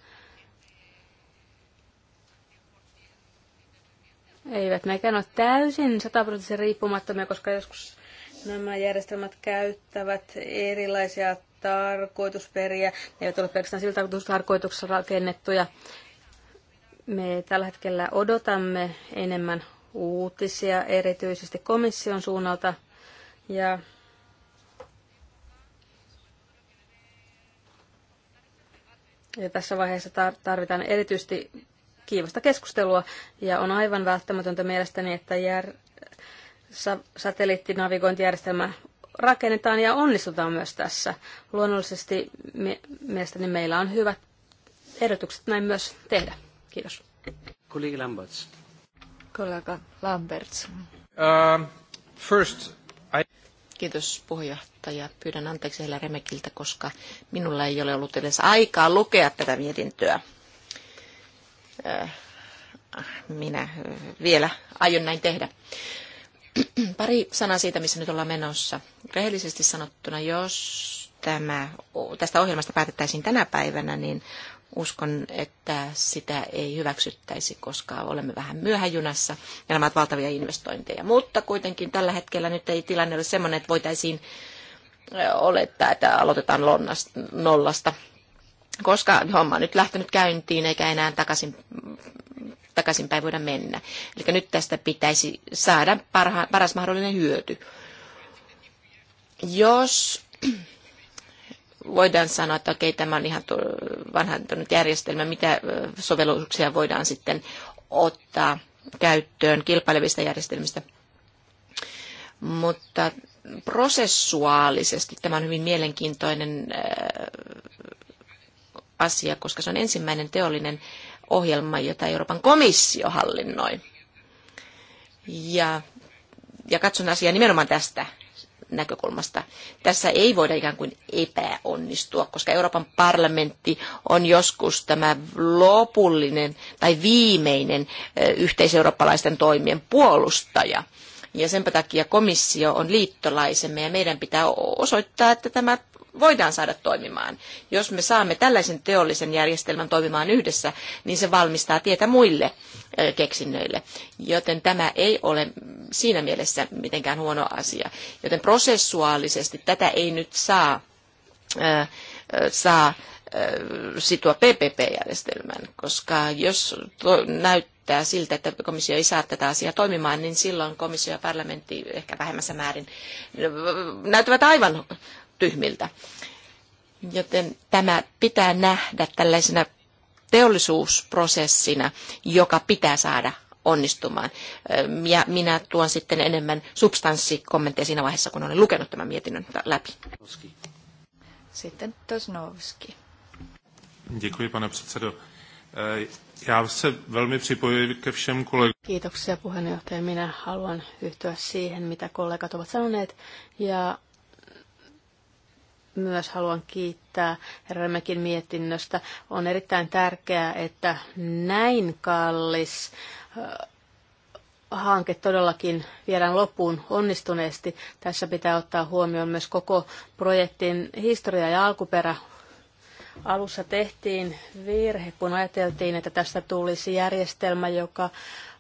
eivät mekään ole täysin sataprosenttisen riippumattomia, koska joskus nämä järjestelmät käyttävät erilaisia tarkoitusperiä. Ne eivät ole pelkästään sillä tarkoituksessa rakennettuja. Me tällä hetkellä odotamme enemmän uutisia, erityisesti komission suunnalta – ja Ja tässä vaiheessa tarvitaan erityisesti kiivasta keskustelua ja on aivan välttämätöntä mielestäni, että jär... satelliittinavigointijärjestelmä rakennetaan ja onnistutaan myös tässä. Luonnollisesti mielestäni meillä on hyvät ehdotukset näin myös tehdä. Kiitos. Kollega Lamberts. Kollega Lamberts. Uh, first, Kiitos puheenjohtaja. Pyydän anteeksi Hela Remekiltä, koska minulla ei ole ollut edes aikaa lukea tätä mietintöä. Äh, minä äh, vielä aion näin tehdä. Pari sanaa siitä, missä nyt ollaan menossa. Rehellisesti sanottuna, jos tämä, tästä ohjelmasta päätettäisiin tänä päivänä, niin uskon, että sitä ei hyväksyttäisi, koska olemme vähän myöhäjunassa ja nämä ovat valtavia investointeja. Mutta kuitenkin tällä hetkellä nyt ei tilanne ole sellainen, että voitaisiin olettaa, että aloitetaan nollasta, koska homma on nyt lähtenyt käyntiin eikä enää takaisin takaisinpäin voida mennä. Eli nyt tästä pitäisi saada parha, paras mahdollinen hyöty. Jos voidaan sanoa, että okei, tämä on ihan vanhentunut järjestelmä, mitä sovelluksia voidaan sitten ottaa käyttöön kilpailevista järjestelmistä. Mutta prosessuaalisesti tämä on hyvin mielenkiintoinen asia, koska se on ensimmäinen teollinen ohjelma, jota Euroopan komissio hallinnoi. Ja, ja katson asiaa nimenomaan tästä näkökulmasta. Tässä ei voida ikään kuin epäonnistua, koska Euroopan parlamentti on joskus tämä lopullinen tai viimeinen yhteiseurooppalaisten toimien puolustaja. Ja senpä takia komissio on liittolaisemme ja meidän pitää osoittaa, että tämä voidaan saada toimimaan. Jos me saamme tällaisen teollisen järjestelmän toimimaan yhdessä, niin se valmistaa tietä muille keksinnöille. Joten tämä ei ole siinä mielessä mitenkään huono asia. Joten prosessuaalisesti tätä ei nyt saa, saa sitoa PPP-järjestelmään, koska jos näyttää siltä, että komissio ei saa tätä asiaa toimimaan, niin silloin komissio ja parlamentti ehkä vähemmässä määrin näyttävät aivan tyhmiltä. Joten tämä pitää nähdä tällaisena teollisuusprosessina, joka pitää saada onnistumaan. Ja minä tuon sitten enemmän substanssikommentteja siinä vaiheessa, kun olen lukenut tämän mietinnön läpi. Sitten Tosnovski. Děkuji, pane předsedo. E, já se velmi připojuji ke všem kolegům. Kiitoksia puheenjohtaja. Minä haluan yhtyä siihen, mitä kollegat ovat sanoneet. Ja myös haluan kiittää Herramäkin mietinnöstä. On erittäin tärkeää, että näin kallis äh, hanke todellakin viedään loppuun onnistuneesti. Tässä pitää ottaa huomioon myös koko projektin historia ja alkuperä. Alussa tehtiin virhe, kun ajateltiin, että tästä tulisi järjestelmä, joka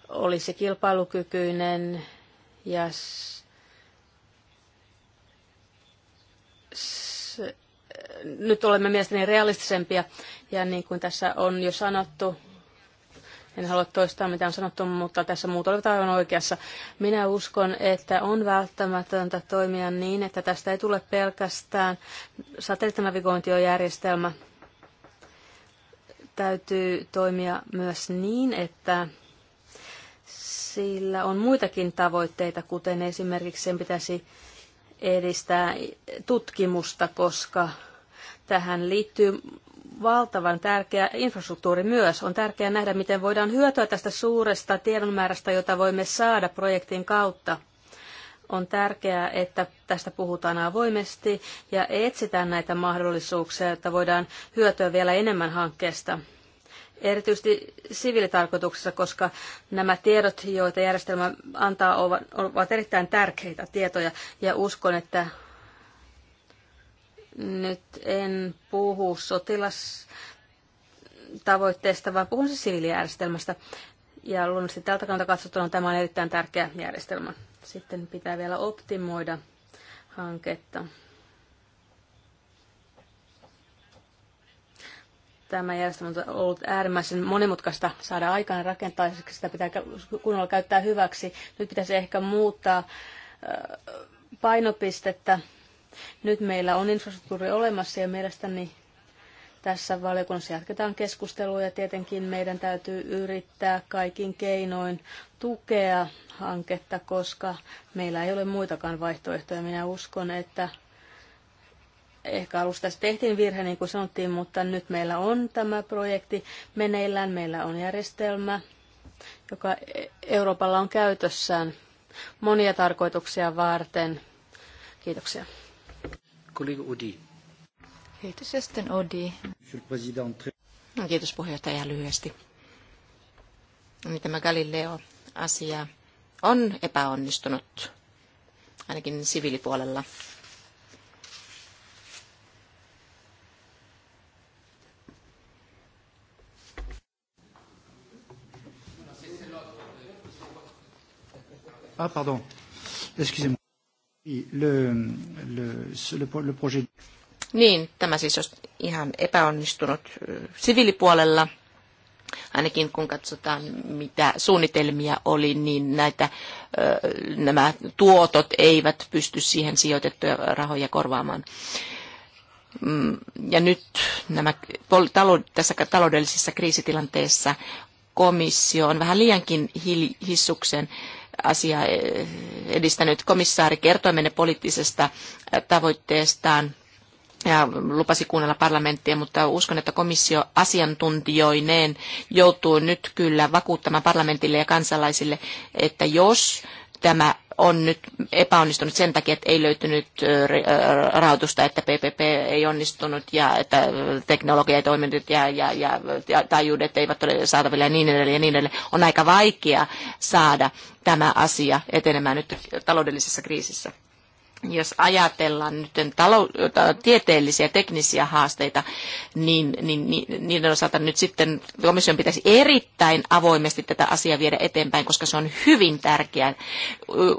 olisi kilpailukykyinen ja nyt olemme mielestäni realistisempia. Ja niin kuin tässä on jo sanottu, en halua toistaa mitä on sanottu, mutta tässä muut olivat aivan oikeassa. Minä uskon, että on välttämätöntä toimia niin, että tästä ei tule pelkästään satelliittinavigointiojärjestelmä. Täytyy toimia myös niin, että sillä on muitakin tavoitteita, kuten esimerkiksi sen pitäisi edistää tutkimusta, koska Tähän liittyy valtavan tärkeä infrastruktuuri myös. On tärkeää nähdä, miten voidaan hyötyä tästä suuresta tiedonmäärästä, jota voimme saada projektin kautta. On tärkeää, että tästä puhutaan avoimesti ja etsitään näitä mahdollisuuksia, että voidaan hyötyä vielä enemmän hankkeesta. Erityisesti siviilitarkoituksessa, koska nämä tiedot, joita järjestelmä antaa, ovat erittäin tärkeitä tietoja ja uskon, että nyt en puhu sotilastavoitteesta, vaan puhun siis siviilijärjestelmästä. Ja luonnollisesti tältä kannalta katsottuna tämä on erittäin tärkeä järjestelmä. Sitten pitää vielä optimoida hanketta. tämä järjestelmä on ollut äärimmäisen monimutkaista saada aikaan rakentaa, sitä pitää kunnolla käyttää hyväksi. Nyt pitäisi ehkä muuttaa painopistettä nyt meillä on infrastruktuuri olemassa ja mielestäni tässä valiokunnassa jatketaan keskustelua ja tietenkin meidän täytyy yrittää kaikin keinoin tukea hanketta, koska meillä ei ole muitakaan vaihtoehtoja. Minä uskon, että ehkä alusta tehtiin virhe, niin kuin sanottiin, mutta nyt meillä on tämä projekti meneillään. Meillä on järjestelmä, joka e- Euroopalla on käytössään monia tarkoituksia varten. Kiitoksia. Kollega Odi. Kiitos sitten Odi. No, kiitos puheenjohtaja lyhyesti. No niin, tämä Galileo-asia on epäonnistunut, ainakin siviilipuolella. Ah, pardon. Excusez-moi. Niin, tämä siis on ihan epäonnistunut siviilipuolella. Ainakin kun katsotaan, mitä suunnitelmia oli, niin näitä, nämä tuotot eivät pysty siihen sijoitettuja rahoja korvaamaan. Mm, ja nyt nämä, tässä taloudellisessa kriisitilanteessa komissio on vähän liiankin hissuksen asia eh, edistänyt. Komissaari kertoi meille poliittisesta eh, tavoitteestaan ja lupasi kuunnella parlamenttia, mutta uskon, että komissio asiantuntijoineen joutuu nyt kyllä vakuuttamaan parlamentille ja kansalaisille, että jos tämä on nyt epäonnistunut sen takia, että ei löytynyt rahoitusta, että PPP ei onnistunut ja että teknologia ei toiminut ja, ja, ja taajuudet eivät ole saatavilla ja niin edelleen ja niin edelleen. On aika vaikea saada tämä asia etenemään nyt taloudellisessa kriisissä jos ajatellaan nyt talou- tieteellisiä teknisiä haasteita, niin, niin, niin niiden osalta nyt sitten komission pitäisi erittäin avoimesti tätä asiaa viedä eteenpäin, koska se on hyvin tärkeää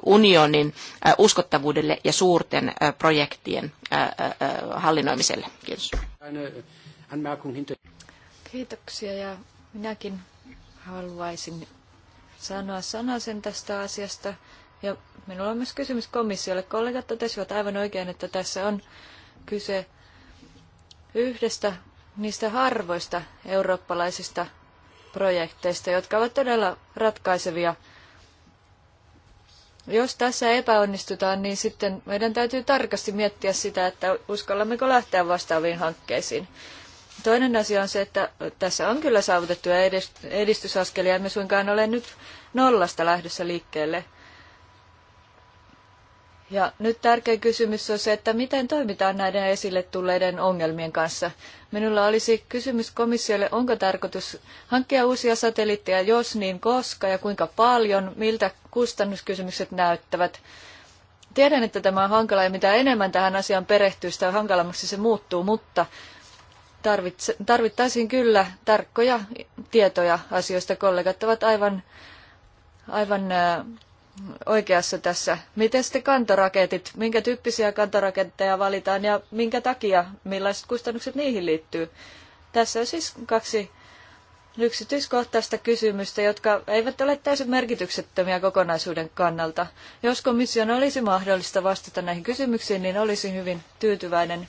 unionin uskottavuudelle ja suurten projektien hallinnoimiselle. Kiitos. Kiitoksia ja minäkin haluaisin sanoa sanasen tästä asiasta. Ja minulla on myös kysymys komissiolle. Kollegat totesivat aivan oikein, että tässä on kyse yhdestä niistä harvoista eurooppalaisista projekteista, jotka ovat todella ratkaisevia. Jos tässä epäonnistutaan, niin sitten meidän täytyy tarkasti miettiä sitä, että uskallammeko lähteä vastaaviin hankkeisiin. Toinen asia on se, että tässä on kyllä saavutettuja edistysaskelia, emme suinkaan ole nyt nollasta lähdössä liikkeelle. Ja nyt tärkeä kysymys on se, että miten toimitaan näiden esille tulleiden ongelmien kanssa. Minulla olisi kysymys komissiolle, onko tarkoitus hankkia uusia satelliitteja, jos niin koska ja kuinka paljon, miltä kustannuskysymykset näyttävät. Tiedän, että tämä on hankala ja mitä enemmän tähän asiaan perehtyy, sitä hankalammaksi se muuttuu, mutta tarvittaisiin kyllä tarkkoja tietoja asioista. Kollegat ovat aivan, aivan äh, oikeassa tässä. Miten sitten kantoraketit, minkä tyyppisiä kantoraketteja valitaan ja minkä takia, millaiset kustannukset niihin liittyy? Tässä on siis kaksi yksityiskohtaista kysymystä, jotka eivät ole täysin merkityksettömiä kokonaisuuden kannalta. Jos komission olisi mahdollista vastata näihin kysymyksiin, niin olisin hyvin tyytyväinen.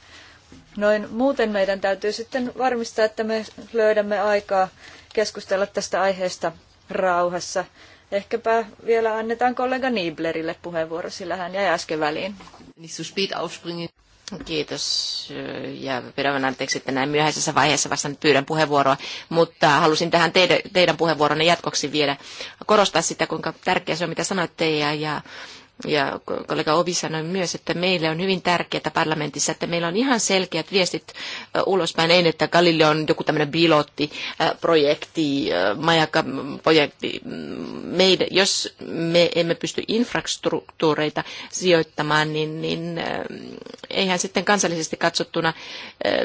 Noin muuten meidän täytyy sitten varmistaa, että me löydämme aikaa keskustella tästä aiheesta rauhassa. Ehkäpä vielä annetaan kollega Niblerille puheenvuoro, sillä hän jäi äsken väliin. Kiitos ja pidän anteeksi, että näin myöhäisessä vaiheessa vasta nyt pyydän puheenvuoroa, mutta halusin tähän teidän, teidän puheenvuoronne jatkoksi vielä korostaa sitä, kuinka tärkeää se on, mitä sanoitte ja, ja ja kollega Obi sanoi myös, että meille on hyvin tärkeää parlamentissa, että meillä on ihan selkeät viestit ulospäin. Ei, että Galileo on joku tämmöinen pilottiprojekti, projekti Meidän, jos me emme pysty infrastruktuureita sijoittamaan, niin, niin eihän sitten kansallisesti katsottuna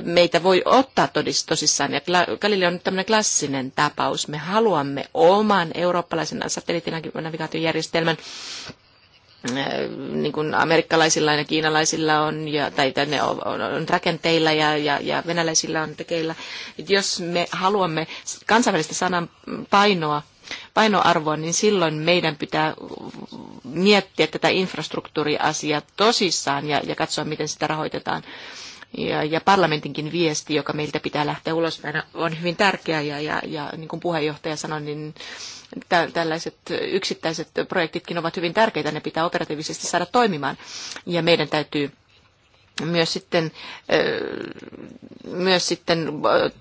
meitä voi ottaa todis, tosissaan. Ja Galileo on nyt tämmöinen klassinen tapaus. Me haluamme oman eurooppalaisen satelliittinavigaatiojärjestelmän, Äh, niin kuin amerikkalaisilla ja kiinalaisilla on, ja, tai ne on, on rakenteilla ja, ja, ja venäläisillä on tekeillä. Et jos me haluamme kansainvälistä sanan painoa, painoarvoa, niin silloin meidän pitää miettiä tätä infrastruktuuriasiaa tosissaan ja, ja katsoa, miten sitä rahoitetaan. Ja, ja parlamentinkin viesti, joka meiltä pitää lähteä ulos, on hyvin tärkeä, ja, ja, ja niin kuin puheenjohtaja sanoi, niin tällaiset yksittäiset projektitkin ovat hyvin tärkeitä, ne pitää operatiivisesti saada toimimaan. Ja meidän täytyy myös sitten, myös sitten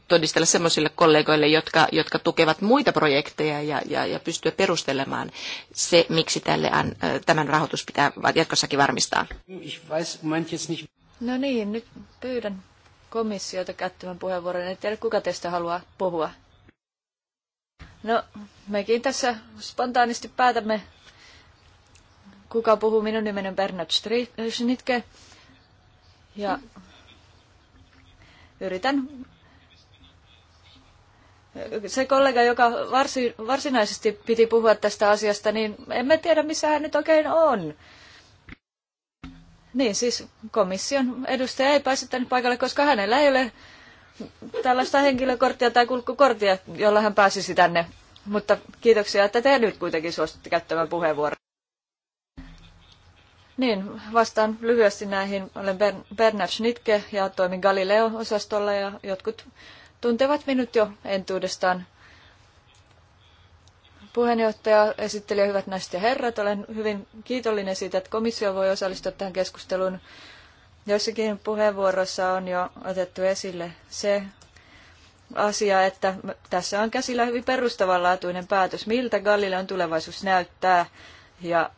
todistella sellaisille kollegoille, jotka, jotka tukevat muita projekteja ja, ja, ja pystyä perustelemaan se, miksi tälle, tämän rahoitus pitää jatkossakin varmistaa. No niin, nyt pyydän komissiota käyttämään puheenvuoron. En tiedä, kuka teistä haluaa puhua. No, mekin tässä spontaanisti päätämme, kuka puhuu. Minun nimeni on Bernard äh, Schnitke. Ja yritän se kollega, joka varsinaisesti piti puhua tästä asiasta, niin emme tiedä, missä hän nyt oikein on. Niin, siis komission edustaja ei pääse tänne paikalle, koska hänellä ei ole tällaista henkilökorttia tai kulkukorttia, jolla hän pääsisi tänne. Mutta kiitoksia, että te nyt kuitenkin suostutte käyttämään puheenvuoron. Niin, vastaan lyhyesti näihin. Olen Bernard Schnitke ja toimin Galileo-osastolla ja jotkut tuntevat minut jo entuudestaan. Puheenjohtaja, esittelijä, hyvät naiset ja herrat, olen hyvin kiitollinen siitä, että komissio voi osallistua tähän keskusteluun. Joissakin puheenvuoroissa on jo otettu esille se asia, että tässä on käsillä hyvin perustavanlaatuinen päätös, miltä Galileon tulevaisuus näyttää ja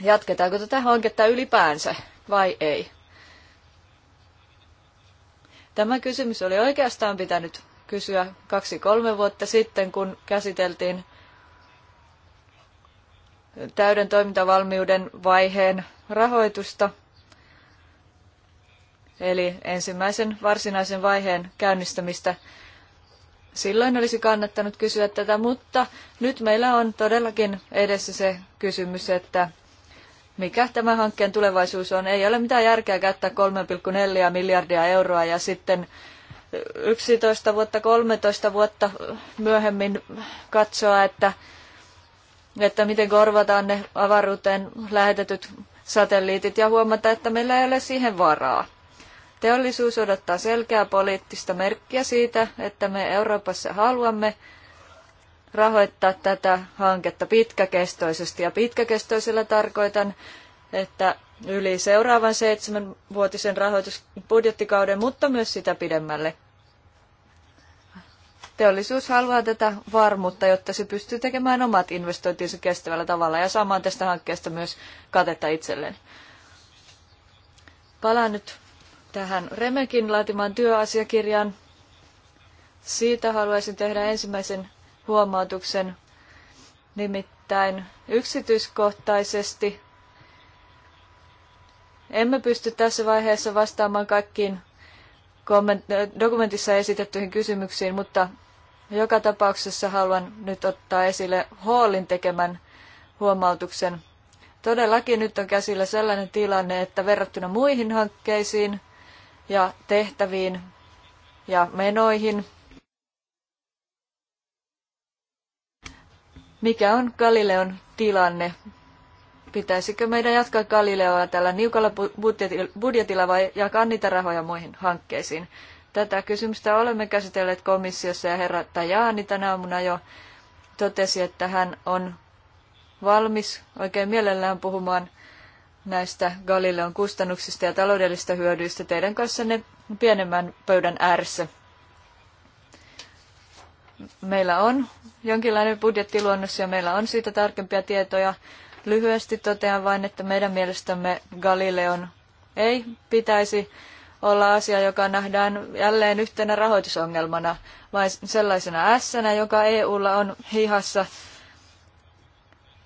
jatketaanko tätä hanketta ylipäänsä vai ei. Tämä kysymys oli oikeastaan pitänyt kysyä kaksi-kolme vuotta sitten, kun käsiteltiin täyden toimintavalmiuden vaiheen rahoitusta – eli ensimmäisen varsinaisen vaiheen käynnistämistä. Silloin olisi kannattanut kysyä tätä, mutta nyt meillä on todellakin edessä se kysymys, että mikä tämä hankkeen tulevaisuus on. Ei ole mitään järkeä käyttää 3,4 miljardia euroa ja sitten 11 vuotta, 13 vuotta myöhemmin katsoa, että, että miten korvataan ne avaruuteen lähetetyt satelliitit ja huomata, että meillä ei ole siihen varaa. Teollisuus odottaa selkeää poliittista merkkiä siitä, että me Euroopassa haluamme rahoittaa tätä hanketta pitkäkestoisesti. Ja pitkäkestoisella tarkoitan, että yli seuraavan seitsemän vuotisen rahoitusbudjettikauden, mutta myös sitä pidemmälle. Teollisuus haluaa tätä varmuutta, jotta se pystyy tekemään omat investointinsa kestävällä tavalla ja saamaan tästä hankkeesta myös katetta itselleen. Palaan nyt tähän Remekin laatimaan työasiakirjaan. Siitä haluaisin tehdä ensimmäisen huomautuksen, nimittäin yksityiskohtaisesti emme pysty tässä vaiheessa vastaamaan kaikkiin äh, dokumentissa esitettyihin kysymyksiin, mutta joka tapauksessa haluan nyt ottaa esille Hallin tekemän huomautuksen. Todellakin nyt on käsillä sellainen tilanne, että verrattuna muihin hankkeisiin ja tehtäviin ja menoihin. Mikä on Galileon tilanne? Pitäisikö meidän jatkaa Galileoa tällä niukalla budjetilla vai jakaa niitä rahoja muihin hankkeisiin? Tätä kysymystä olemme käsitelleet komissiossa ja herra Tajani tänä aamuna jo totesi, että hän on valmis oikein mielellään puhumaan näistä Galileon kustannuksista ja taloudellisista hyödyistä teidän kanssanne pienemmän pöydän ääressä. Meillä on jonkinlainen budjettiluonnos ja meillä on siitä tarkempia tietoja. Lyhyesti totean vain, että meidän mielestämme Galileon ei pitäisi olla asia, joka nähdään jälleen yhtenä rahoitusongelmana, vaan sellaisena ässänä, joka EUlla on hihassa,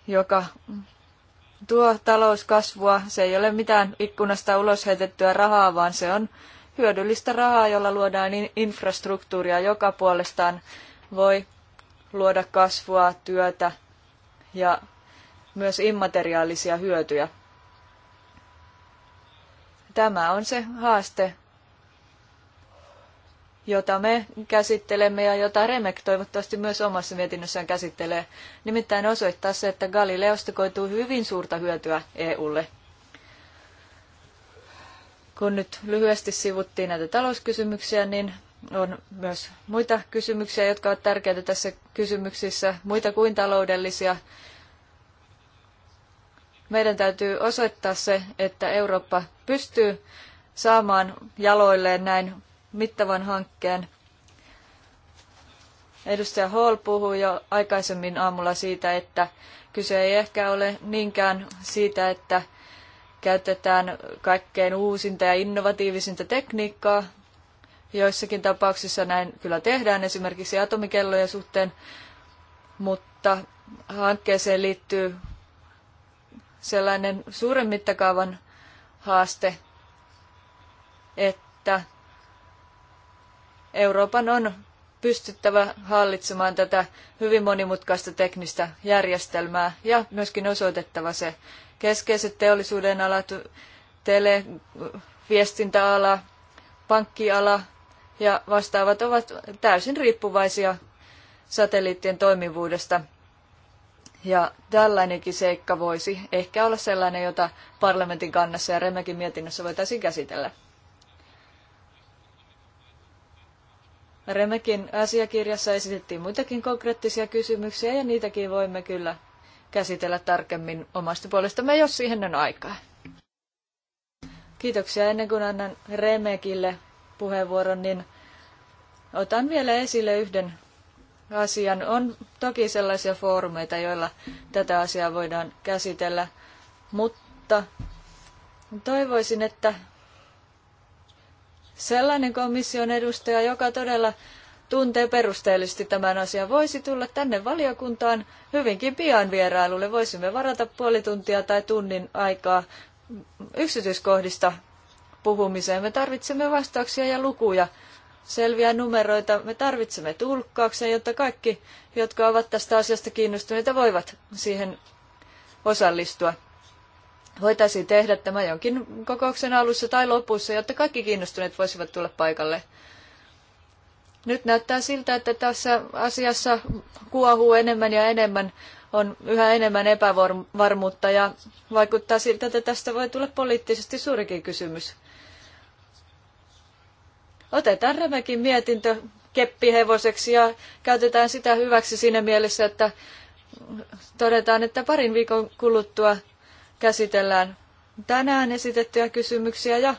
joka tuo talouskasvua. Se ei ole mitään ikkunasta ulos heitettyä rahaa, vaan se on hyödyllistä rahaa, jolla luodaan infrastruktuuria, joka puolestaan voi luoda kasvua, työtä ja myös immateriaalisia hyötyjä. Tämä on se haaste, jota me käsittelemme ja jota Remek toivottavasti myös omassa mietinnössään käsittelee. Nimittäin osoittaa se, että Galileosta koituu hyvin suurta hyötyä EUlle. Kun nyt lyhyesti sivuttiin näitä talouskysymyksiä, niin on myös muita kysymyksiä, jotka ovat tärkeitä tässä kysymyksissä, muita kuin taloudellisia. Meidän täytyy osoittaa se, että Eurooppa pystyy saamaan jaloilleen näin mittavan hankkeen. Edustaja Hall puhui jo aikaisemmin aamulla siitä, että kyse ei ehkä ole niinkään siitä, että käytetään kaikkein uusinta ja innovatiivisinta tekniikkaa. Joissakin tapauksissa näin kyllä tehdään, esimerkiksi atomikellojen suhteen, mutta hankkeeseen liittyy sellainen suuren mittakaavan haaste, että Euroopan on pystyttävä hallitsemaan tätä hyvin monimutkaista teknistä järjestelmää ja myöskin osoitettava se keskeiset teollisuuden alat, tele, viestintäala, pankkiala ja vastaavat ovat täysin riippuvaisia satelliittien toimivuudesta. Ja tällainenkin seikka voisi ehkä olla sellainen, jota parlamentin kannassa ja Remekin mietinnössä voitaisiin käsitellä. Remekin asiakirjassa esitettiin muitakin konkreettisia kysymyksiä ja niitäkin voimme kyllä käsitellä tarkemmin omasta puolestamme, jos siihen on aikaa. Kiitoksia. Ennen kuin annan Remekille puheenvuoron, niin otan vielä esille yhden asian. On toki sellaisia foorumeita, joilla tätä asiaa voidaan käsitellä, mutta toivoisin, että Sellainen komission edustaja, joka todella tuntee perusteellisesti tämän asian, voisi tulla tänne valiokuntaan hyvinkin pian vierailulle. Voisimme varata puoli tuntia tai tunnin aikaa yksityiskohdista puhumiseen. Me tarvitsemme vastauksia ja lukuja, selviä numeroita. Me tarvitsemme tulkkauksen, jotta kaikki, jotka ovat tästä asiasta kiinnostuneita, voivat siihen osallistua voitaisiin tehdä tämä jonkin kokouksen alussa tai lopussa, jotta kaikki kiinnostuneet voisivat tulla paikalle. Nyt näyttää siltä, että tässä asiassa kuohuu enemmän ja enemmän, on yhä enemmän epävarmuutta ja vaikuttaa siltä, että tästä voi tulla poliittisesti suurikin kysymys. Otetaan Remekin mietintö keppihevoseksi ja käytetään sitä hyväksi siinä mielessä, että todetaan, että parin viikon kuluttua käsitellään tänään esitettyjä kysymyksiä ja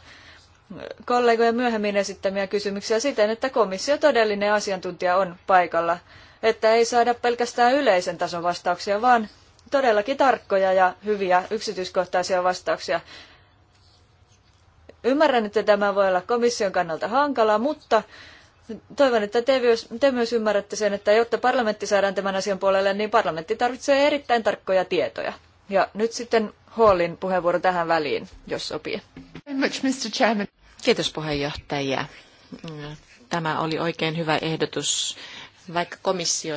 kollegojen myöhemmin esittämiä kysymyksiä siten, että komissio todellinen asiantuntija on paikalla, että ei saada pelkästään yleisen tason vastauksia, vaan todellakin tarkkoja ja hyviä yksityiskohtaisia vastauksia. Ymmärrän, että tämä voi olla komission kannalta hankalaa, mutta toivon, että te myös, te myös ymmärrätte sen, että jotta parlamentti saadaan tämän asian puolelle, niin parlamentti tarvitsee erittäin tarkkoja tietoja. Ja nyt sitten Hallin puheenvuoro tähän väliin, jos sopii. Kiitos puheenjohtaja. Tämä oli oikein hyvä ehdotus. Vaikka komissio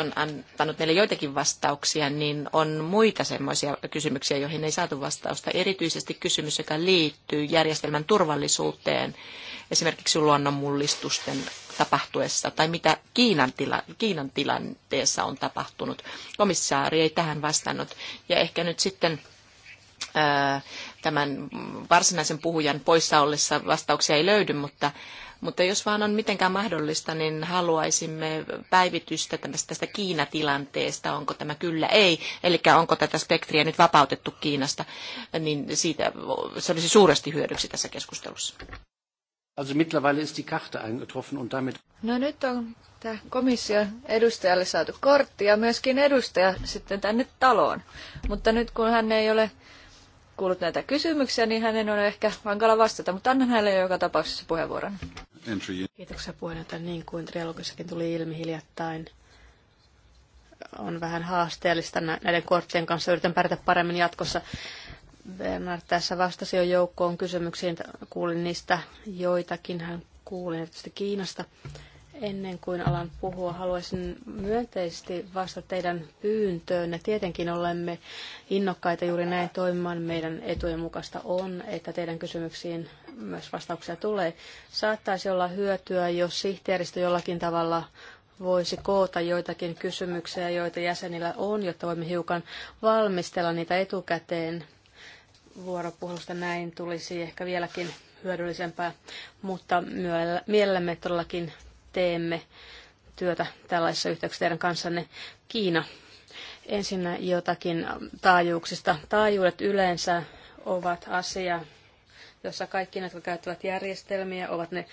on antanut meille joitakin vastauksia, niin on muita semmoisia kysymyksiä, joihin ei saatu vastausta. Erityisesti kysymys, joka liittyy järjestelmän turvallisuuteen, esimerkiksi luonnonmullistusten tapahtuessa, tai mitä Kiinan, tila, Kiinan tilanteessa on tapahtunut. Komissaari ei tähän vastannut. Ja ehkä nyt sitten tämän varsinaisen puhujan poissa ollessa vastauksia ei löydy, mutta, mutta jos vaan on mitenkään mahdollista, niin haluaisimme päivitystä tästä Kiinatilanteesta, onko tämä kyllä ei, eli onko tätä spektriä nyt vapautettu Kiinasta, niin siitä se olisi suuresti hyödyksi tässä keskustelussa. Also mittlerweile ist die Karte eingetroffen und damit... No nyt on tämä komission edustajalle saatu kortti ja myöskin edustaja sitten tänne taloon. Mutta nyt kun hän ei ole kuullut näitä kysymyksiä, niin hänen on ehkä hankala vastata, mutta annan hänelle joka tapauksessa puheenvuoron. Kiitoksia puheenjohtaja. Niin kuin trialogissakin tuli ilmi hiljattain, on vähän haasteellista näiden korttien kanssa. Yritän pärjätä paremmin jatkossa. Bernard tässä vastasi jo joukkoon kysymyksiin. Kuulin niistä joitakin. Hän kuulin erityisesti Kiinasta. Ennen kuin alan puhua, haluaisin myönteisesti vastata teidän pyyntöönne. Tietenkin olemme innokkaita juuri näin toimimaan. Meidän etujen mukaista on, että teidän kysymyksiin myös vastauksia tulee. Saattaisi olla hyötyä, jos sihteeristö jollakin tavalla voisi koota joitakin kysymyksiä, joita jäsenillä on, jotta voimme hiukan valmistella niitä etukäteen. Vuoropuhelusta näin tulisi ehkä vieläkin hyödyllisempää, mutta mielellämme todellakin teemme työtä tällaisessa yhteyksessä teidän kanssanne. Kiina. Ensinnä jotakin taajuuksista. Taajuudet yleensä ovat asia, jossa kaikki ne, jotka käyttävät järjestelmiä, ovat ne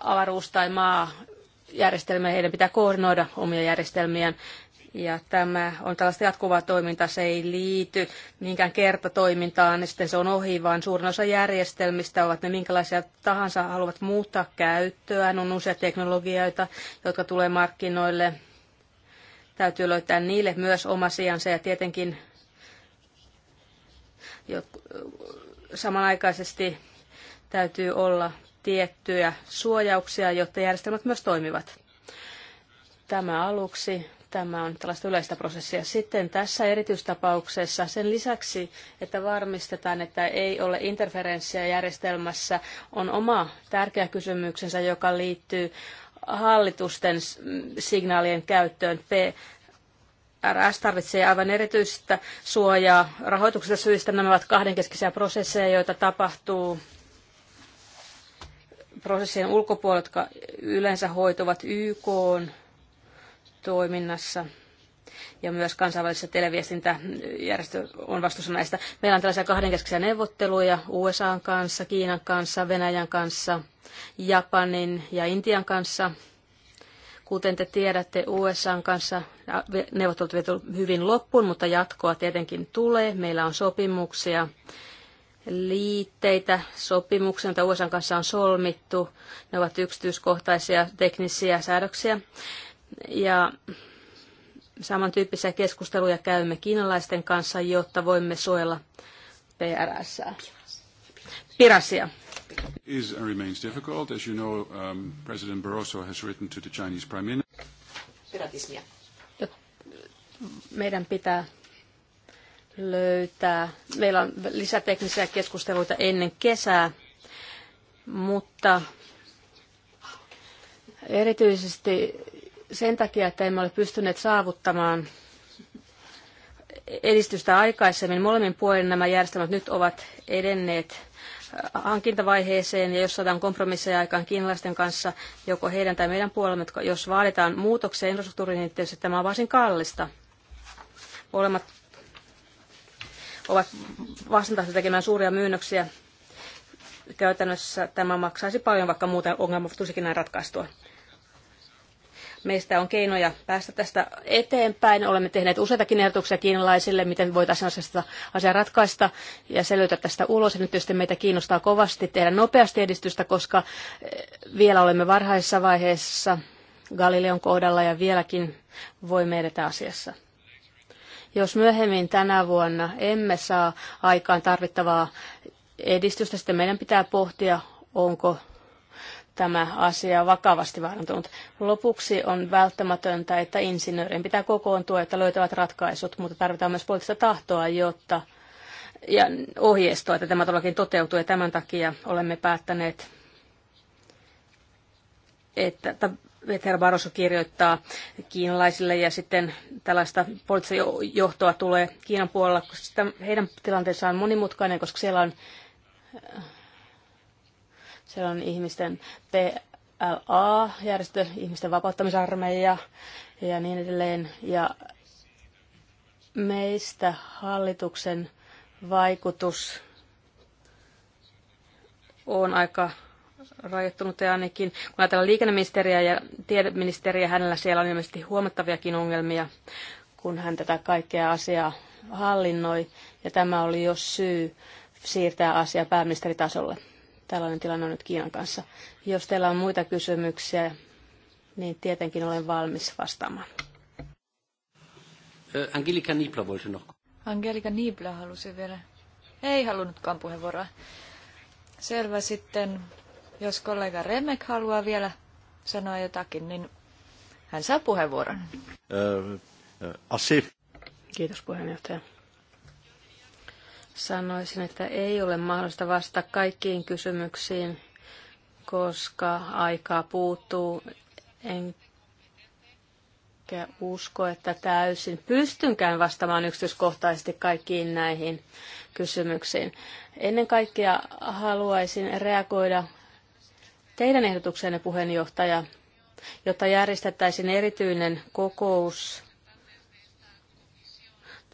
avaruus- tai maajärjestelmiä, heidän pitää koordinoida omia järjestelmiään ja tämä on tällaista jatkuvaa toimintaa, se ei liity minkään kertatoimintaan, niin sitten se on ohi, vaan suurin osa järjestelmistä ovat ne minkälaisia tahansa haluavat muuttaa käyttöä, On uusia teknologioita, jotka tulee markkinoille. Täytyy löytää niille myös oma sijansa ja tietenkin samanaikaisesti täytyy olla tiettyjä suojauksia, jotta järjestelmät myös toimivat. Tämä aluksi Tämä on tällaista yleistä prosessia. Sitten tässä erityistapauksessa sen lisäksi, että varmistetaan, että ei ole interferenssiä järjestelmässä, on oma tärkeä kysymyksensä, joka liittyy hallitusten signaalien käyttöön. RS tarvitsee aivan erityistä suojaa rahoituksesta syistä. Nämä ovat kahdenkeskisiä prosesseja, joita tapahtuu prosessien ulkopuolella, jotka yleensä hoituvat YK toiminnassa ja myös kansainvälisessä televiestintäjärjestö on vastuussa näistä. Meillä on tällaisia kahdenkeskisiä neuvotteluja USAn kanssa, Kiinan kanssa, Venäjän kanssa, Japanin ja Intian kanssa. Kuten te tiedätte, USAn kanssa neuvottelut ovat hyvin loppuun, mutta jatkoa tietenkin tulee. Meillä on sopimuksia, liitteitä sopimuksen, joita USA kanssa on solmittu. Ne ovat yksityiskohtaisia teknisiä säädöksiä. Ja samantyyppisiä keskusteluja käymme kiinalaisten kanssa, jotta voimme suojella PRS. Pirasia. Is and remains difficult. As you know, um, President Barroso has written to the Chinese Prime Minister. Piratismia. Meidän pitää löytää. Meillä on lisäteknisiä keskusteluita ennen kesää, mutta erityisesti sen takia, että emme ole pystyneet saavuttamaan edistystä aikaisemmin. Molemmin puolin nämä järjestelmät nyt ovat edenneet hankintavaiheeseen ja jos saadaan kompromisseja aikaan kiinalaisten kanssa, joko heidän tai meidän puolemme, jos vaaditaan muutoksia infrastruktuuriin, niin tietysti tämä on varsin kallista. Molemmat ovat vastentahto tekemään suuria myynnöksiä. Käytännössä tämä maksaisi paljon, vaikka muuten ongelma tulisikin näin ratkaistua. Meistä on keinoja päästä tästä eteenpäin. Olemme tehneet useitakin ehdotuksia kiinalaisille, miten voitaisiin asiasta asiaa ratkaista ja selvitä tästä ulos. Ja nyt tietysti meitä kiinnostaa kovasti tehdä nopeasti edistystä, koska eh, vielä olemme varhaisessa vaiheessa Galileon kohdalla ja vieläkin voimme edetä asiassa. Jos myöhemmin tänä vuonna emme saa aikaan tarvittavaa edistystä, sitten meidän pitää pohtia, onko tämä asia on vakavasti vaarantunut. Lopuksi on välttämätöntä, että insinöörien pitää kokoontua, että löytävät ratkaisut, mutta tarvitaan myös poliittista tahtoa, jotta ja ohjeistoa, että tämä todellakin toteutuu, ja tämän takia olemme päättäneet, että Peter Barroso kirjoittaa kiinalaisille ja sitten tällaista poliittista johtoa tulee Kiinan puolella, koska heidän tilanteensa on monimutkainen, koska siellä on siellä on ihmisten PLA, järjestö ihmisten vapauttamisarmeija ja niin edelleen. Ja meistä hallituksen vaikutus on aika rajoittunut ja ainakin kun ajatellaan liikenneministeriä ja tiedeministeriä, hänellä siellä on ilmeisesti huomattaviakin ongelmia, kun hän tätä kaikkea asiaa hallinnoi. Ja tämä oli jo syy siirtää asia pääministeritasolle. Tällainen tilanne on nyt Kiinan kanssa. Jos teillä on muita kysymyksiä, niin tietenkin olen valmis vastaamaan. Angelika Niibla voisi Angelika Niibla halusi vielä. Ei halunnutkaan puheenvuoroa. Selvä sitten, jos kollega Remek haluaa vielä sanoa jotakin, niin hän saa puheenvuoron. Äh, äh, Kiitos puheenjohtaja. Sanoisin, että ei ole mahdollista vastata kaikkiin kysymyksiin, koska aikaa puuttuu. En enkä usko, että täysin pystynkään vastaamaan yksityiskohtaisesti kaikkiin näihin kysymyksiin. Ennen kaikkea haluaisin reagoida teidän ehdotukseenne puheenjohtaja, jotta järjestettäisiin erityinen kokous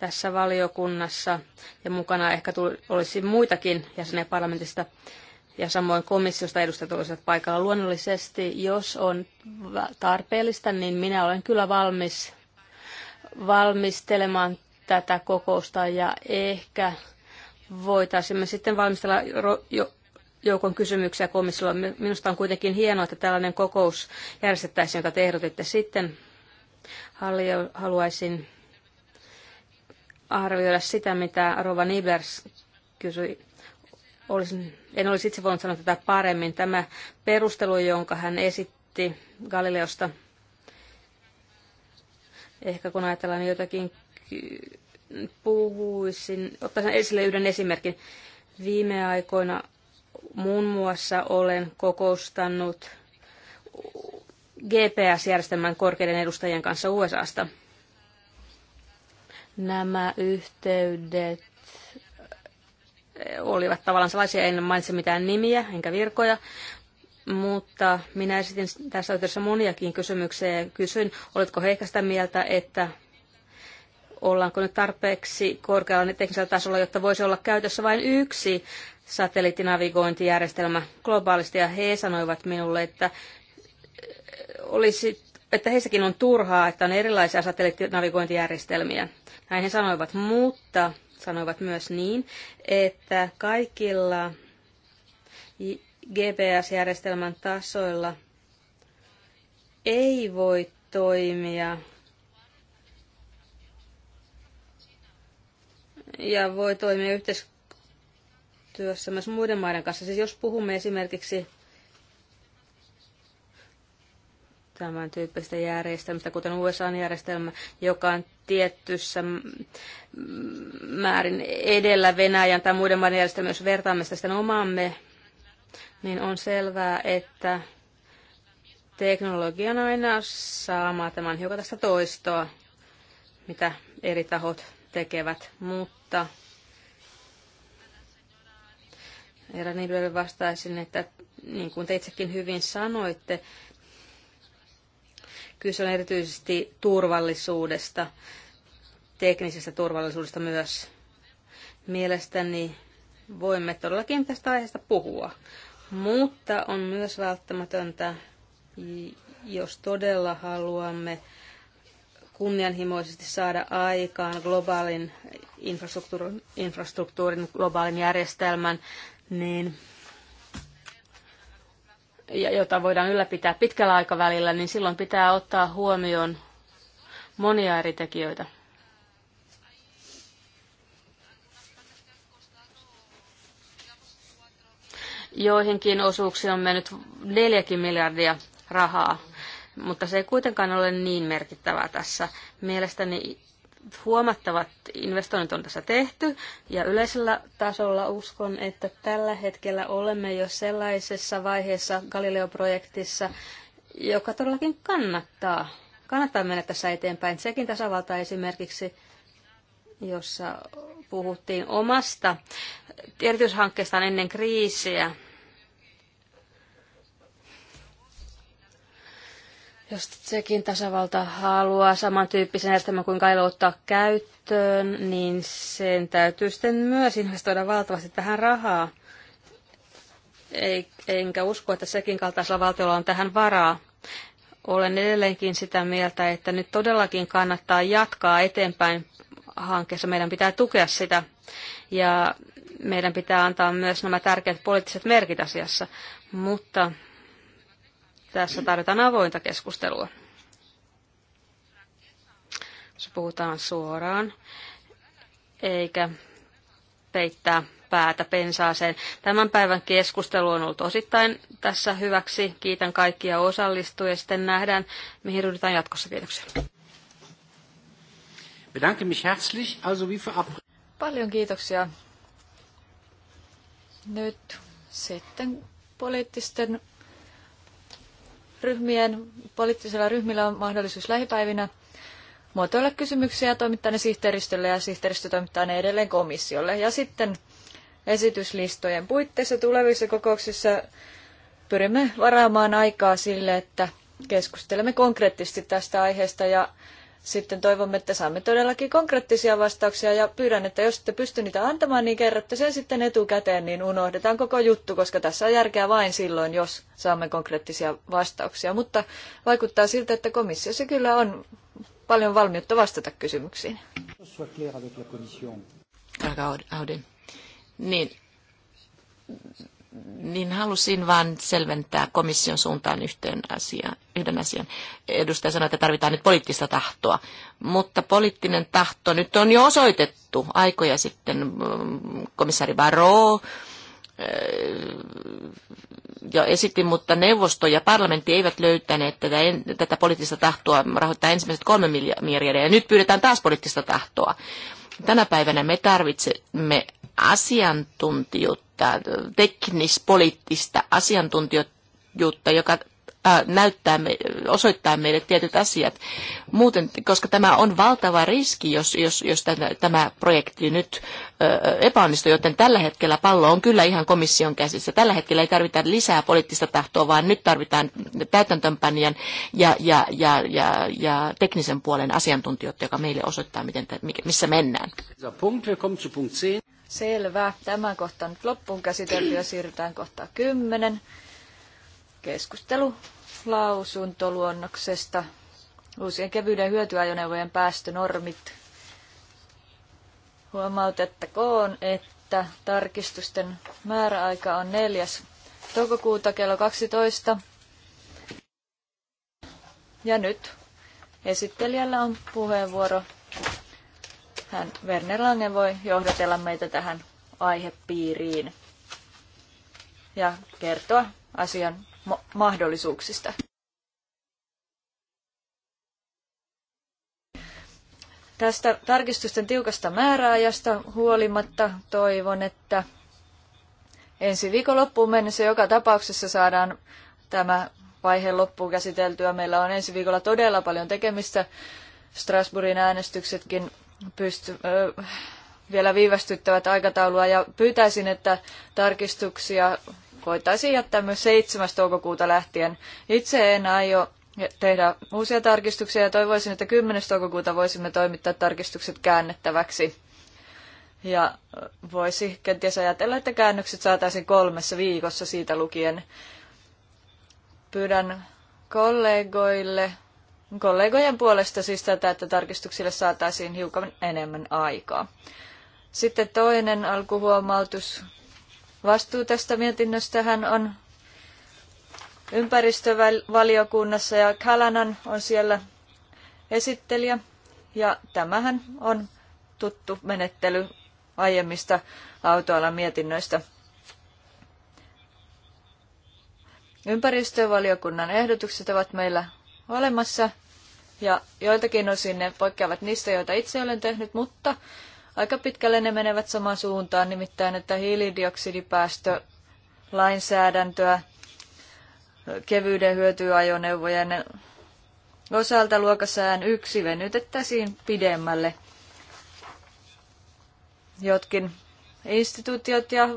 tässä valiokunnassa ja mukana ehkä tuli, olisi muitakin jäseniä parlamentista ja samoin komissiosta edustajat olisivat paikalla luonnollisesti. Jos on tarpeellista, niin minä olen kyllä valmis valmistelemaan tätä kokousta ja ehkä voitaisiin sitten valmistella jo joukon kysymyksiä komissiolla. Minusta on kuitenkin hienoa, että tällainen kokous järjestettäisiin, jota te ehdotitte sitten. Haluaisin arvioida sitä, mitä Rova Nibers kysyi. Olisin, en olisi itse voinut sanoa tätä paremmin. Tämä perustelu, jonka hän esitti Galileosta, ehkä kun ajatellaan jotakin, puhuisin, ottaisin esille yhden esimerkin. Viime aikoina muun muassa olen kokoustanut GPS-järjestelmän korkeiden edustajien kanssa USAsta – Nämä yhteydet olivat tavallaan sellaisia, en mainitse mitään nimiä enkä virkoja, mutta minä esitin tässä yhteydessä moniakin kysymyksiä ja kysyin, oletko he sitä mieltä, että ollaanko nyt tarpeeksi korkealla niin teknisellä tasolla, jotta voisi olla käytössä vain yksi satelliittinavigointijärjestelmä globaalisti, ja he sanoivat minulle, että olisi että heissäkin on turhaa, että on erilaisia satelliittinavigointijärjestelmiä. Näin he sanoivat, mutta sanoivat myös niin, että kaikilla GPS-järjestelmän tasoilla ei voi toimia ja voi toimia yhteistyössä myös muiden maiden kanssa. Siis jos puhumme esimerkiksi tämän tyyppistä järjestelmistä, kuten USA-järjestelmä, joka on tietyssä määrin edellä Venäjän tai muiden maiden järjestelmä, jos vertaamme sitä sitten omaamme, niin on selvää, että teknologian aina sama. tämän hiukan tästä toistoa, mitä eri tahot tekevät, mutta Eera Nibelle vastaisin, että niin kuin te itsekin hyvin sanoitte, Kyse on erityisesti turvallisuudesta, teknisestä turvallisuudesta myös. Mielestäni voimme todellakin tästä aiheesta puhua, mutta on myös välttämätöntä, jos todella haluamme kunnianhimoisesti saada aikaan globaalin infrastruktuurin, infrastruktuurin globaalin järjestelmän, niin jota voidaan ylläpitää pitkällä aikavälillä, niin silloin pitää ottaa huomioon monia eri tekijöitä. Joihinkin osuuksiin on mennyt 4 miljardia rahaa, mutta se ei kuitenkaan ole niin merkittävää tässä. Mielestäni huomattavat investoinnit on tässä tehty ja yleisellä tasolla uskon, että tällä hetkellä olemme jo sellaisessa vaiheessa Galileo-projektissa, joka todellakin kannattaa. Kannattaa mennä tässä eteenpäin. Sekin tasavalta esimerkiksi, jossa puhuttiin omasta erityishankkeestaan ennen kriisiä, Jos sekin tasavalta haluaa samantyyppisen järjestelmän kuin Kailo ottaa käyttöön, niin sen täytyy sitten myös investoida valtavasti tähän rahaa. Ei, enkä usko, että sekin kaltaisella valtiolla on tähän varaa. Olen edelleenkin sitä mieltä, että nyt todellakin kannattaa jatkaa eteenpäin hankkeessa. Meidän pitää tukea sitä ja meidän pitää antaa myös nämä tärkeät poliittiset merkit asiassa. Mutta tässä tarvitaan avointa keskustelua. Se puhutaan suoraan, eikä peittää päätä pensaaseen. Tämän päivän keskustelu on ollut osittain tässä hyväksi. Kiitän kaikkia osallistujia sitten nähdään, mihin ryhdytään jatkossa. Kiitoksia. Bedanke mich herzlich, also wie für Paljon kiitoksia. Nyt sitten poliittisten ryhmien, poliittisilla ryhmillä on mahdollisuus lähipäivinä muotoilla kysymyksiä ja toimittaa ne sihteeristölle ja sihteeristö toimittaa ne edelleen komissiolle. Ja sitten esityslistojen puitteissa tulevissa kokouksissa pyrimme varaamaan aikaa sille, että keskustelemme konkreettisesti tästä aiheesta ja sitten toivomme, että saamme todellakin konkreettisia vastauksia ja pyydän, että jos ette pysty niitä antamaan, niin kerrotte sen sitten etukäteen, niin unohdetaan koko juttu, koska tässä on järkeä vain silloin, jos saamme konkreettisia vastauksia. Mutta vaikuttaa siltä, että komissiossa kyllä on paljon valmiutta vastata kysymyksiin. Auden. Niin, niin halusin vain selventää komission suuntaan yhteen asiaan, yhden asian. Edustaja sanoi, että tarvitaan nyt poliittista tahtoa, mutta poliittinen tahto nyt on jo osoitettu aikoja sitten mm, komissaari Baro eh, jo esitti, mutta neuvosto ja parlamentti eivät löytäneet tätä, tätä poliittista tahtoa rahoittaa ensimmäiset kolme miljardia. Ja nyt pyydetään taas poliittista tahtoa. Tänä päivänä me tarvitsemme asiantuntijuutta tällaista äh, teknispoliittista asiantuntijuutta, joka äh, näyttää, osoittaa meille tietyt asiat. Muuten, koska tämä on valtava riski, jos, jos, jos tämä, tämä projekti nyt äh, epäonnistuu, joten tällä hetkellä pallo on kyllä ihan komission käsissä. Tällä hetkellä ei tarvita lisää poliittista tahtoa, vaan nyt tarvitaan täytäntöönpanijan ja, ja, ja, ja, ja teknisen puolen asiantuntijoita, joka meille osoittaa, miten, missä mennään. Selvä. Tämän kohta nyt loppuun käsitelty ja siirrytään kohtaan kymmenen. Keskustelu lausuntoluonnoksesta. Uusien kevyyden hyötyajoneuvojen päästönormit. Huomautettakoon, että tarkistusten määräaika on 4. toukokuuta kello 12. Ja nyt esittelijällä on puheenvuoro hän, Werner Lange voi johdatella meitä tähän aihepiiriin ja kertoa asian mahdollisuuksista. Tästä tarkistusten tiukasta määräajasta huolimatta toivon, että ensi viikon loppuun mennessä joka tapauksessa saadaan tämä vaihe loppuun käsiteltyä. Meillä on ensi viikolla todella paljon tekemistä. Strasbourgin äänestyksetkin pysty, ö, vielä viivästyttävät aikataulua ja pyytäisin, että tarkistuksia voitaisiin jättää myös 7. toukokuuta lähtien. Itse en aio tehdä uusia tarkistuksia ja toivoisin, että 10. toukokuuta voisimme toimittaa tarkistukset käännettäväksi. Ja voisi kenties ajatella, että käännökset saataisiin kolmessa viikossa siitä lukien. Pyydän kollegoille kollegojen puolesta siis tätä, että tarkistuksille saataisiin hiukan enemmän aikaa. Sitten toinen alkuhuomautus. Vastuu tästä mietinnöstähän on ympäristövaliokunnassa ja Kalanan on siellä esittelijä. Ja tämähän on tuttu menettely aiemmista autoalan mietinnöistä. Ympäristövaliokunnan ehdotukset ovat meillä olemassa ja joiltakin osin ne poikkeavat niistä, joita itse olen tehnyt, mutta aika pitkälle ne menevät samaan suuntaan, nimittäin että hiilidioksidipäästölainsäädäntöä kevyyden hyötyajoneuvojen osalta luokassään yksi venytettäisiin pidemmälle. Jotkin instituutiot ja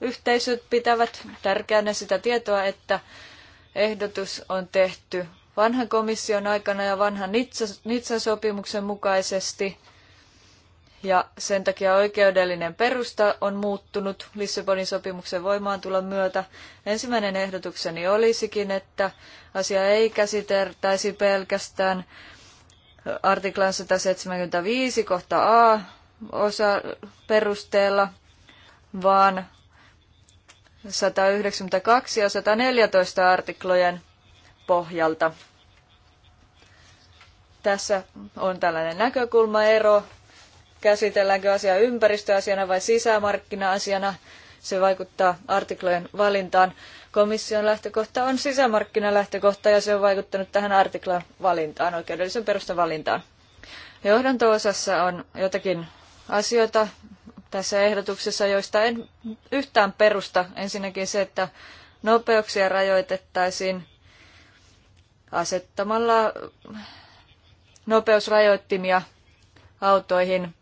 yhteisöt pitävät tärkeänä sitä tietoa, että ehdotus on tehty vanhan komission aikana ja vanhan Nitsan sopimuksen mukaisesti. Ja sen takia oikeudellinen perusta on muuttunut Lissabonin sopimuksen voimaantulon myötä. Ensimmäinen ehdotukseni olisikin, että asia ei käsiteltäisi pelkästään artiklan 175 kohta A osa perusteella, vaan 192 ja 114 artiklojen pohjalta. Tässä on tällainen näkökulmaero. Käsitelläänkö asia ympäristöasiana vai sisämarkkina-asiana? Se vaikuttaa artiklojen valintaan. Komission lähtökohta on sisämarkkinalähtökohta ja se on vaikuttanut tähän artiklan valintaan, oikeudellisen perustan valintaan. Johdanto-osassa on jotakin asioita tässä ehdotuksessa, joista en yhtään perusta. Ensinnäkin se, että nopeuksia rajoitettaisiin asettamalla nopeusrajoittimia autoihin.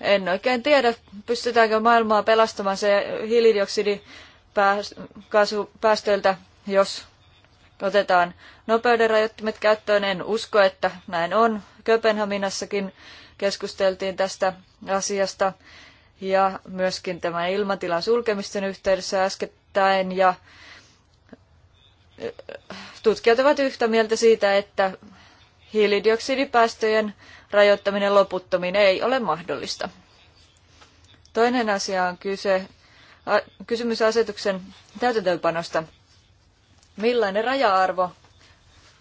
En oikein tiedä, pystytäänkö maailmaa pelastamaan se hiilidioksidipäästöiltä, jos otetaan nopeuden rajoittimet käyttöön. En usko, että näin on. Köpenhaminassakin keskusteltiin tästä asiasta ja myöskin tämän ilmatilan sulkemisten yhteydessä äskettäin ja tutkijat ovat yhtä mieltä siitä, että hiilidioksidipäästöjen rajoittaminen loputtomiin ei ole mahdollista. Toinen asia on kyse, a, kysymys asetuksen täytäntöönpanosta. Millainen raja-arvo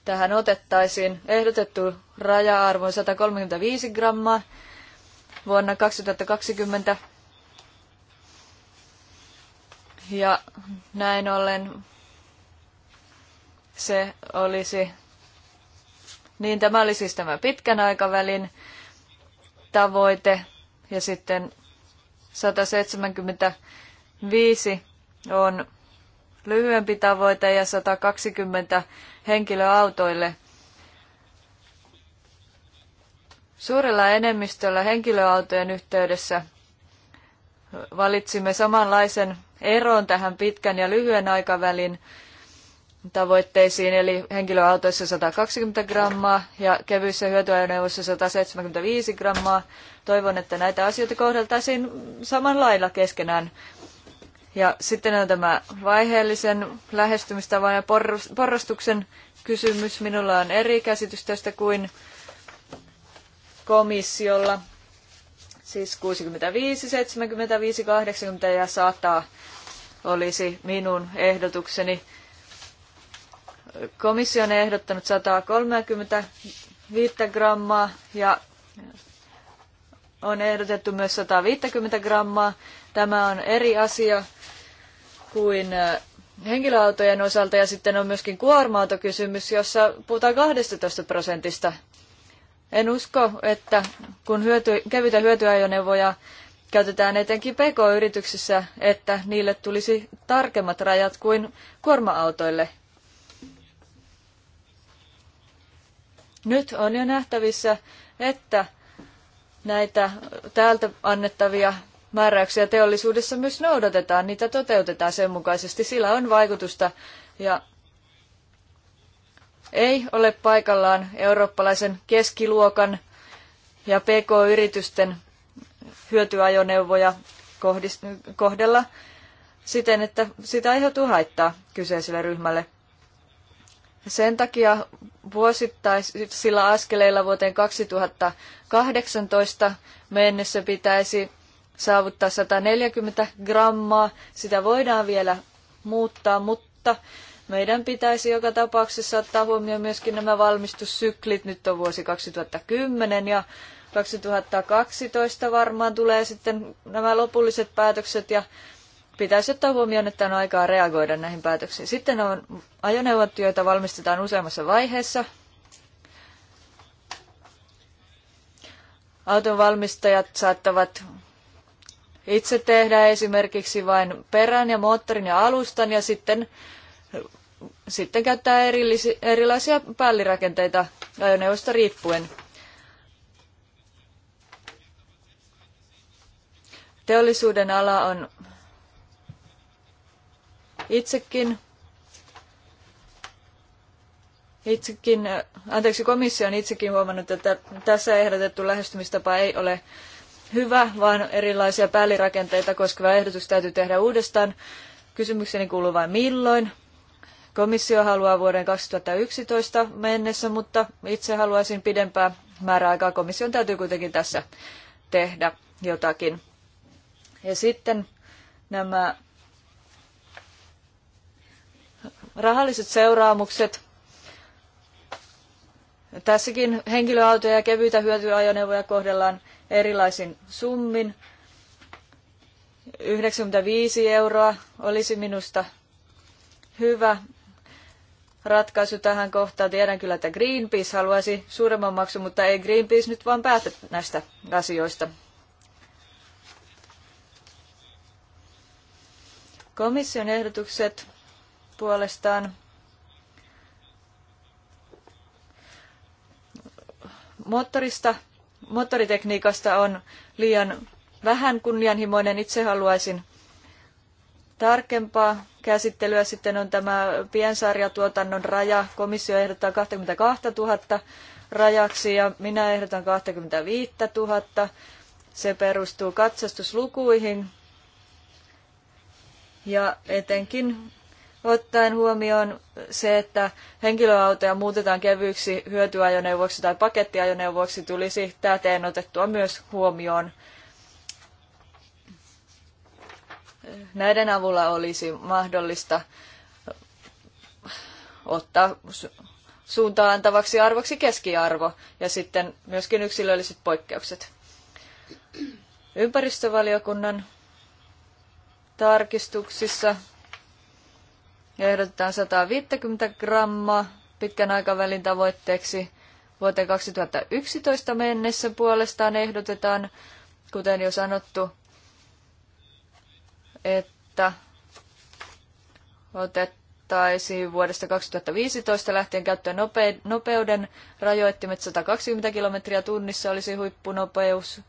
tähän otettaisiin? Ehdotettu raja-arvo on 135 grammaa vuonna 2020. Ja näin ollen se olisi, niin tämä oli siis tämä pitkän aikavälin tavoite ja sitten 175 on lyhyempi tavoite ja 120 henkilöautoille. Suurella enemmistöllä henkilöautojen yhteydessä valitsimme samanlaisen eron tähän pitkän ja lyhyen aikavälin tavoitteisiin, eli henkilöautoissa 120 grammaa ja kevyissä hyötyajoneuvoissa 175 grammaa. Toivon, että näitä asioita kohdeltaisiin samanlailla keskenään. Ja sitten on tämä vaiheellisen lähestymistavan ja porrastuksen kysymys. Minulla on eri käsitys tästä kuin komissiolla. Siis 65, 75, 80 ja 100 olisi minun ehdotukseni. Komissio on ehdottanut 135 grammaa ja on ehdotettu myös 150 grammaa. Tämä on eri asia kuin äh, henkilöautojen osalta ja sitten on myöskin kuorma-autokysymys, jossa puhutaan 12 prosentista. En usko, että kun hyöty, kevyitä hyötyajoneuvoja käytetään etenkin PK-yrityksissä, että niille tulisi tarkemmat rajat kuin kuorma-autoille Nyt on jo nähtävissä, että näitä täältä annettavia määräyksiä teollisuudessa myös noudatetaan, niitä toteutetaan sen mukaisesti, sillä on vaikutusta ja ei ole paikallaan eurooppalaisen keskiluokan ja pk-yritysten hyötyajoneuvoja kohdella siten, että sitä aiheutuu haittaa kyseiselle ryhmälle. Sen takia vuosittaisilla askeleilla vuoteen 2018 mennessä pitäisi saavuttaa 140 grammaa. Sitä voidaan vielä muuttaa, mutta meidän pitäisi joka tapauksessa ottaa huomioon myöskin nämä valmistussyklit. Nyt on vuosi 2010 ja 2012 varmaan tulee sitten nämä lopulliset päätökset ja pitäisi ottaa huomioon, että on aikaa reagoida näihin päätöksiin. Sitten on ajoneuvot, joita valmistetaan useammassa vaiheessa. Auton valmistajat saattavat itse tehdä esimerkiksi vain perän ja moottorin ja alustan ja sitten, sitten käyttää erillisi, erilaisia päällirakenteita ajoneuvosta riippuen. Teollisuuden ala on itsekin itsekin, anteeksi komissio on itsekin huomannut, että tässä ehdotettu lähestymistapa ei ole hyvä, vaan erilaisia päällirakenteita koskeva ehdotus täytyy tehdä uudestaan. Kysymykseni kuuluu vain milloin. Komissio haluaa vuoden 2011 mennessä, mutta itse haluaisin pidempää määräaikaa. Komission täytyy kuitenkin tässä tehdä jotakin. Ja sitten nämä Rahalliset seuraamukset. Tässäkin henkilöautoja ja kevyitä hyötyajoneuvoja kohdellaan erilaisin summin. 95 euroa olisi minusta hyvä ratkaisu tähän kohtaan. Tiedän kyllä, että Greenpeace haluaisi suuremman maksun, mutta ei Greenpeace nyt vaan päätä näistä asioista. Komission ehdotukset puolestaan moottorista, moottoritekniikasta on liian vähän kunnianhimoinen. Itse haluaisin tarkempaa käsittelyä. Sitten on tämä piensarjatuotannon raja. Komissio ehdottaa 22 000 rajaksi ja minä ehdotan 25 000. Se perustuu katsastuslukuihin ja etenkin ottaen huomioon se, että henkilöautoja muutetaan kevyiksi hyötyajoneuvoiksi tai pakettiajoneuvoiksi, tulisi täten otettua myös huomioon. Näiden avulla olisi mahdollista ottaa suuntaan antavaksi arvoksi keskiarvo ja sitten myöskin yksilölliset poikkeukset. Ympäristövaliokunnan tarkistuksissa ehdotetaan 150 grammaa pitkän aikavälin tavoitteeksi. Vuoteen 2011 mennessä puolestaan ehdotetaan, kuten jo sanottu, että otettaisiin vuodesta 2015 lähtien käyttöön nopeuden rajoittimet 120 kilometriä tunnissa olisi huippunopeus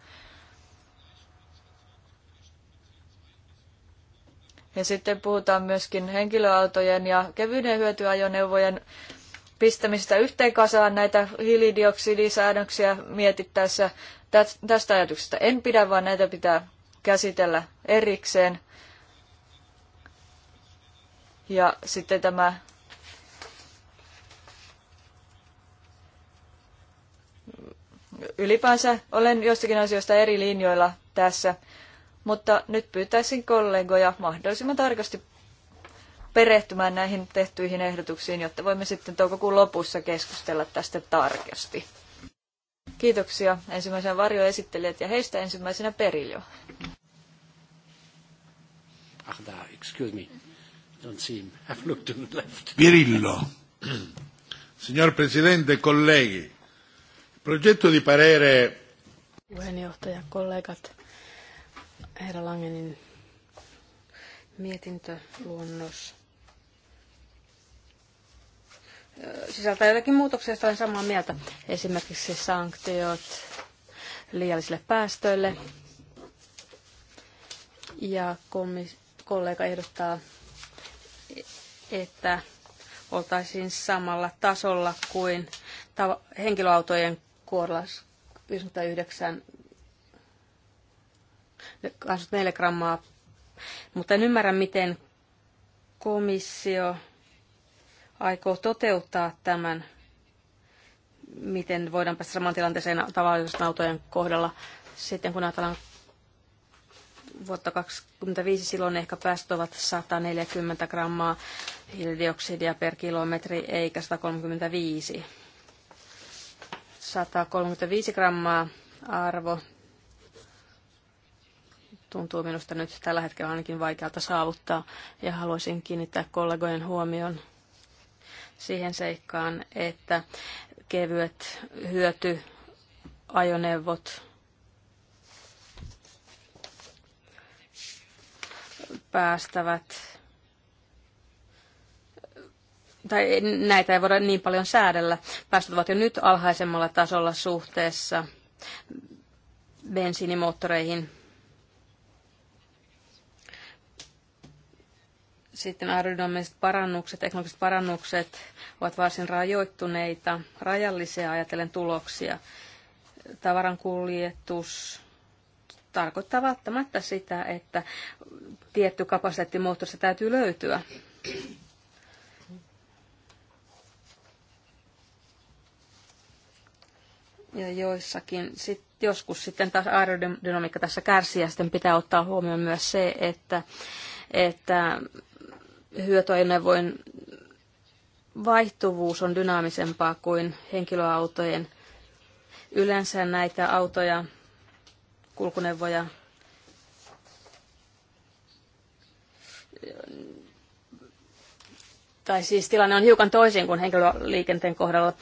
Ja sitten puhutaan myöskin henkilöautojen ja kevyiden hyötyajoneuvojen pistämistä yhteen kasaan näitä hiilidioksidisäännöksiä mietittäessä. Tästä ajatuksesta en pidä, vaan näitä pitää käsitellä erikseen. Ja sitten tämä ylipäänsä olen joistakin asioista eri linjoilla tässä. Mutta nyt pyytäisin kollegoja mahdollisimman tarkasti perehtymään näihin tehtyihin ehdotuksiin, jotta voimme sitten toukokuun lopussa keskustella tästä tarkasti. Kiitoksia ensimmäisenä varjoesittelijät ja heistä ensimmäisenä perillo. Ah, da, excuse me. Don't seem I've looked to the left. Pirillo. Signor Presidente, colleghi. Progetto di parere... Puheenjohtaja, kollegat herra Langenin mietintöluonnos sisältää jotakin muutoksia, joista olen samaa mieltä. Esimerkiksi sanktiot liiallisille päästöille. Ja kollega ehdottaa, että oltaisiin samalla tasolla kuin henkilöautojen kuorlas 59 24 grammaa. Mutta en ymmärrä, miten komissio aikoo toteuttaa tämän, miten voidaan päästä samaan tilanteeseen tavallisten autojen kohdalla. Sitten kun ajatellaan vuotta 2025, silloin ehkä päästöt ovat 140 grammaa hiilidioksidia per kilometri, eikä 135. 135 grammaa arvo tuntuu minusta nyt tällä hetkellä ainakin vaikealta saavuttaa. Ja haluaisin kiinnittää kollegojen huomion siihen seikkaan, että kevyet hyötyajoneuvot päästävät tai näitä ei voida niin paljon säädellä. Päästöt ovat jo nyt alhaisemmalla tasolla suhteessa bensiinimoottoreihin. Sitten aerodynamiset parannukset, teknologiset parannukset ovat varsin rajoittuneita, rajallisia ajatellen tuloksia. Tavarankuljetus tarkoittaa välttämättä sitä, että tietty kapasiteetti moottorista täytyy löytyä. Ja joissakin, sit, joskus sitten taas aerodynamiikka tässä kärsii ja sitten pitää ottaa huomioon myös se, että, että hyötyajoneuvojen vaihtuvuus on dynaamisempaa kuin henkilöautojen. Yleensä näitä autoja, kulkuneuvoja, tai siis tilanne on hiukan toisin kuin henkilöliikenteen kohdalla.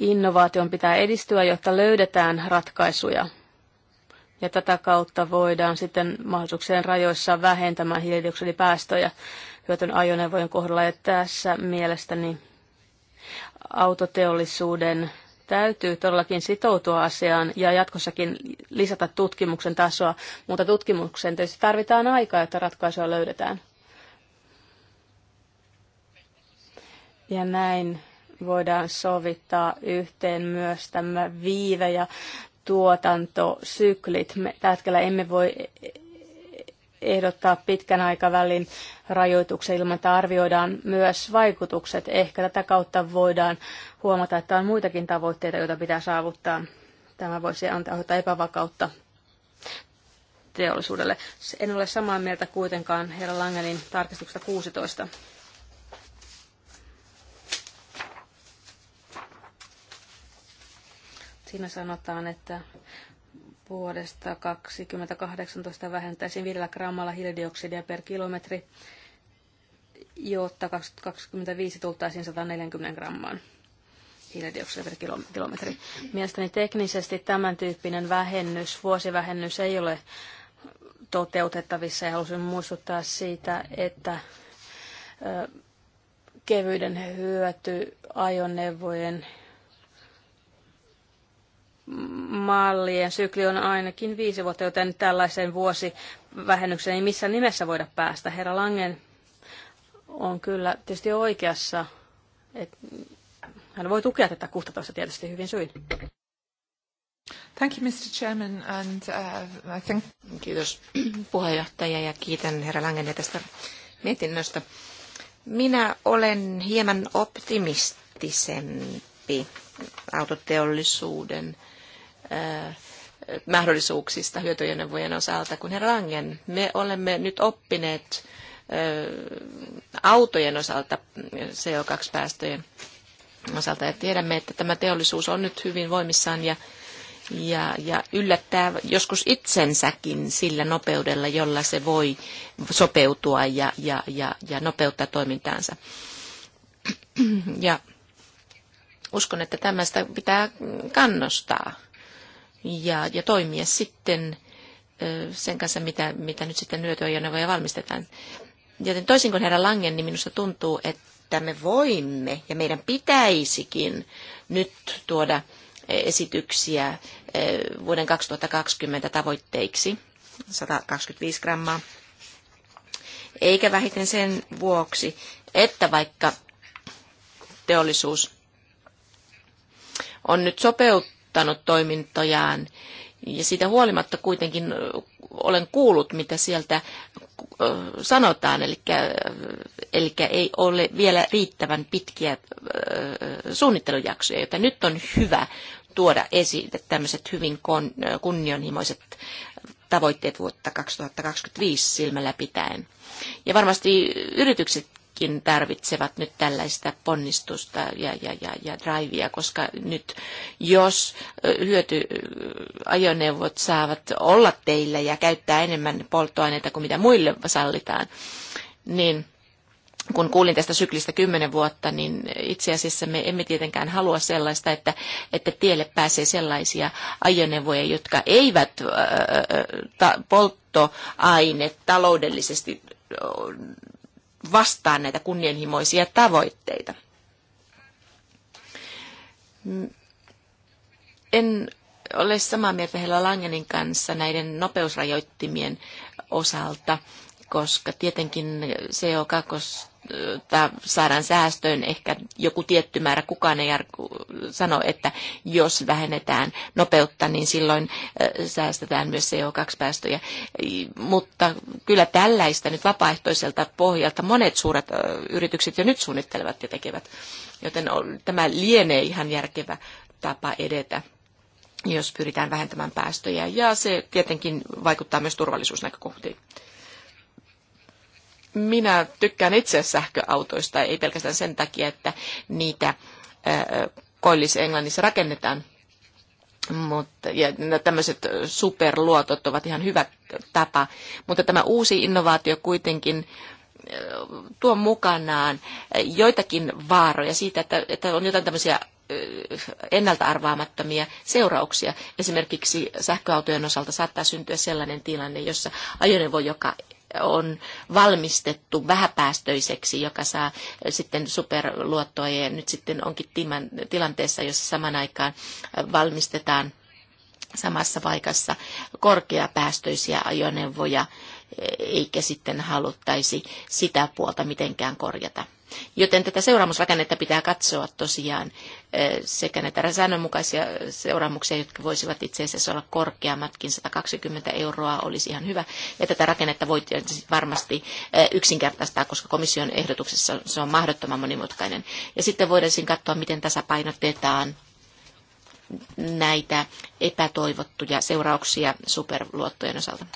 Innovaation pitää edistyä, jotta löydetään ratkaisuja ja tätä kautta voidaan sitten mahdollisuuksien rajoissa vähentämään hiilidioksidipäästöjä hyötyn ajoneuvojen kohdalla. Ja tässä mielestäni autoteollisuuden täytyy todellakin sitoutua asiaan ja jatkossakin lisätä tutkimuksen tasoa, mutta tutkimukseen tietysti tarvitaan aikaa, että ratkaisua löydetään. Ja näin voidaan sovittaa yhteen myös tämä viive ja tuotantosyklit. Me tällä hetkellä emme voi ehdottaa pitkän aikavälin rajoituksia ilman, että arvioidaan myös vaikutukset. Ehkä tätä kautta voidaan huomata, että on muitakin tavoitteita, joita pitää saavuttaa. Tämä voisi antaa epävakautta teollisuudelle. En ole samaa mieltä kuitenkaan herra Langenin tarkistuksesta 16. Siinä sanotaan, että vuodesta 2018 vähentäisiin 5 grammalla hiilidioksidia per kilometri, jotta 2025 tultaisiin 140 grammaan hiilidioksidia per kilometri. Mielestäni teknisesti tämän tyyppinen vähennys, vuosivähennys ei ole toteutettavissa ja halusin muistuttaa siitä, että kevyyden hyöty ajoneuvojen mallien sykli on ainakin viisi vuotta, joten tällaiseen vuosivähennykseen ei missään nimessä voida päästä. Herra Langen on kyllä tietysti oikeassa. että hän voi tukea tätä 16 tietysti hyvin syyn. Thank you, Mr. Chairman, and uh, I think... Kiitos puheenjohtaja ja kiitän herra Langen tästä mietinnöstä. Minä olen hieman optimistisempi autoteollisuuden Äh, mahdollisuuksista hyötyjeneuvojen osalta kuin herra Langen. Me olemme nyt oppineet äh, autojen osalta äh, CO2-päästöjen osalta ja tiedämme, että tämä teollisuus on nyt hyvin voimissaan ja, ja, ja yllättää joskus itsensäkin sillä nopeudella, jolla se voi sopeutua ja, ja, ja, ja nopeuttaa toimintaansa. Ja uskon, että tämästä pitää kannustaa ja, ja toimia sitten sen kanssa, mitä, mitä nyt sitten nyötyajoneuvoja valmistetaan. Joten toisin kuin herra Langen, niin minusta tuntuu, että me voimme ja meidän pitäisikin nyt tuoda esityksiä vuoden 2020 tavoitteiksi, 125 grammaa, eikä vähiten sen vuoksi, että vaikka teollisuus on nyt sopeuttanut, lopettanut toimintojaan. Ja siitä huolimatta kuitenkin olen kuullut, mitä sieltä sanotaan, eli, eli ei ole vielä riittävän pitkiä suunnittelujaksoja, joten nyt on hyvä tuoda esiin tämmöiset hyvin kunnianhimoiset tavoitteet vuotta 2025 silmällä pitäen. Ja varmasti yritykset muutkin tarvitsevat nyt tällaista ponnistusta ja, ja, ja, ja drivea, koska nyt jos hyötyajoneuvot saavat olla teillä ja käyttää enemmän polttoaineita kuin mitä muille sallitaan, niin kun kuulin tästä syklistä kymmenen vuotta, niin itse asiassa me emme tietenkään halua sellaista, että, että tielle pääsee sellaisia ajoneuvoja, jotka eivät ää, ta, polttoaine taloudellisesti vastaan näitä kunnianhimoisia tavoitteita. En ole samaa mieltä Hella Langenin kanssa näiden nopeusrajoittimien osalta, koska tietenkin CO2 saadaan säästöön ehkä joku tietty määrä. Kukaan ei sano, että jos vähennetään nopeutta, niin silloin säästetään myös CO2-päästöjä. Mutta kyllä tällaista nyt vapaaehtoiselta pohjalta monet suuret yritykset jo nyt suunnittelevat ja tekevät. Joten tämä lienee ihan järkevä tapa edetä jos pyritään vähentämään päästöjä. Ja se tietenkin vaikuttaa myös turvallisuusnäkökohtiin minä tykkään itse sähköautoista, ei pelkästään sen takia, että niitä koillis-Englannissa rakennetaan. Mutta, ja tämmöiset superluotot ovat ihan hyvä tapa, mutta tämä uusi innovaatio kuitenkin tuo mukanaan joitakin vaaroja siitä, että, että on jotain tämmöisiä ennalta arvaamattomia seurauksia. Esimerkiksi sähköautojen osalta saattaa syntyä sellainen tilanne, jossa ajoneuvo, joka on valmistettu vähäpäästöiseksi, joka saa sitten superluottoa ja nyt sitten onkin tilanteessa, jossa saman aikaan valmistetaan samassa paikassa korkeapäästöisiä ajoneuvoja, eikä sitten haluttaisi sitä puolta mitenkään korjata. Joten tätä seuraamusrakennetta pitää katsoa tosiaan eh, sekä näitä säännönmukaisia seuraamuksia, jotka voisivat itse asiassa olla korkeammatkin, 120 euroa olisi ihan hyvä. Ja tätä rakennetta voi varmasti eh, yksinkertaistaa, koska komission ehdotuksessa se on mahdottoman monimutkainen. Ja sitten voidaan katsoa, miten tasapainotetaan näitä epätoivottuja seurauksia superluottojen osalta.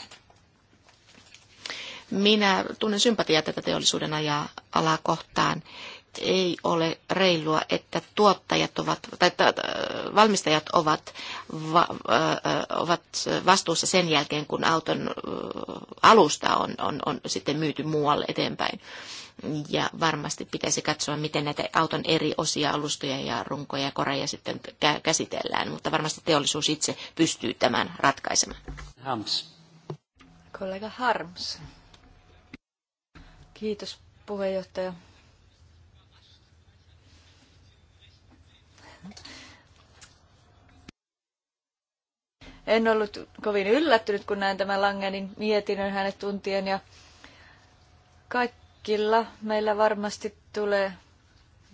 Minä tunnen sympatiaa tätä teollisuuden ajaa alaa kohtaan. Ei ole reilua, että tuottajat ovat, tai että äh, valmistajat ovat, va, äh, äh, ovat vastuussa sen jälkeen, kun auton alusta on, on, on sitten myyty muualle eteenpäin ja varmasti pitäisi katsoa, miten näitä auton eri osia, alustoja ja runkoja ja koreja sitten käsitellään, mutta varmasti teollisuus itse pystyy tämän ratkaisemaan. Harms. Kollega Harms. Kiitos puheenjohtaja. En ollut kovin yllättynyt, kun näin tämän Langenin mietinnön hänet tuntien ja kaikilla meillä varmasti tulee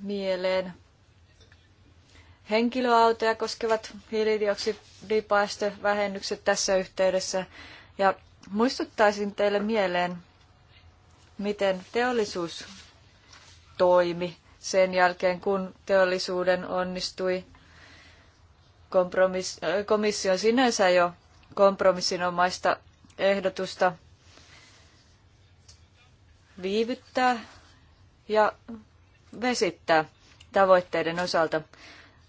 mieleen henkilöautoja koskevat hiilidioksidipäästövähennykset tässä yhteydessä. Ja muistuttaisin teille mieleen miten teollisuus toimi sen jälkeen, kun teollisuuden onnistui kompromiss, äh, komission sinänsä jo kompromissinomaista ehdotusta viivyttää ja vesittää tavoitteiden osalta.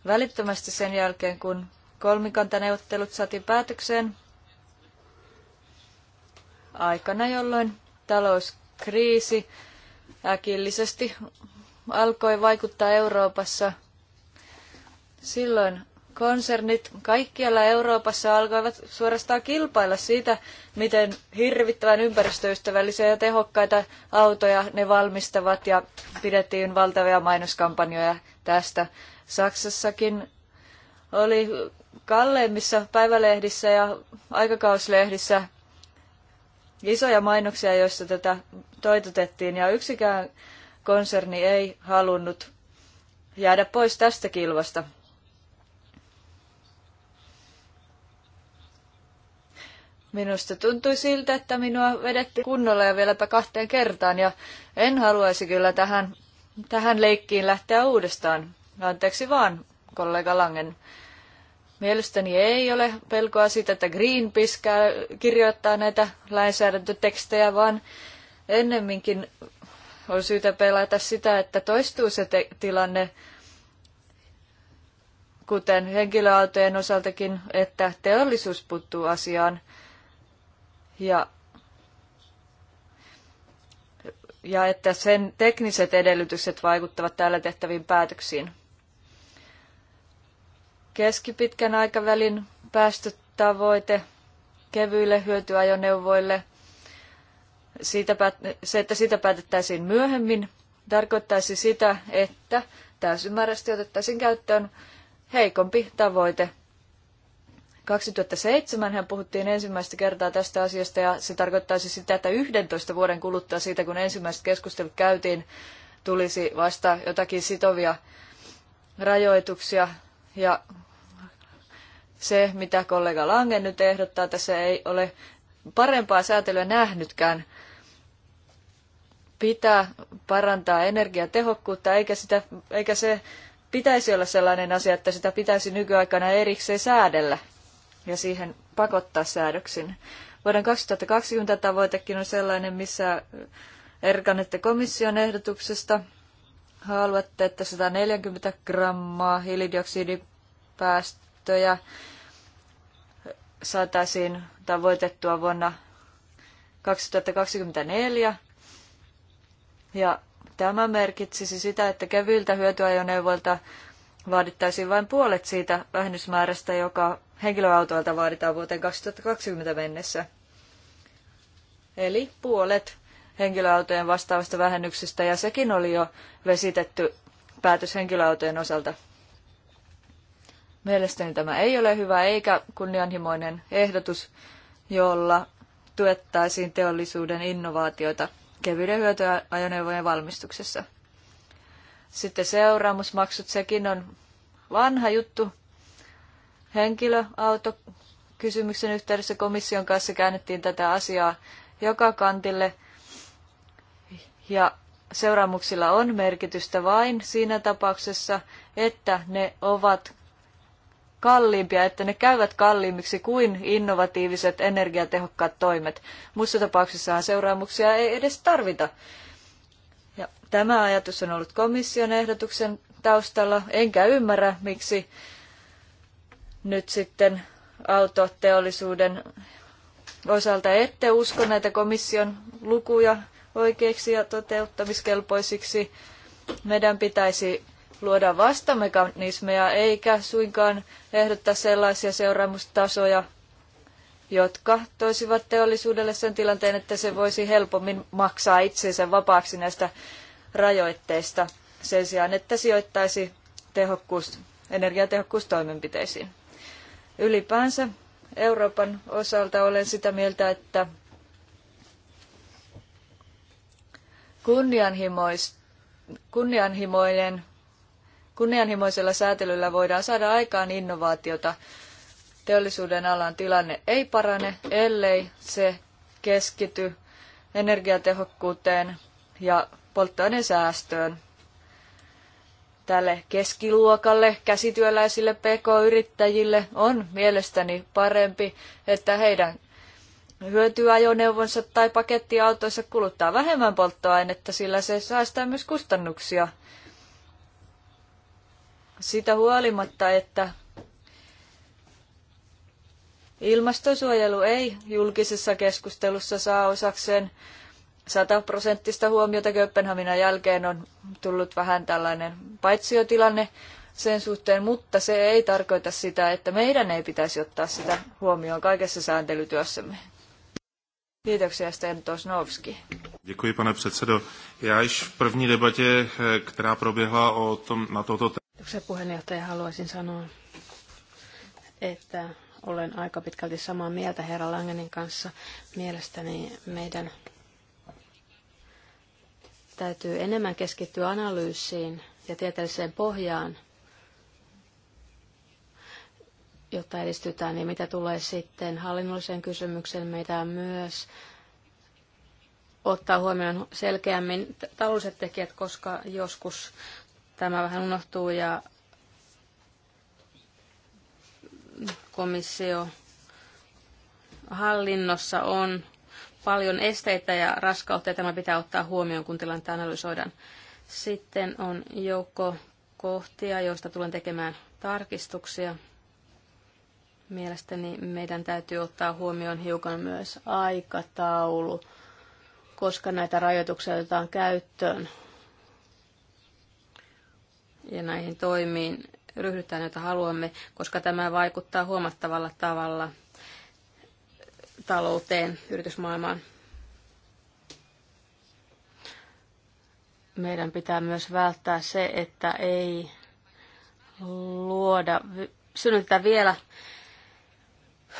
Välittömästi sen jälkeen, kun kolmikantaneuvottelut saatiin päätökseen, aikana jolloin talous kriisi äkillisesti alkoi vaikuttaa Euroopassa. Silloin konsernit kaikkialla Euroopassa alkoivat suorastaan kilpailla siitä, miten hirvittävän ympäristöystävällisiä ja tehokkaita autoja ne valmistavat ja pidettiin valtavia mainoskampanjoja tästä. Saksassakin oli kalleimmissa päivälehdissä ja aikakauslehdissä isoja mainoksia, joissa tätä toitotettiin, ja yksikään konserni ei halunnut jäädä pois tästä kilvasta. Minusta tuntui siltä, että minua vedettiin kunnolla ja vieläpä kahteen kertaan, ja en haluaisi kyllä tähän, tähän leikkiin lähteä uudestaan. Anteeksi vaan, kollega Langen. Mielestäni ei ole pelkoa siitä, että Greenpeace kirjoittaa näitä lainsäädäntötekstejä, vaan ennemminkin on syytä pelätä sitä, että toistuu se tilanne, kuten henkilöautojen osaltakin, että teollisuus puuttuu asiaan ja, ja että sen tekniset edellytykset vaikuttavat täällä tehtäviin päätöksiin keskipitkän aikavälin päästötavoite kevyille hyötyajoneuvoille. Siitä se, että siitä päätettäisiin myöhemmin, tarkoittaisi sitä, että täysimääräisesti otettaisiin käyttöön heikompi tavoite. 2007 hän puhuttiin ensimmäistä kertaa tästä asiasta ja se tarkoittaisi sitä, että 11 vuoden kuluttua siitä, kun ensimmäiset keskustelut käytiin, tulisi vasta jotakin sitovia rajoituksia ja se, mitä kollega Lange nyt ehdottaa, tässä ei ole parempaa säätelyä nähnytkään. Pitää parantaa energiatehokkuutta, eikä, sitä, eikä se pitäisi olla sellainen asia, että sitä pitäisi nykyaikana erikseen säädellä ja siihen pakottaa säädöksin. Vuoden 2020 tavoitekin on sellainen, missä erkanette komission ehdotuksesta. Haluatte, että 140 grammaa hiilidioksidipäästöjä käyttöjä saataisiin tavoitettua vuonna 2024. Ja tämä merkitsisi sitä, että kevyiltä hyötyajoneuvoilta vaadittaisiin vain puolet siitä vähennysmäärästä, joka henkilöautoilta vaaditaan vuoteen 2020 mennessä. Eli puolet henkilöautojen vastaavasta vähennyksestä, ja sekin oli jo vesitetty päätös henkilöautojen osalta. Mielestäni tämä ei ole hyvä eikä kunnianhimoinen ehdotus, jolla tuettaisiin teollisuuden innovaatioita kevyiden hyötyajoneuvojen valmistuksessa. Sitten seuraamusmaksut, sekin on vanha juttu. Henkilöauto kysymyksen yhteydessä komission kanssa käännettiin tätä asiaa joka kantille. Ja seuraamuksilla on merkitystä vain siinä tapauksessa, että ne ovat kalliimpia, että ne käyvät kalliimmiksi kuin innovatiiviset energiatehokkaat toimet. Muissa tapauksissahan seuraamuksia ei edes tarvita. Ja tämä ajatus on ollut komission ehdotuksen taustalla, enkä ymmärrä, miksi nyt sitten autoteollisuuden osalta ette usko näitä komission lukuja oikeiksi ja toteuttamiskelpoisiksi. Meidän pitäisi luoda vastamekanismeja eikä suinkaan ehdottaa sellaisia seuraamustasoja, jotka toisivat teollisuudelle sen tilanteen, että se voisi helpommin maksaa itsensä vapaaksi näistä rajoitteista sen sijaan, että sijoittaisi tehokkuus, energiatehokkuustoimenpiteisiin. Ylipäänsä Euroopan osalta olen sitä mieltä, että kunnianhimois, kunnianhimoinen Kunnianhimoisella säätelyllä voidaan saada aikaan innovaatiota. Teollisuuden alan tilanne ei parane, ellei se keskity energiatehokkuuteen ja polttoaineen säästöön. Tälle keskiluokalle, käsityöläisille, pk-yrittäjille on mielestäni parempi, että heidän hyötyajoneuvonsa tai pakettiautoissa kuluttaa vähemmän polttoainetta, sillä se säästää myös kustannuksia – sitä huolimatta, että ilmastonsuojelu ei julkisessa keskustelussa saa osakseen sataprosenttista huomiota Kööpenhaminan jälkeen on tullut vähän tällainen paitsiotilanne sen suhteen, mutta se ei tarkoita sitä, että meidän ei pitäisi ottaa sitä huomioon kaikessa sääntelytyössämme. Kiitoksia, Sten Děkuji, pane předsedo. Já již v první debatě, eh, která proběhla o tom, na toto Kiitoksia puheenjohtaja. Haluaisin sanoa, että olen aika pitkälti samaa mieltä herra Langenin kanssa. Mielestäni meidän täytyy enemmän keskittyä analyysiin ja tieteelliseen pohjaan, jotta edistytään. Niin mitä tulee sitten hallinnolliseen kysymykseen, meidän myös ottaa huomioon selkeämmin taloudelliset tekijät, koska joskus Tämä vähän unohtuu ja komissio hallinnossa on paljon esteitä ja raskautta ja tämä pitää ottaa huomioon, kun tilannetta analysoidaan. Sitten on joukko kohtia, joista tulen tekemään tarkistuksia. Mielestäni meidän täytyy ottaa huomioon hiukan myös aikataulu, koska näitä rajoituksia otetaan käyttöön ja näihin toimiin ryhdytään, joita haluamme, koska tämä vaikuttaa huomattavalla tavalla talouteen, yritysmaailmaan. Meidän pitää myös välttää se, että ei luoda, synnyttää vielä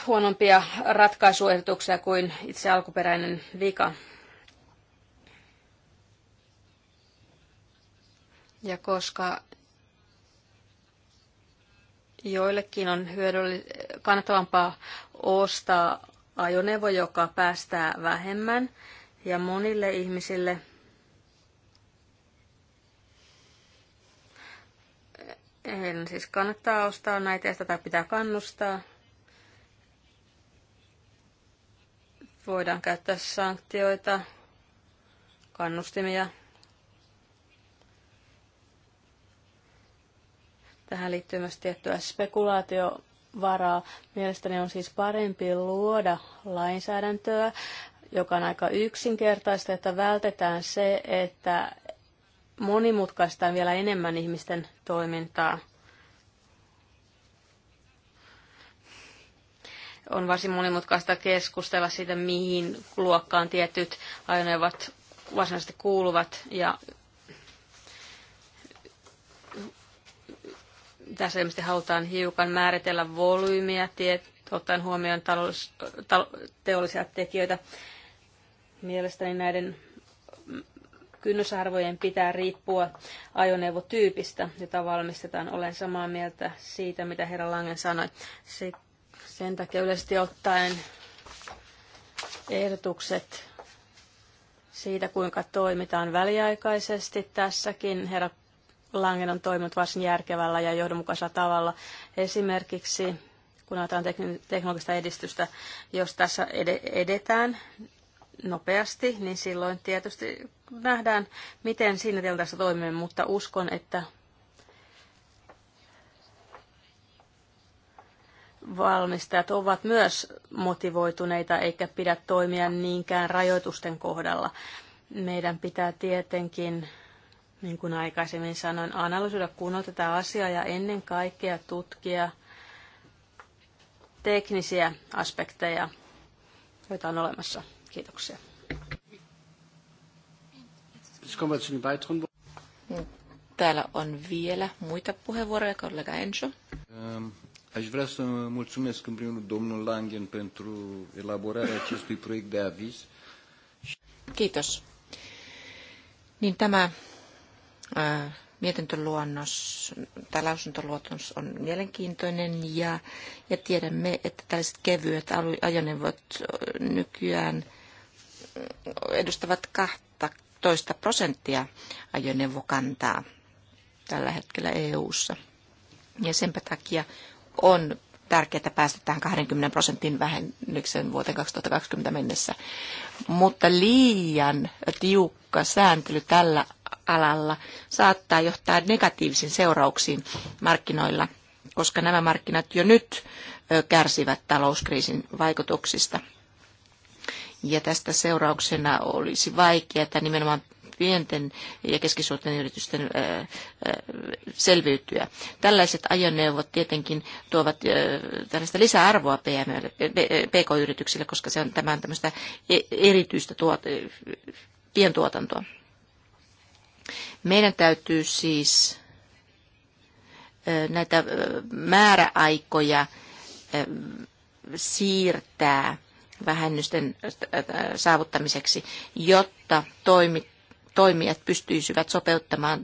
huonompia ratkaisuehdotuksia kuin itse alkuperäinen vika. Ja koska Joillekin on kannattavampaa ostaa ajoneuvo, joka päästää vähemmän, ja monille ihmisille heidän siis kannattaa ostaa näitä ja tätä pitää kannustaa. Voidaan käyttää sanktioita, kannustimia Tähän liittyy myös tiettyä spekulaatiovaraa. Mielestäni on siis parempi luoda lainsäädäntöä, joka on aika yksinkertaista, että vältetään se, että monimutkaistaan vielä enemmän ihmisten toimintaa. On varsin monimutkaista keskustella siitä, mihin luokkaan tietyt ajoneuvot varsinaisesti kuuluvat ja Tässä ilmeisesti halutaan hiukan määritellä volyymiä, tiet, ottaen huomioon talous, tal, teollisia tekijöitä. Mielestäni näiden kynnysarvojen pitää riippua ajoneuvotyypistä, jota valmistetaan. Olen samaa mieltä siitä, mitä herra Langen sanoi. Sen takia yleisesti ottaen ehdotukset siitä, kuinka toimitaan väliaikaisesti tässäkin. Herra Langen on toiminut varsin järkevällä ja johdonmukaisella tavalla. Esimerkiksi kun ajatellaan teknologista edistystä, jos tässä edetään nopeasti, niin silloin tietysti nähdään, miten siinä tilanteessa toimimme, mutta uskon, että valmistajat ovat myös motivoituneita eikä pidä toimia niinkään rajoitusten kohdalla. Meidän pitää tietenkin niin kuin aikaisemmin sanoin, analysoida kunnolla tätä asiaa ja ennen kaikkea tutkia teknisiä aspekteja, joita on olemassa. Kiitoksia. Niin, täällä on vielä muita puheenvuoroja, kollega Enzo. Ehm, aș vrea să mulțumesc în primul domnul Langen pentru elaborarea acestui proiect de aviz. Kiitos. Niin tämä mietintöluonnos tai lausuntoluonnos on mielenkiintoinen ja, ja tiedämme, että tällaiset kevyet ajoneuvot nykyään edustavat 12 prosenttia ajoneuvokantaa tällä hetkellä EU-ssa. Ja senpä takia on tärkeää päästä tähän 20 prosentin vähennykseen vuoteen 2020 mennessä. Mutta liian tiukka sääntely tällä alalla saattaa johtaa negatiivisiin seurauksiin markkinoilla, koska nämä markkinat jo nyt kärsivät talouskriisin vaikutuksista. Ja tästä seurauksena olisi vaikeaa nimenomaan pienten ja keskisuurten yritysten selviytyä. Tällaiset ajoneuvot tietenkin tuovat tällaista lisäarvoa PK-yrityksille, koska se on tämän tämmöistä e-, erityistä tuot, pientuotantoa meidän täytyy siis näitä määräaikoja siirtää vähennysten saavuttamiseksi, jotta toimijat pystyisivät sopeuttamaan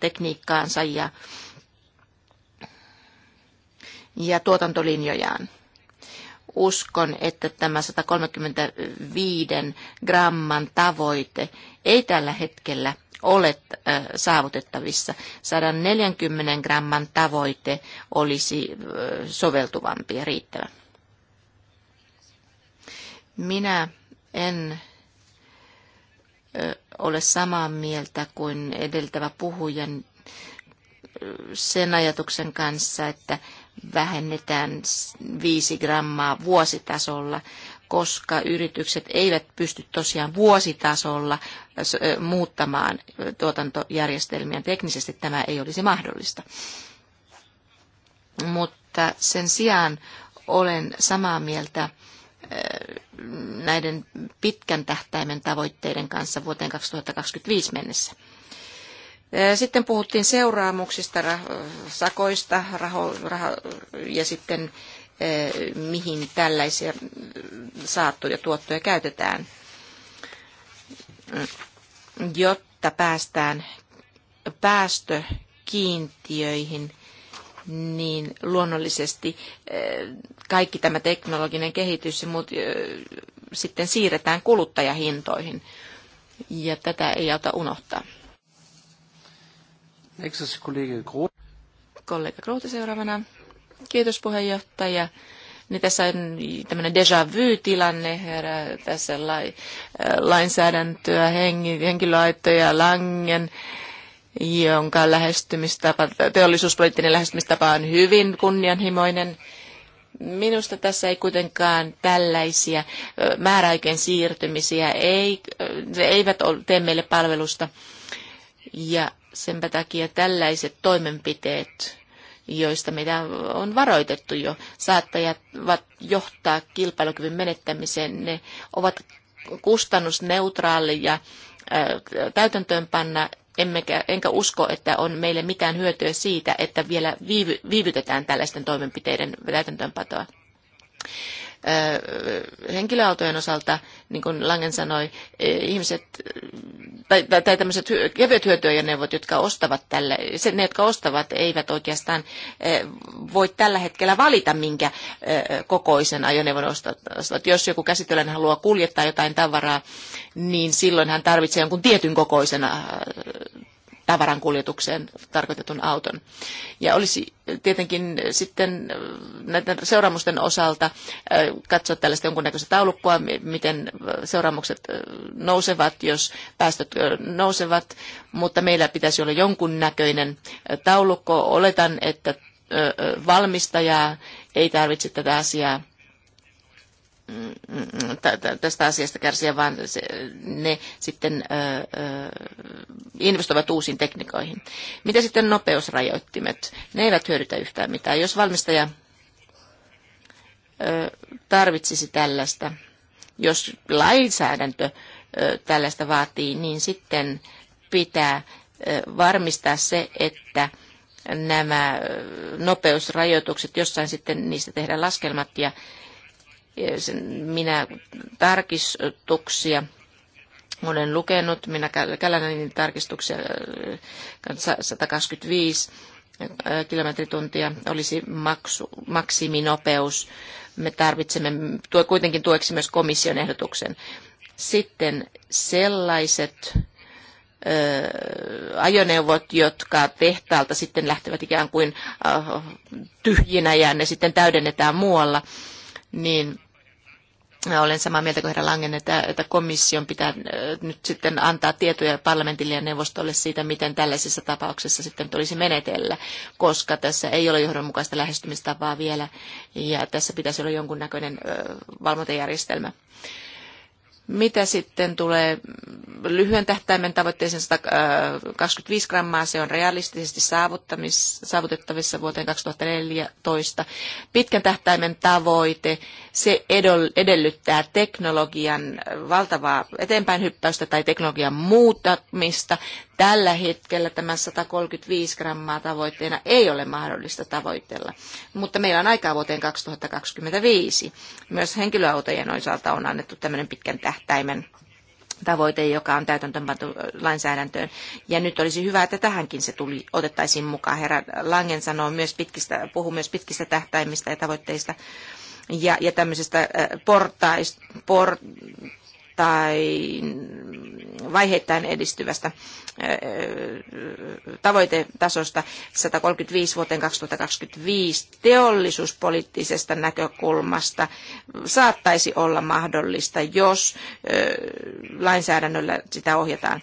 tekniikkaansa ja, ja tuotantolinjojaan. Uskon, että tämä 135 gramman tavoite ei tällä hetkellä – ole äh, saavutettavissa. 140 gramman tavoite olisi äh, soveltuvampi ja riittävä. Minä en äh, ole samaa mieltä kuin edeltävä puhujan sen ajatuksen kanssa, että vähennetään 5 grammaa vuositasolla koska yritykset eivät pysty tosiaan vuositasolla muuttamaan tuotantojärjestelmiä. Teknisesti tämä ei olisi mahdollista. Mutta sen sijaan olen samaa mieltä näiden pitkän tähtäimen tavoitteiden kanssa vuoteen 2025 mennessä. Sitten puhuttiin seuraamuksista, sakoista raho, raho, ja sitten Eh, mihin tällaisia saattuja tuottoja käytetään, jotta päästään päästökiintiöihin, niin luonnollisesti eh, kaikki tämä teknologinen kehitys ja muut eh, sitten siirretään kuluttajahintoihin. Ja tätä ei auta unohtaa. kollega Grote. Kollega seuraavana. Kiitos puheenjohtaja. Niin tässä on tämmöinen déjà vu-tilanne, herää tässä lai, äh, lainsäädäntöä, henkilöaitoja, langen, jonka lähestymistapa, teollisuuspoliittinen lähestymistapa on hyvin kunnianhimoinen. Minusta tässä ei kuitenkaan tällaisia äh, määräaikojen siirtymisiä, ei, äh, eivät tee meille palvelusta. Ja senpä takia tällaiset toimenpiteet joista meitä on varoitettu jo. Saattajat johtaa kilpailukyvyn menettämiseen. Ne ovat kustannusneutraaleja äh, täytäntöönpanna, emmekä, enkä usko, että on meille mitään hyötyä siitä, että vielä viivy, viivytetään tällaisten toimenpiteiden täytäntöönpatoa henkilöautojen osalta, niin kuin Langen sanoi, e, ihmiset tai, tai, tai tämmöiset kevyet hyötyöajoneuvot, jotka ostavat tälle, se, ne, jotka ostavat, eivät oikeastaan e, voi tällä hetkellä valita, minkä e, kokoisen ajoneuvon ostavat. Jos joku käsityöläinen haluaa kuljettaa jotain tavaraa, niin silloin hän tarvitsee jonkun tietyn kokoisen tavarankuljetukseen tarkoitetun auton. Ja olisi tietenkin sitten näiden seuraamusten osalta katsoa tällaista jonkunnäköistä taulukkoa, miten seuraamukset nousevat, jos päästöt nousevat, mutta meillä pitäisi olla jonkunnäköinen taulukko. Oletan, että valmistajaa ei tarvitse tätä asiaa tästä asiasta kärsiä, vaan ne sitten investoivat uusiin tekniikoihin. Mitä sitten nopeusrajoittimet? Ne eivät hyödytä yhtään mitään. Jos valmistaja tarvitsisi tällaista, jos lainsäädäntö tällaista vaatii, niin sitten pitää varmistaa se, että nämä nopeusrajoitukset, jossain sitten niistä tehdään laskelmat ja minä tarkistuksia olen lukenut, minä kälän niitä tarkistuksia 125 äh, äh, kilometritunnia olisi maksu, maksiminopeus. Me tarvitsemme tuo, kuitenkin tueksi myös komission ehdotuksen. Sitten sellaiset äh, ajoneuvot, jotka tehtaalta sitten lähtevät ikään kuin tyhjinä ja ne sitten täydennetään muualla, niin olen samaa mieltä kuin herra Langen, että, että komission pitää äh, nyt sitten antaa tietoja parlamentille ja neuvostolle siitä, miten tällaisessa tapauksessa sitten tulisi menetellä, koska tässä ei ole johdonmukaista lähestymistapaa vielä ja tässä pitäisi olla jonkunnäköinen äh, valvontajärjestelmä. Mitä sitten tulee lyhyen tähtäimen tavoitteeseen 125 äh, grammaa, se on realistisesti saavutettavissa vuoteen 2014. Pitkän tähtäimen tavoite se edellyttää teknologian äh, valtavaa eteenpäinhyppäystä tai teknologian muuttamista. Tällä hetkellä tämä 135 grammaa tavoitteena ei ole mahdollista tavoitella, mutta meillä on aikaa vuoteen 2025. Myös henkilöautojen osalta on annettu tämmöinen pitkän tähtäimen tavoite, joka on täytäntöönpantu äh, lainsäädäntöön. Ja nyt olisi hyvä, että tähänkin se tuli, otettaisiin mukaan. Herra Langen sanoo myös pitkistä, puhuu myös pitkistä tähtäimistä ja tavoitteista ja, ja tämmöisestä äh, portais, portain vaiheittain edistyvästä äh, äh, tavoitetasosta 135 vuoteen 2025 teollisuuspoliittisesta näkökulmasta saattaisi olla mahdollista, jos lainsäädännöllä sitä ohjataan.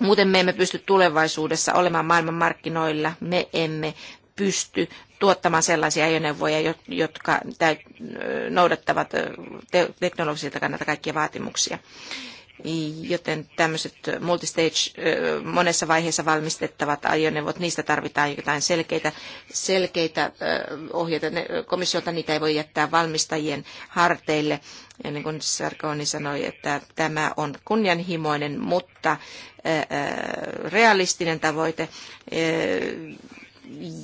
Muuten me emme pysty tulevaisuudessa olemaan maailmanmarkkinoilla, me emme pysty tuottamaan sellaisia ajoneuvoja, jotka noudattavat teknologisilta kannalta kaikkia vaatimuksia. Joten tämmöiset multistage, monessa vaiheessa valmistettavat ajoneuvot, niistä tarvitaan jotain selkeitä, selkeitä ohjeita. Komissiolta niitä ei voi jättää valmistajien harteille. Ja niin kuin Sarkoni sanoi, että tämä on kunnianhimoinen, mutta realistinen tavoite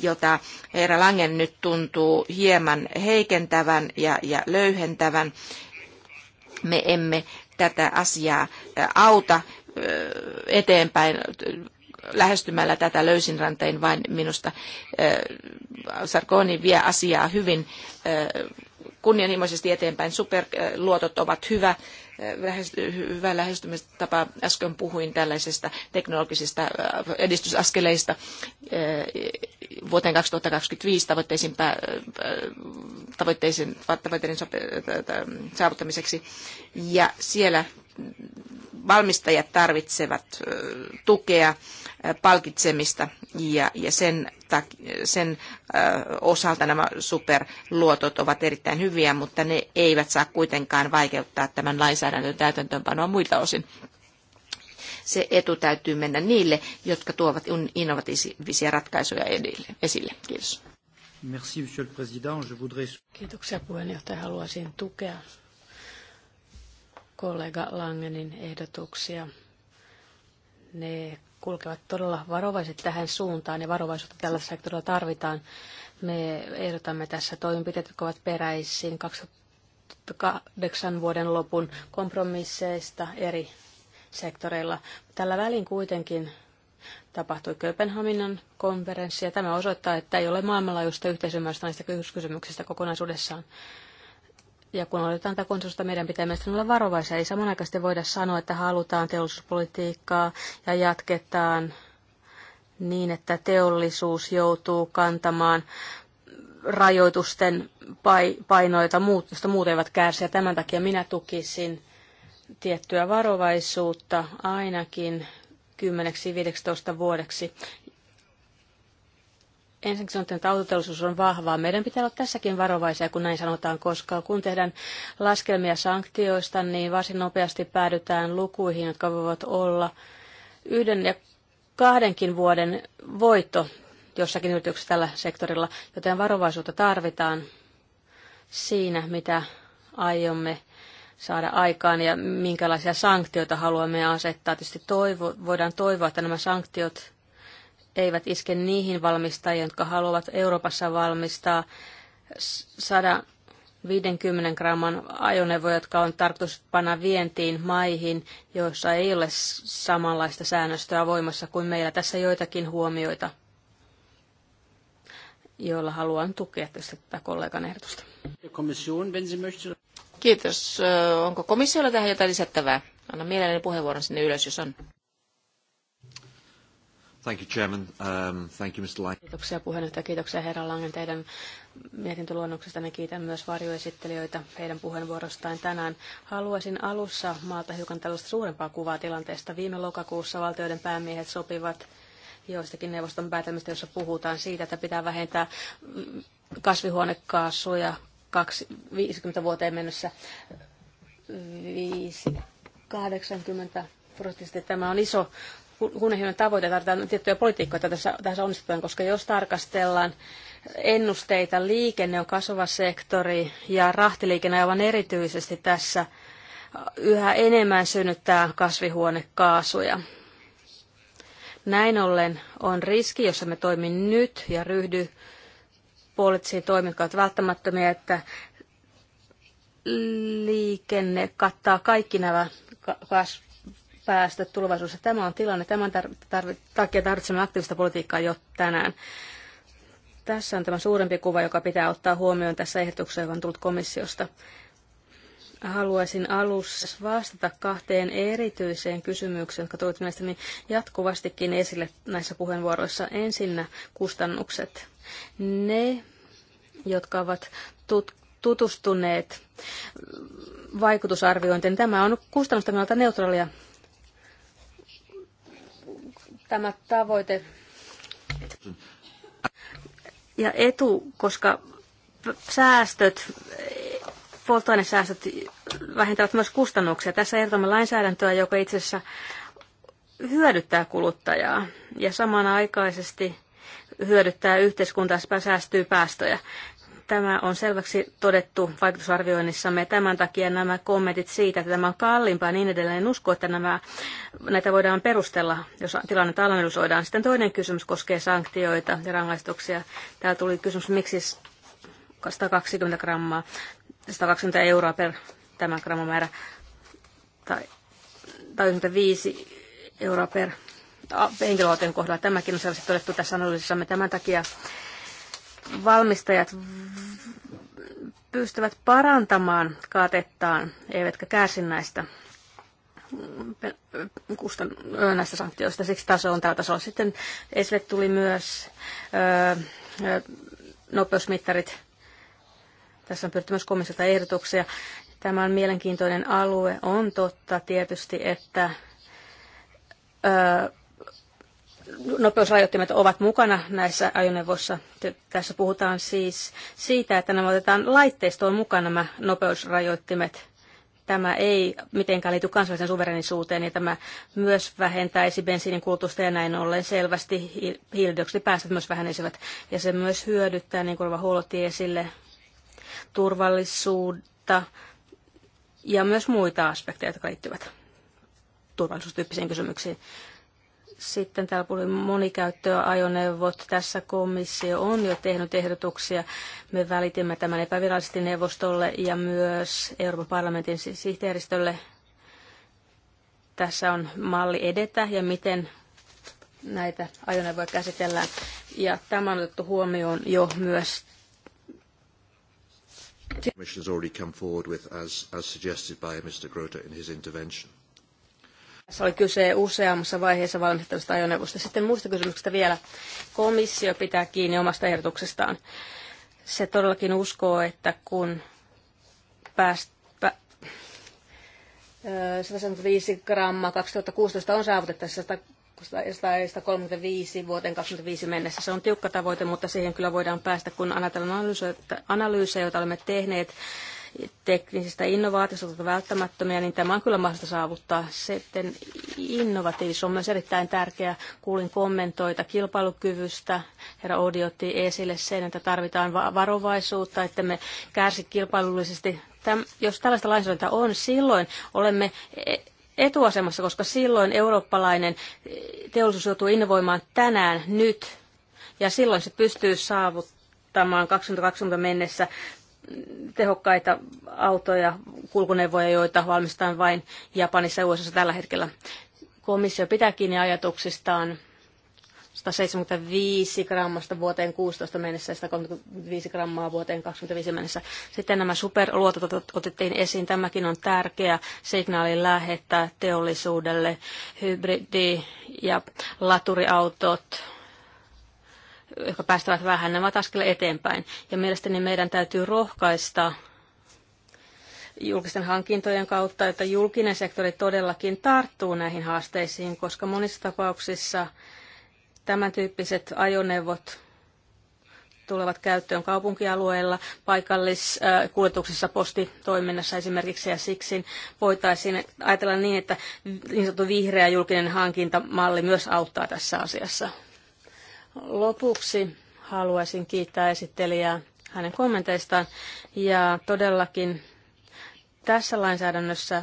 jota Eera Langen nyt tuntuu hieman heikentävän ja, ja löyhentävän. Me emme tätä asiaa auta eteenpäin lähestymällä tätä löysin rantein, vaan minusta Sarkoni vie asiaa hyvin kunnianhimoisesti eteenpäin. Superluotot ovat hyvä Eh, hyvä lähestymistapa. Äsken puhuin tällaisista teknologisista eh, edistysaskeleista eh, vuoteen 2025 tavoitteisiin, tavoitteisiin tavoitteiden saavuttamiseksi. Ja siellä valmistajat tarvitsevat tukea palkitsemista ja, ja sen, sen osalta nämä superluotot ovat erittäin hyviä, mutta ne eivät saa kuitenkaan vaikeuttaa tämän lainsäädännön täytäntöönpanoa muilta osin. Se etu täytyy mennä niille, jotka tuovat innovatiivisia ratkaisuja esille. Kiitos. Merci, Kiitoksia puheenjohtaja. Haluaisin tukea kollega Langenin ehdotuksia. Ne kulkevat todella varovaisesti tähän suuntaan ja varovaisuutta tällä sektorilla tarvitaan. Me ehdotamme tässä toimenpiteet, jotka ovat peräisin 2008 vuoden lopun kompromisseista eri sektoreilla. Tällä välin kuitenkin tapahtui Kööpenhaminan konferenssi ja tämä osoittaa, että ei ole maailmanlaajuista yhteisymmärrystä näistä kysymyksistä kokonaisuudessaan. Ja kun aloitetaan tätä konsensusta, meidän pitää myös olla varovaisia. Ei samanaikaisesti voida sanoa, että halutaan teollisuuspolitiikkaa ja jatketaan niin, että teollisuus joutuu kantamaan rajoitusten painoita, josta muut eivät kärsi. Ja tämän takia minä tukisin tiettyä varovaisuutta ainakin 10-15 vuodeksi Ensinnäkin sanotaan, että autoteollisuus on vahvaa. Meidän pitää olla tässäkin varovaisia, kun näin sanotaan, koska kun tehdään laskelmia sanktioista, niin varsin nopeasti päädytään lukuihin, jotka voivat olla yhden ja kahdenkin vuoden voitto jossakin yrityksessä tällä sektorilla, joten varovaisuutta tarvitaan siinä, mitä aiomme saada aikaan ja minkälaisia sanktioita haluamme asettaa. Tietysti toivo, voidaan toivoa, että nämä sanktiot eivät iske niihin valmistajiin, jotka haluavat Euroopassa valmistaa 150 gramman ajoneuvoja, jotka on tarkoitus panna vientiin maihin, joissa ei ole samanlaista säännöstöä voimassa kuin meillä. Tässä joitakin huomioita, joilla haluan tukea tätä kollegan ehdotusta. Kiitos. Onko komissiolla tähän jotain lisättävää? Anna mielelläni puheenvuoron sinne ylös, jos on. Thank you, Chairman. Um, thank you, Mr. Kiitoksia puheenjohtaja. Kiitoksia herra Langen teidän Me Kiitän myös varjoesittelijöitä heidän puheenvuorostaan tänään. Haluaisin alussa maalta hiukan tällaista suurempaa kuvaa tilanteesta. Viime lokakuussa valtioiden päämiehet sopivat joistakin neuvoston päätelmistä, jossa puhutaan siitä, että pitää vähentää kasvihuonekaasuja 50 vuoteen mennessä 5, 80 prosenttisesti. Tämä on iso kunnianhimoinen tavoite, tarvitaan tiettyjä politiikkoja, tässä, tässä onnistutaan, koska jos tarkastellaan ennusteita, liikenne on kasvava sektori ja rahtiliikenne aivan erityisesti tässä yhä enemmän synnyttää kasvihuonekaasuja. Näin ollen on riski, jos me toimi nyt ja ryhdy poliittisiin toimiin, jotka ovat välttämättömiä, että liikenne kattaa kaikki nämä kas- päästä tulevaisuudessa. Tämä on tilanne. Tämän tar- tar- takia tarvitsemme aktiivista politiikkaa jo tänään. Tässä on tämä suurempi kuva, joka pitää ottaa huomioon tässä ehdotuksessa, joka on tullut komissiosta. Haluaisin alussa vastata kahteen erityiseen kysymykseen, jotka tulivat mielestäni jatkuvastikin esille näissä puheenvuoroissa. Ensinnä kustannukset. Ne, jotka ovat tut- tutustuneet vaikutusarviointiin. Tämä on kustannusten neutraalia tämä tavoite ja etu, koska säästöt, polttoainesäästöt vähentävät myös kustannuksia. Tässä ehdotamme lainsäädäntöä, joka itse asiassa hyödyttää kuluttajaa ja samanaikaisesti hyödyttää yhteiskuntaa, säästyy päästöjä. Tämä on selväksi todettu vaikutusarvioinnissamme. Tämän takia nämä kommentit siitä, että tämä on kalliimpaa niin edelleen, en usko, että nämä, näitä voidaan perustella, jos tilanne analysoidaan. Sitten toinen kysymys koskee sanktioita ja rangaistuksia. Täällä tuli kysymys, miksi 120 grammaa, 120 euroa per tämä grammamäärä tai, tai 5 euroa per henkilöauton kohdalla. Tämäkin on selvästi todettu tässä analyysissamme. Tämän takia valmistajat pystyvät parantamaan katettaan, eivätkä kärsi näistä, kustan, näistä sanktioista. Siksi taso on tällä tasolla. Sitten esille tuli myös nopeusmittarit. Tässä on pyritty myös komissiota ehdotuksia. Tämä on mielenkiintoinen alue. On totta tietysti, että nopeusrajoittimet ovat mukana näissä ajoneuvoissa. Tässä puhutaan siis siitä, että nämä otetaan laitteistoon mukaan nämä nopeusrajoittimet. Tämä ei mitenkään liity kansalliseen suverenisuuteen ja tämä myös vähentäisi bensiinin kulutusta ja näin ollen selvästi hiilidioksidipäästöt myös vähenisivät. Ja se myös hyödyttää, niin kuin huolotti esille, turvallisuutta ja myös muita aspekteja, jotka liittyvät turvallisuustyyppisiin kysymyksiin. Sitten täällä puhui monikäyttöajoneuvot. Tässä komissio on jo tehnyt ehdotuksia. Me välitimme tämän epävirallisesti neuvostolle ja myös Euroopan parlamentin sihteeristölle. Tässä on malli edetä ja miten näitä ajoneuvoja käsitellään. Ja tämä on otettu huomioon jo myös Commission has already come forward with, as, as suggested by Mr. Grota in his intervention. Tässä oli kyse useammassa vaiheessa valmistettavasta ajoneuvosta. Sitten muista kysymyksistä vielä. Komissio pitää kiinni omasta ehdotuksestaan. Se todellakin uskoo, että kun pääst, pä, 175 grammaa 2016 on saavutettavissa 135 vuoteen 25 mennessä. Se on tiukka tavoite, mutta siihen kyllä voidaan päästä, kun analyysejä, joita olemme tehneet teknisistä innovaatioista ovat välttämättömiä, niin tämä on kyllä mahdollista saavuttaa. Sitten innovatiivisuus on myös erittäin tärkeää. Kuulin kommentoita kilpailukyvystä. Herra Odi otti esille sen, että tarvitaan varovaisuutta, että me kärsi kilpailullisesti. Täm, jos tällaista lainsäädäntöä on, silloin olemme e- etuasemassa, koska silloin eurooppalainen e, teollisuus joutuu innovoimaan tänään, nyt, ja silloin se pystyy saavuttamaan 2020 mennessä tehokkaita autoja, kulkuneuvoja, joita valmistetaan vain Japanissa ja USA tällä hetkellä. Komissio pitää kiinni ajatuksistaan 175 grammasta vuoteen 16 mennessä ja 135 grammaa vuoteen 25 mennessä. Sitten nämä superluotot otettiin esiin. Tämäkin on tärkeä signaali lähettää teollisuudelle hybridi- ja laturiautot jotka päästävät vähän, nämä askel eteenpäin. Ja mielestäni meidän täytyy rohkaista julkisten hankintojen kautta, että julkinen sektori todellakin tarttuu näihin haasteisiin, koska monissa tapauksissa tämän tyyppiset ajoneuvot tulevat käyttöön kaupunkialueilla, paikalliskuljetuksissa, postitoiminnassa esimerkiksi, ja siksi voitaisiin ajatella niin, että niin sanottu vihreä julkinen hankintamalli myös auttaa tässä asiassa. Lopuksi haluaisin kiittää esittelijää hänen kommenteistaan. Ja todellakin tässä lainsäädännössä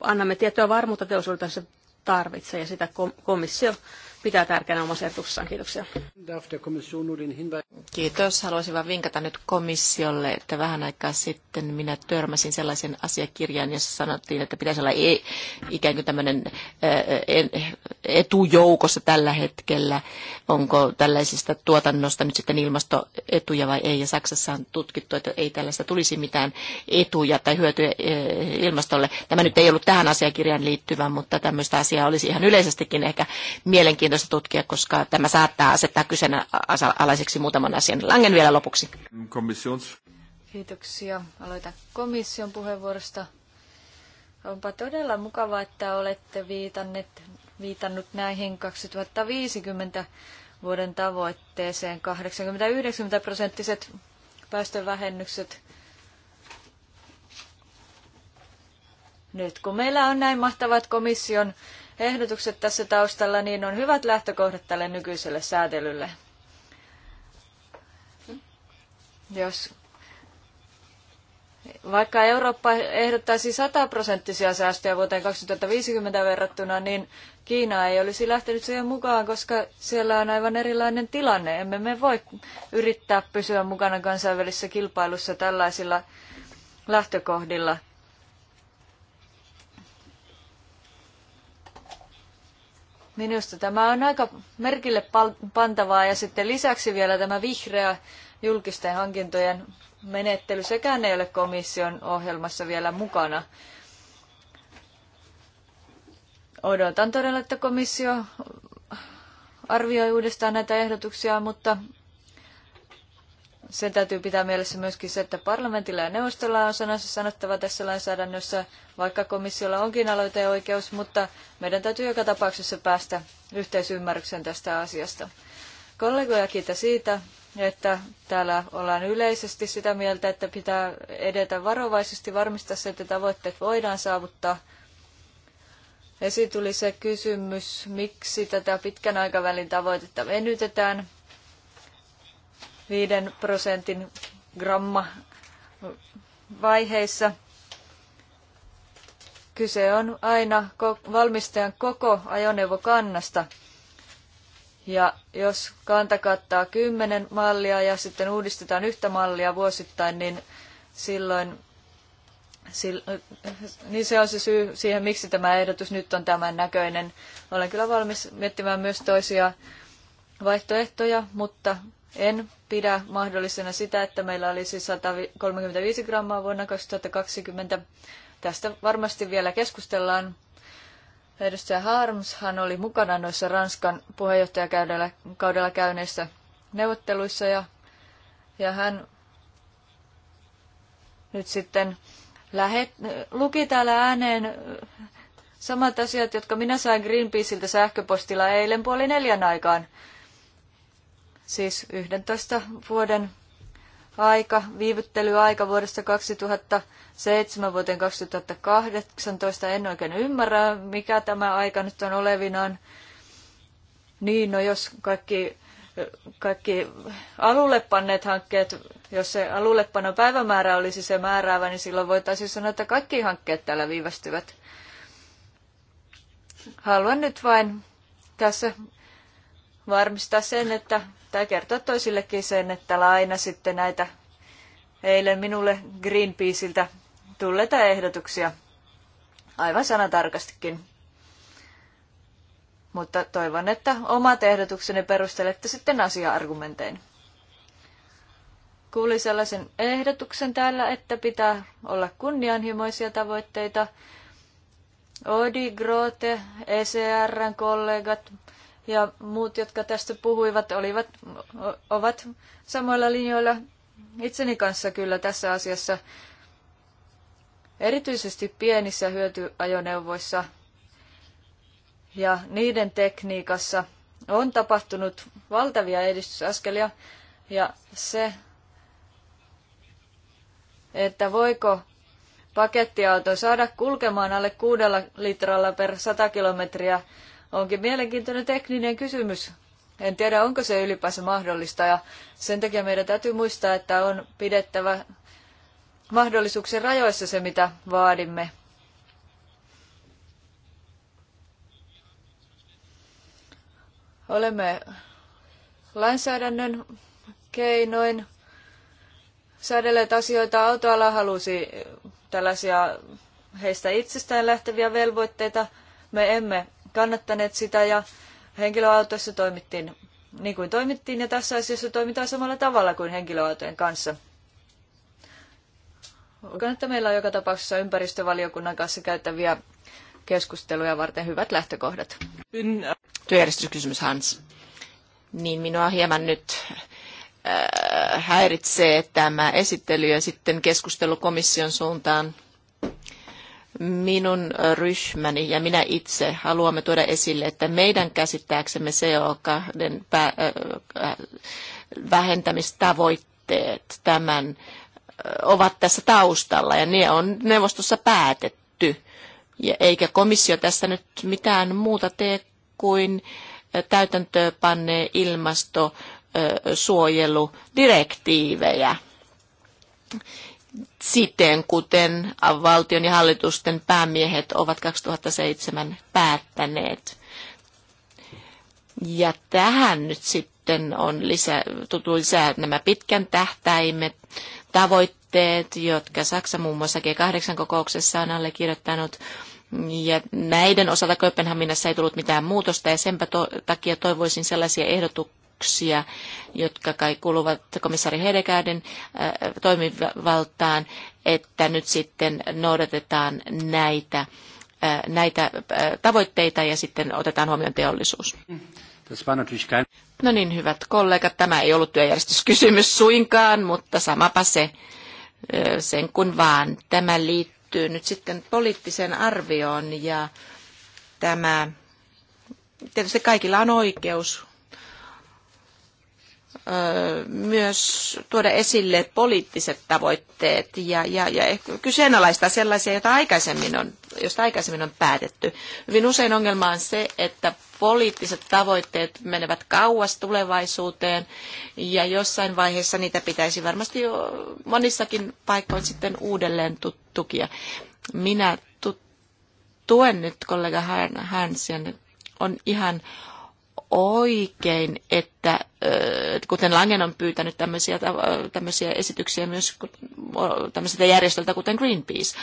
annamme tietoa varmuutta teollisuudelta, se tarvitsee ja sitä komissio pitää tärkeänä omassa ehdotuksessaan. Kiitoksia. Kiitos. Haluaisin vain vinkata nyt komissiolle, että vähän aikaa sitten minä törmäsin sellaisen asiakirjan, jossa sanottiin, että pitäisi olla e- ikään kuin tämmöinen etujoukossa tällä hetkellä. Onko tällaisesta tuotannosta nyt sitten ilmastoetuja vai ei? Ja Saksassa on tutkittu, että ei tällaista tulisi mitään etuja tai hyötyä ilmastolle. Tämä nyt ei ollut tähän asiakirjaan liittyvä, mutta tämmöistä asiaa olisi ihan yleisestikin ehkä mielenkiintoista mielenkiintoista tutkia, koska tämä saattaa asettaa kyseenalaiseksi muutaman asian. Langen vielä lopuksi. Komissions. Kiitoksia. Aloita komission puheenvuorosta. Onpa todella mukavaa, että olette viitannet, viitannut näihin 2050 vuoden tavoitteeseen 80-90 prosenttiset päästövähennykset. Nyt kun meillä on näin mahtavat komission ehdotukset tässä taustalla, niin on hyvät lähtökohdat tälle nykyiselle säätelylle. Jos vaikka Eurooppa ehdottaisi 100 prosenttisia säästöjä vuoteen 2050 verrattuna, niin Kiina ei olisi lähtenyt siihen mukaan, koska siellä on aivan erilainen tilanne. Emme me voi yrittää pysyä mukana kansainvälisessä kilpailussa tällaisilla lähtökohdilla. Minusta niin tämä on aika merkille pantavaa ja sitten lisäksi vielä tämä vihreä julkisten hankintojen menettely, sekään ei ole komission ohjelmassa vielä mukana. Odotan todella, että komissio arvioi uudestaan näitä ehdotuksia, mutta sen täytyy pitää mielessä myöskin se, että parlamentilla ja neuvostolla on sanansa sanottava tässä lainsäädännössä, vaikka komissiolla onkin aloiteoikeus, mutta meidän täytyy joka tapauksessa päästä yhteisymmärrykseen tästä asiasta. Kollegoja kiitä siitä, että täällä ollaan yleisesti sitä mieltä, että pitää edetä varovaisesti, varmistaa se, että tavoitteet voidaan saavuttaa. Esiin tuli se kysymys, miksi tätä pitkän aikavälin tavoitetta venytetään. 5 prosentin gramma vaiheissa. Kyse on aina valmistajan koko ajoneuvokannasta. Ja jos kanta kattaa kymmenen mallia ja sitten uudistetaan yhtä mallia vuosittain, niin silloin niin se on se syy siihen, miksi tämä ehdotus nyt on tämän näköinen. Olen kyllä valmis miettimään myös toisia vaihtoehtoja, mutta en pidä mahdollisena sitä, että meillä olisi 135 grammaa vuonna 2020. Tästä varmasti vielä keskustellaan. Edustaja Harmshan oli mukana noissa Ranskan puheenjohtajakaudella käyneissä neuvotteluissa ja, ja hän nyt sitten lähet, luki täällä ääneen samat asiat, jotka minä sain Greenpeaceiltä sähköpostilla eilen puoli neljän aikaan siis 11 vuoden aika, viivyttelyaika vuodesta 2007 vuoteen 2018. En oikein ymmärrä, mikä tämä aika nyt on olevinaan. Niin, no jos kaikki, kaikki alulle panneet hankkeet, jos se alulle päivämäärä olisi se määräävä, niin silloin voitaisiin sanoa, että kaikki hankkeet täällä viivästyvät. Haluan nyt vain tässä varmistaa sen, että, tai kertoa toisillekin sen, että laina sitten näitä eilen minulle Greenpeaceiltä tulleita ehdotuksia aivan sanatarkastikin. Mutta toivon, että omat ehdotukseni perustelette sitten asia-argumentein. Kuulin sellaisen ehdotuksen täällä, että pitää olla kunnianhimoisia tavoitteita. Odi Grote, ECRn kollegat, ja muut, jotka tästä puhuivat, olivat, ovat samoilla linjoilla itseni kanssa kyllä tässä asiassa. Erityisesti pienissä hyötyajoneuvoissa ja niiden tekniikassa on tapahtunut valtavia edistysaskelia ja se, että voiko pakettiauto saada kulkemaan alle kuudella litralla per 100 kilometriä onkin mielenkiintoinen tekninen kysymys. En tiedä, onko se ylipäänsä mahdollista ja sen takia meidän täytyy muistaa, että on pidettävä mahdollisuuksien rajoissa se, mitä vaadimme. Olemme lainsäädännön keinoin säädelleet asioita. Autoala halusi tällaisia heistä itsestään lähteviä velvoitteita. Me emme kannattaneet sitä ja henkilöautoissa toimittiin niin kuin toimittiin ja tässä asiassa toimitaan samalla tavalla kuin henkilöautojen kanssa. Olkoon, että meillä on joka tapauksessa ympäristövaliokunnan kanssa käyttäviä keskusteluja varten hyvät lähtökohdat. Työjärjestyskysymys Hans. Niin minua hieman nyt äh, häiritsee tämä esittely ja sitten keskustelu komission suuntaan minun ryhmäni ja minä itse haluamme tuoda esille, että meidän käsittääksemme CO2 vähentämistavoitteet tämän ovat tässä taustalla ja ne on neuvostossa päätetty. Ja eikä komissio tässä nyt mitään muuta tee kuin täytäntöönpannee ilmastosuojeludirektiivejä siten, kuten valtion ja hallitusten päämiehet ovat 2007 päättäneet. Ja tähän nyt sitten on lisä, tutu lisää nämä pitkän tähtäimet, tavoitteet, jotka Saksa muun muassa G8-kokouksessa on allekirjoittanut. Ja näiden osalta Kööpenhaminassa ei tullut mitään muutosta ja senpä to- takia toivoisin sellaisia ehdotuksia, kysymyksiä, jotka kai kuuluvat komissaari Hedegaarden äh, toimivaltaan, että nyt sitten noudatetaan näitä, äh, näitä äh, tavoitteita ja sitten otetaan huomioon teollisuus. No niin, hyvät kollegat, tämä ei ollut työjärjestyskysymys suinkaan, mutta samapa se sen kun vaan. Tämä liittyy nyt sitten poliittiseen arvioon ja tämä, tietysti kaikilla on oikeus myös tuoda esille poliittiset tavoitteet ja, ja, ja kyseenalaistaa sellaisia, joita aikaisemmin on, joista aikaisemmin on päätetty. Hyvin usein ongelma on se, että poliittiset tavoitteet menevät kauas tulevaisuuteen ja jossain vaiheessa niitä pitäisi varmasti jo monissakin paikoin sitten uudelleen tukia. Minä tuen nyt kollega Hansen, on ihan oikein, että kuten Langen on pyytänyt tämmöisiä, tämmöisiä esityksiä myös tämmöisiltä järjestöltä kuten Greenpeace.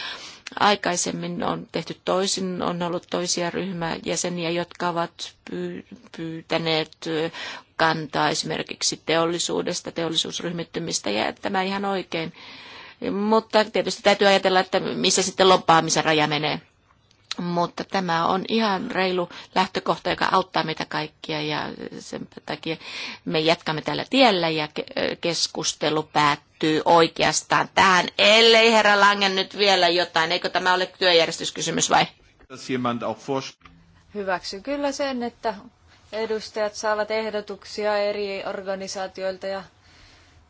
Aikaisemmin on tehty toisin, on ollut toisia ryhmäjäseniä, jotka ovat pyytäneet kantaa esimerkiksi teollisuudesta, teollisuusryhmittymistä, ja tämä ihan oikein. Mutta tietysti täytyy ajatella, että missä sitten lobbaamisen raja menee. Mutta tämä on ihan reilu lähtökohta, joka auttaa meitä kaikkia ja sen takia me jatkamme tällä tiellä ja keskustelu päättyy oikeastaan tähän, ellei herra Langen nyt vielä jotain. Eikö tämä ole työjärjestyskysymys vai? Hyväksy kyllä sen, että edustajat saavat ehdotuksia eri organisaatioilta ja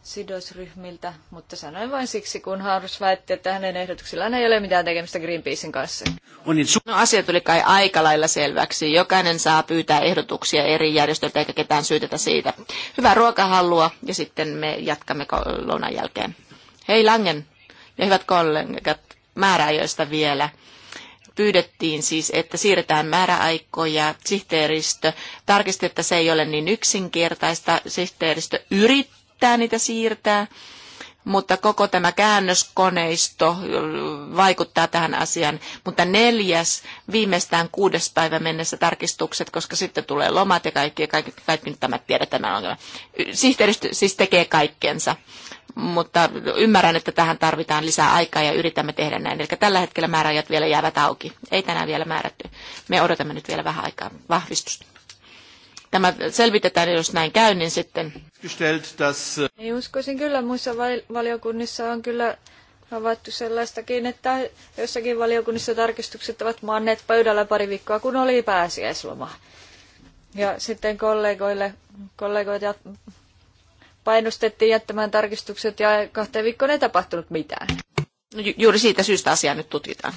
sidosryhmiltä, mutta sanoin vain siksi, kun Harus väitti, että hänen ehdotuksillaan ei ole mitään tekemistä Greenpeacein kanssa. Niin no asia tuli kai aika lailla selväksi. Jokainen saa pyytää ehdotuksia eri järjestöiltä eikä ketään syytetä siitä. Hyvää ruokahallua ja sitten me jatkamme lounan jälkeen. Hei Langen ja hyvät kollegat, määräajoista vielä pyydettiin siis, että siirretään määräaikoja. Sihteeristö tarkisti, että se ei ole niin yksinkertaista. Sihteeristö yritti yrittää niitä siirtää, mutta koko tämä käännöskoneisto vaikuttaa tähän asiaan. Mutta neljäs, viimeistään kuudes päivä mennessä tarkistukset, koska sitten tulee lomat ja kaikki, kaikki, kaikki tämä tiedetään. Sihteeristö siis tekee kaikkensa, mutta ymmärrän, että tähän tarvitaan lisää aikaa ja yritämme tehdä näin. Eli tällä hetkellä määräajat vielä jäävät auki. Ei tänään vielä määrätty. Me odotamme nyt vielä vähän aikaa vahvistusta tämä selvitetään, ja jos näin käy, niin sitten... Ei äh, niin uskoisin kyllä, muissa valiokunnissa on kyllä havaittu sellaistakin, että jossakin valiokunnissa tarkistukset ovat manneet pöydällä pari viikkoa, kun oli pääsiäisloma. Ja sitten kollegoille, kollegoita painostettiin jättämään tarkistukset ja kahteen viikkoon ei tapahtunut mitään. Ju- juuri siitä syystä asiaa nyt tutkitaan.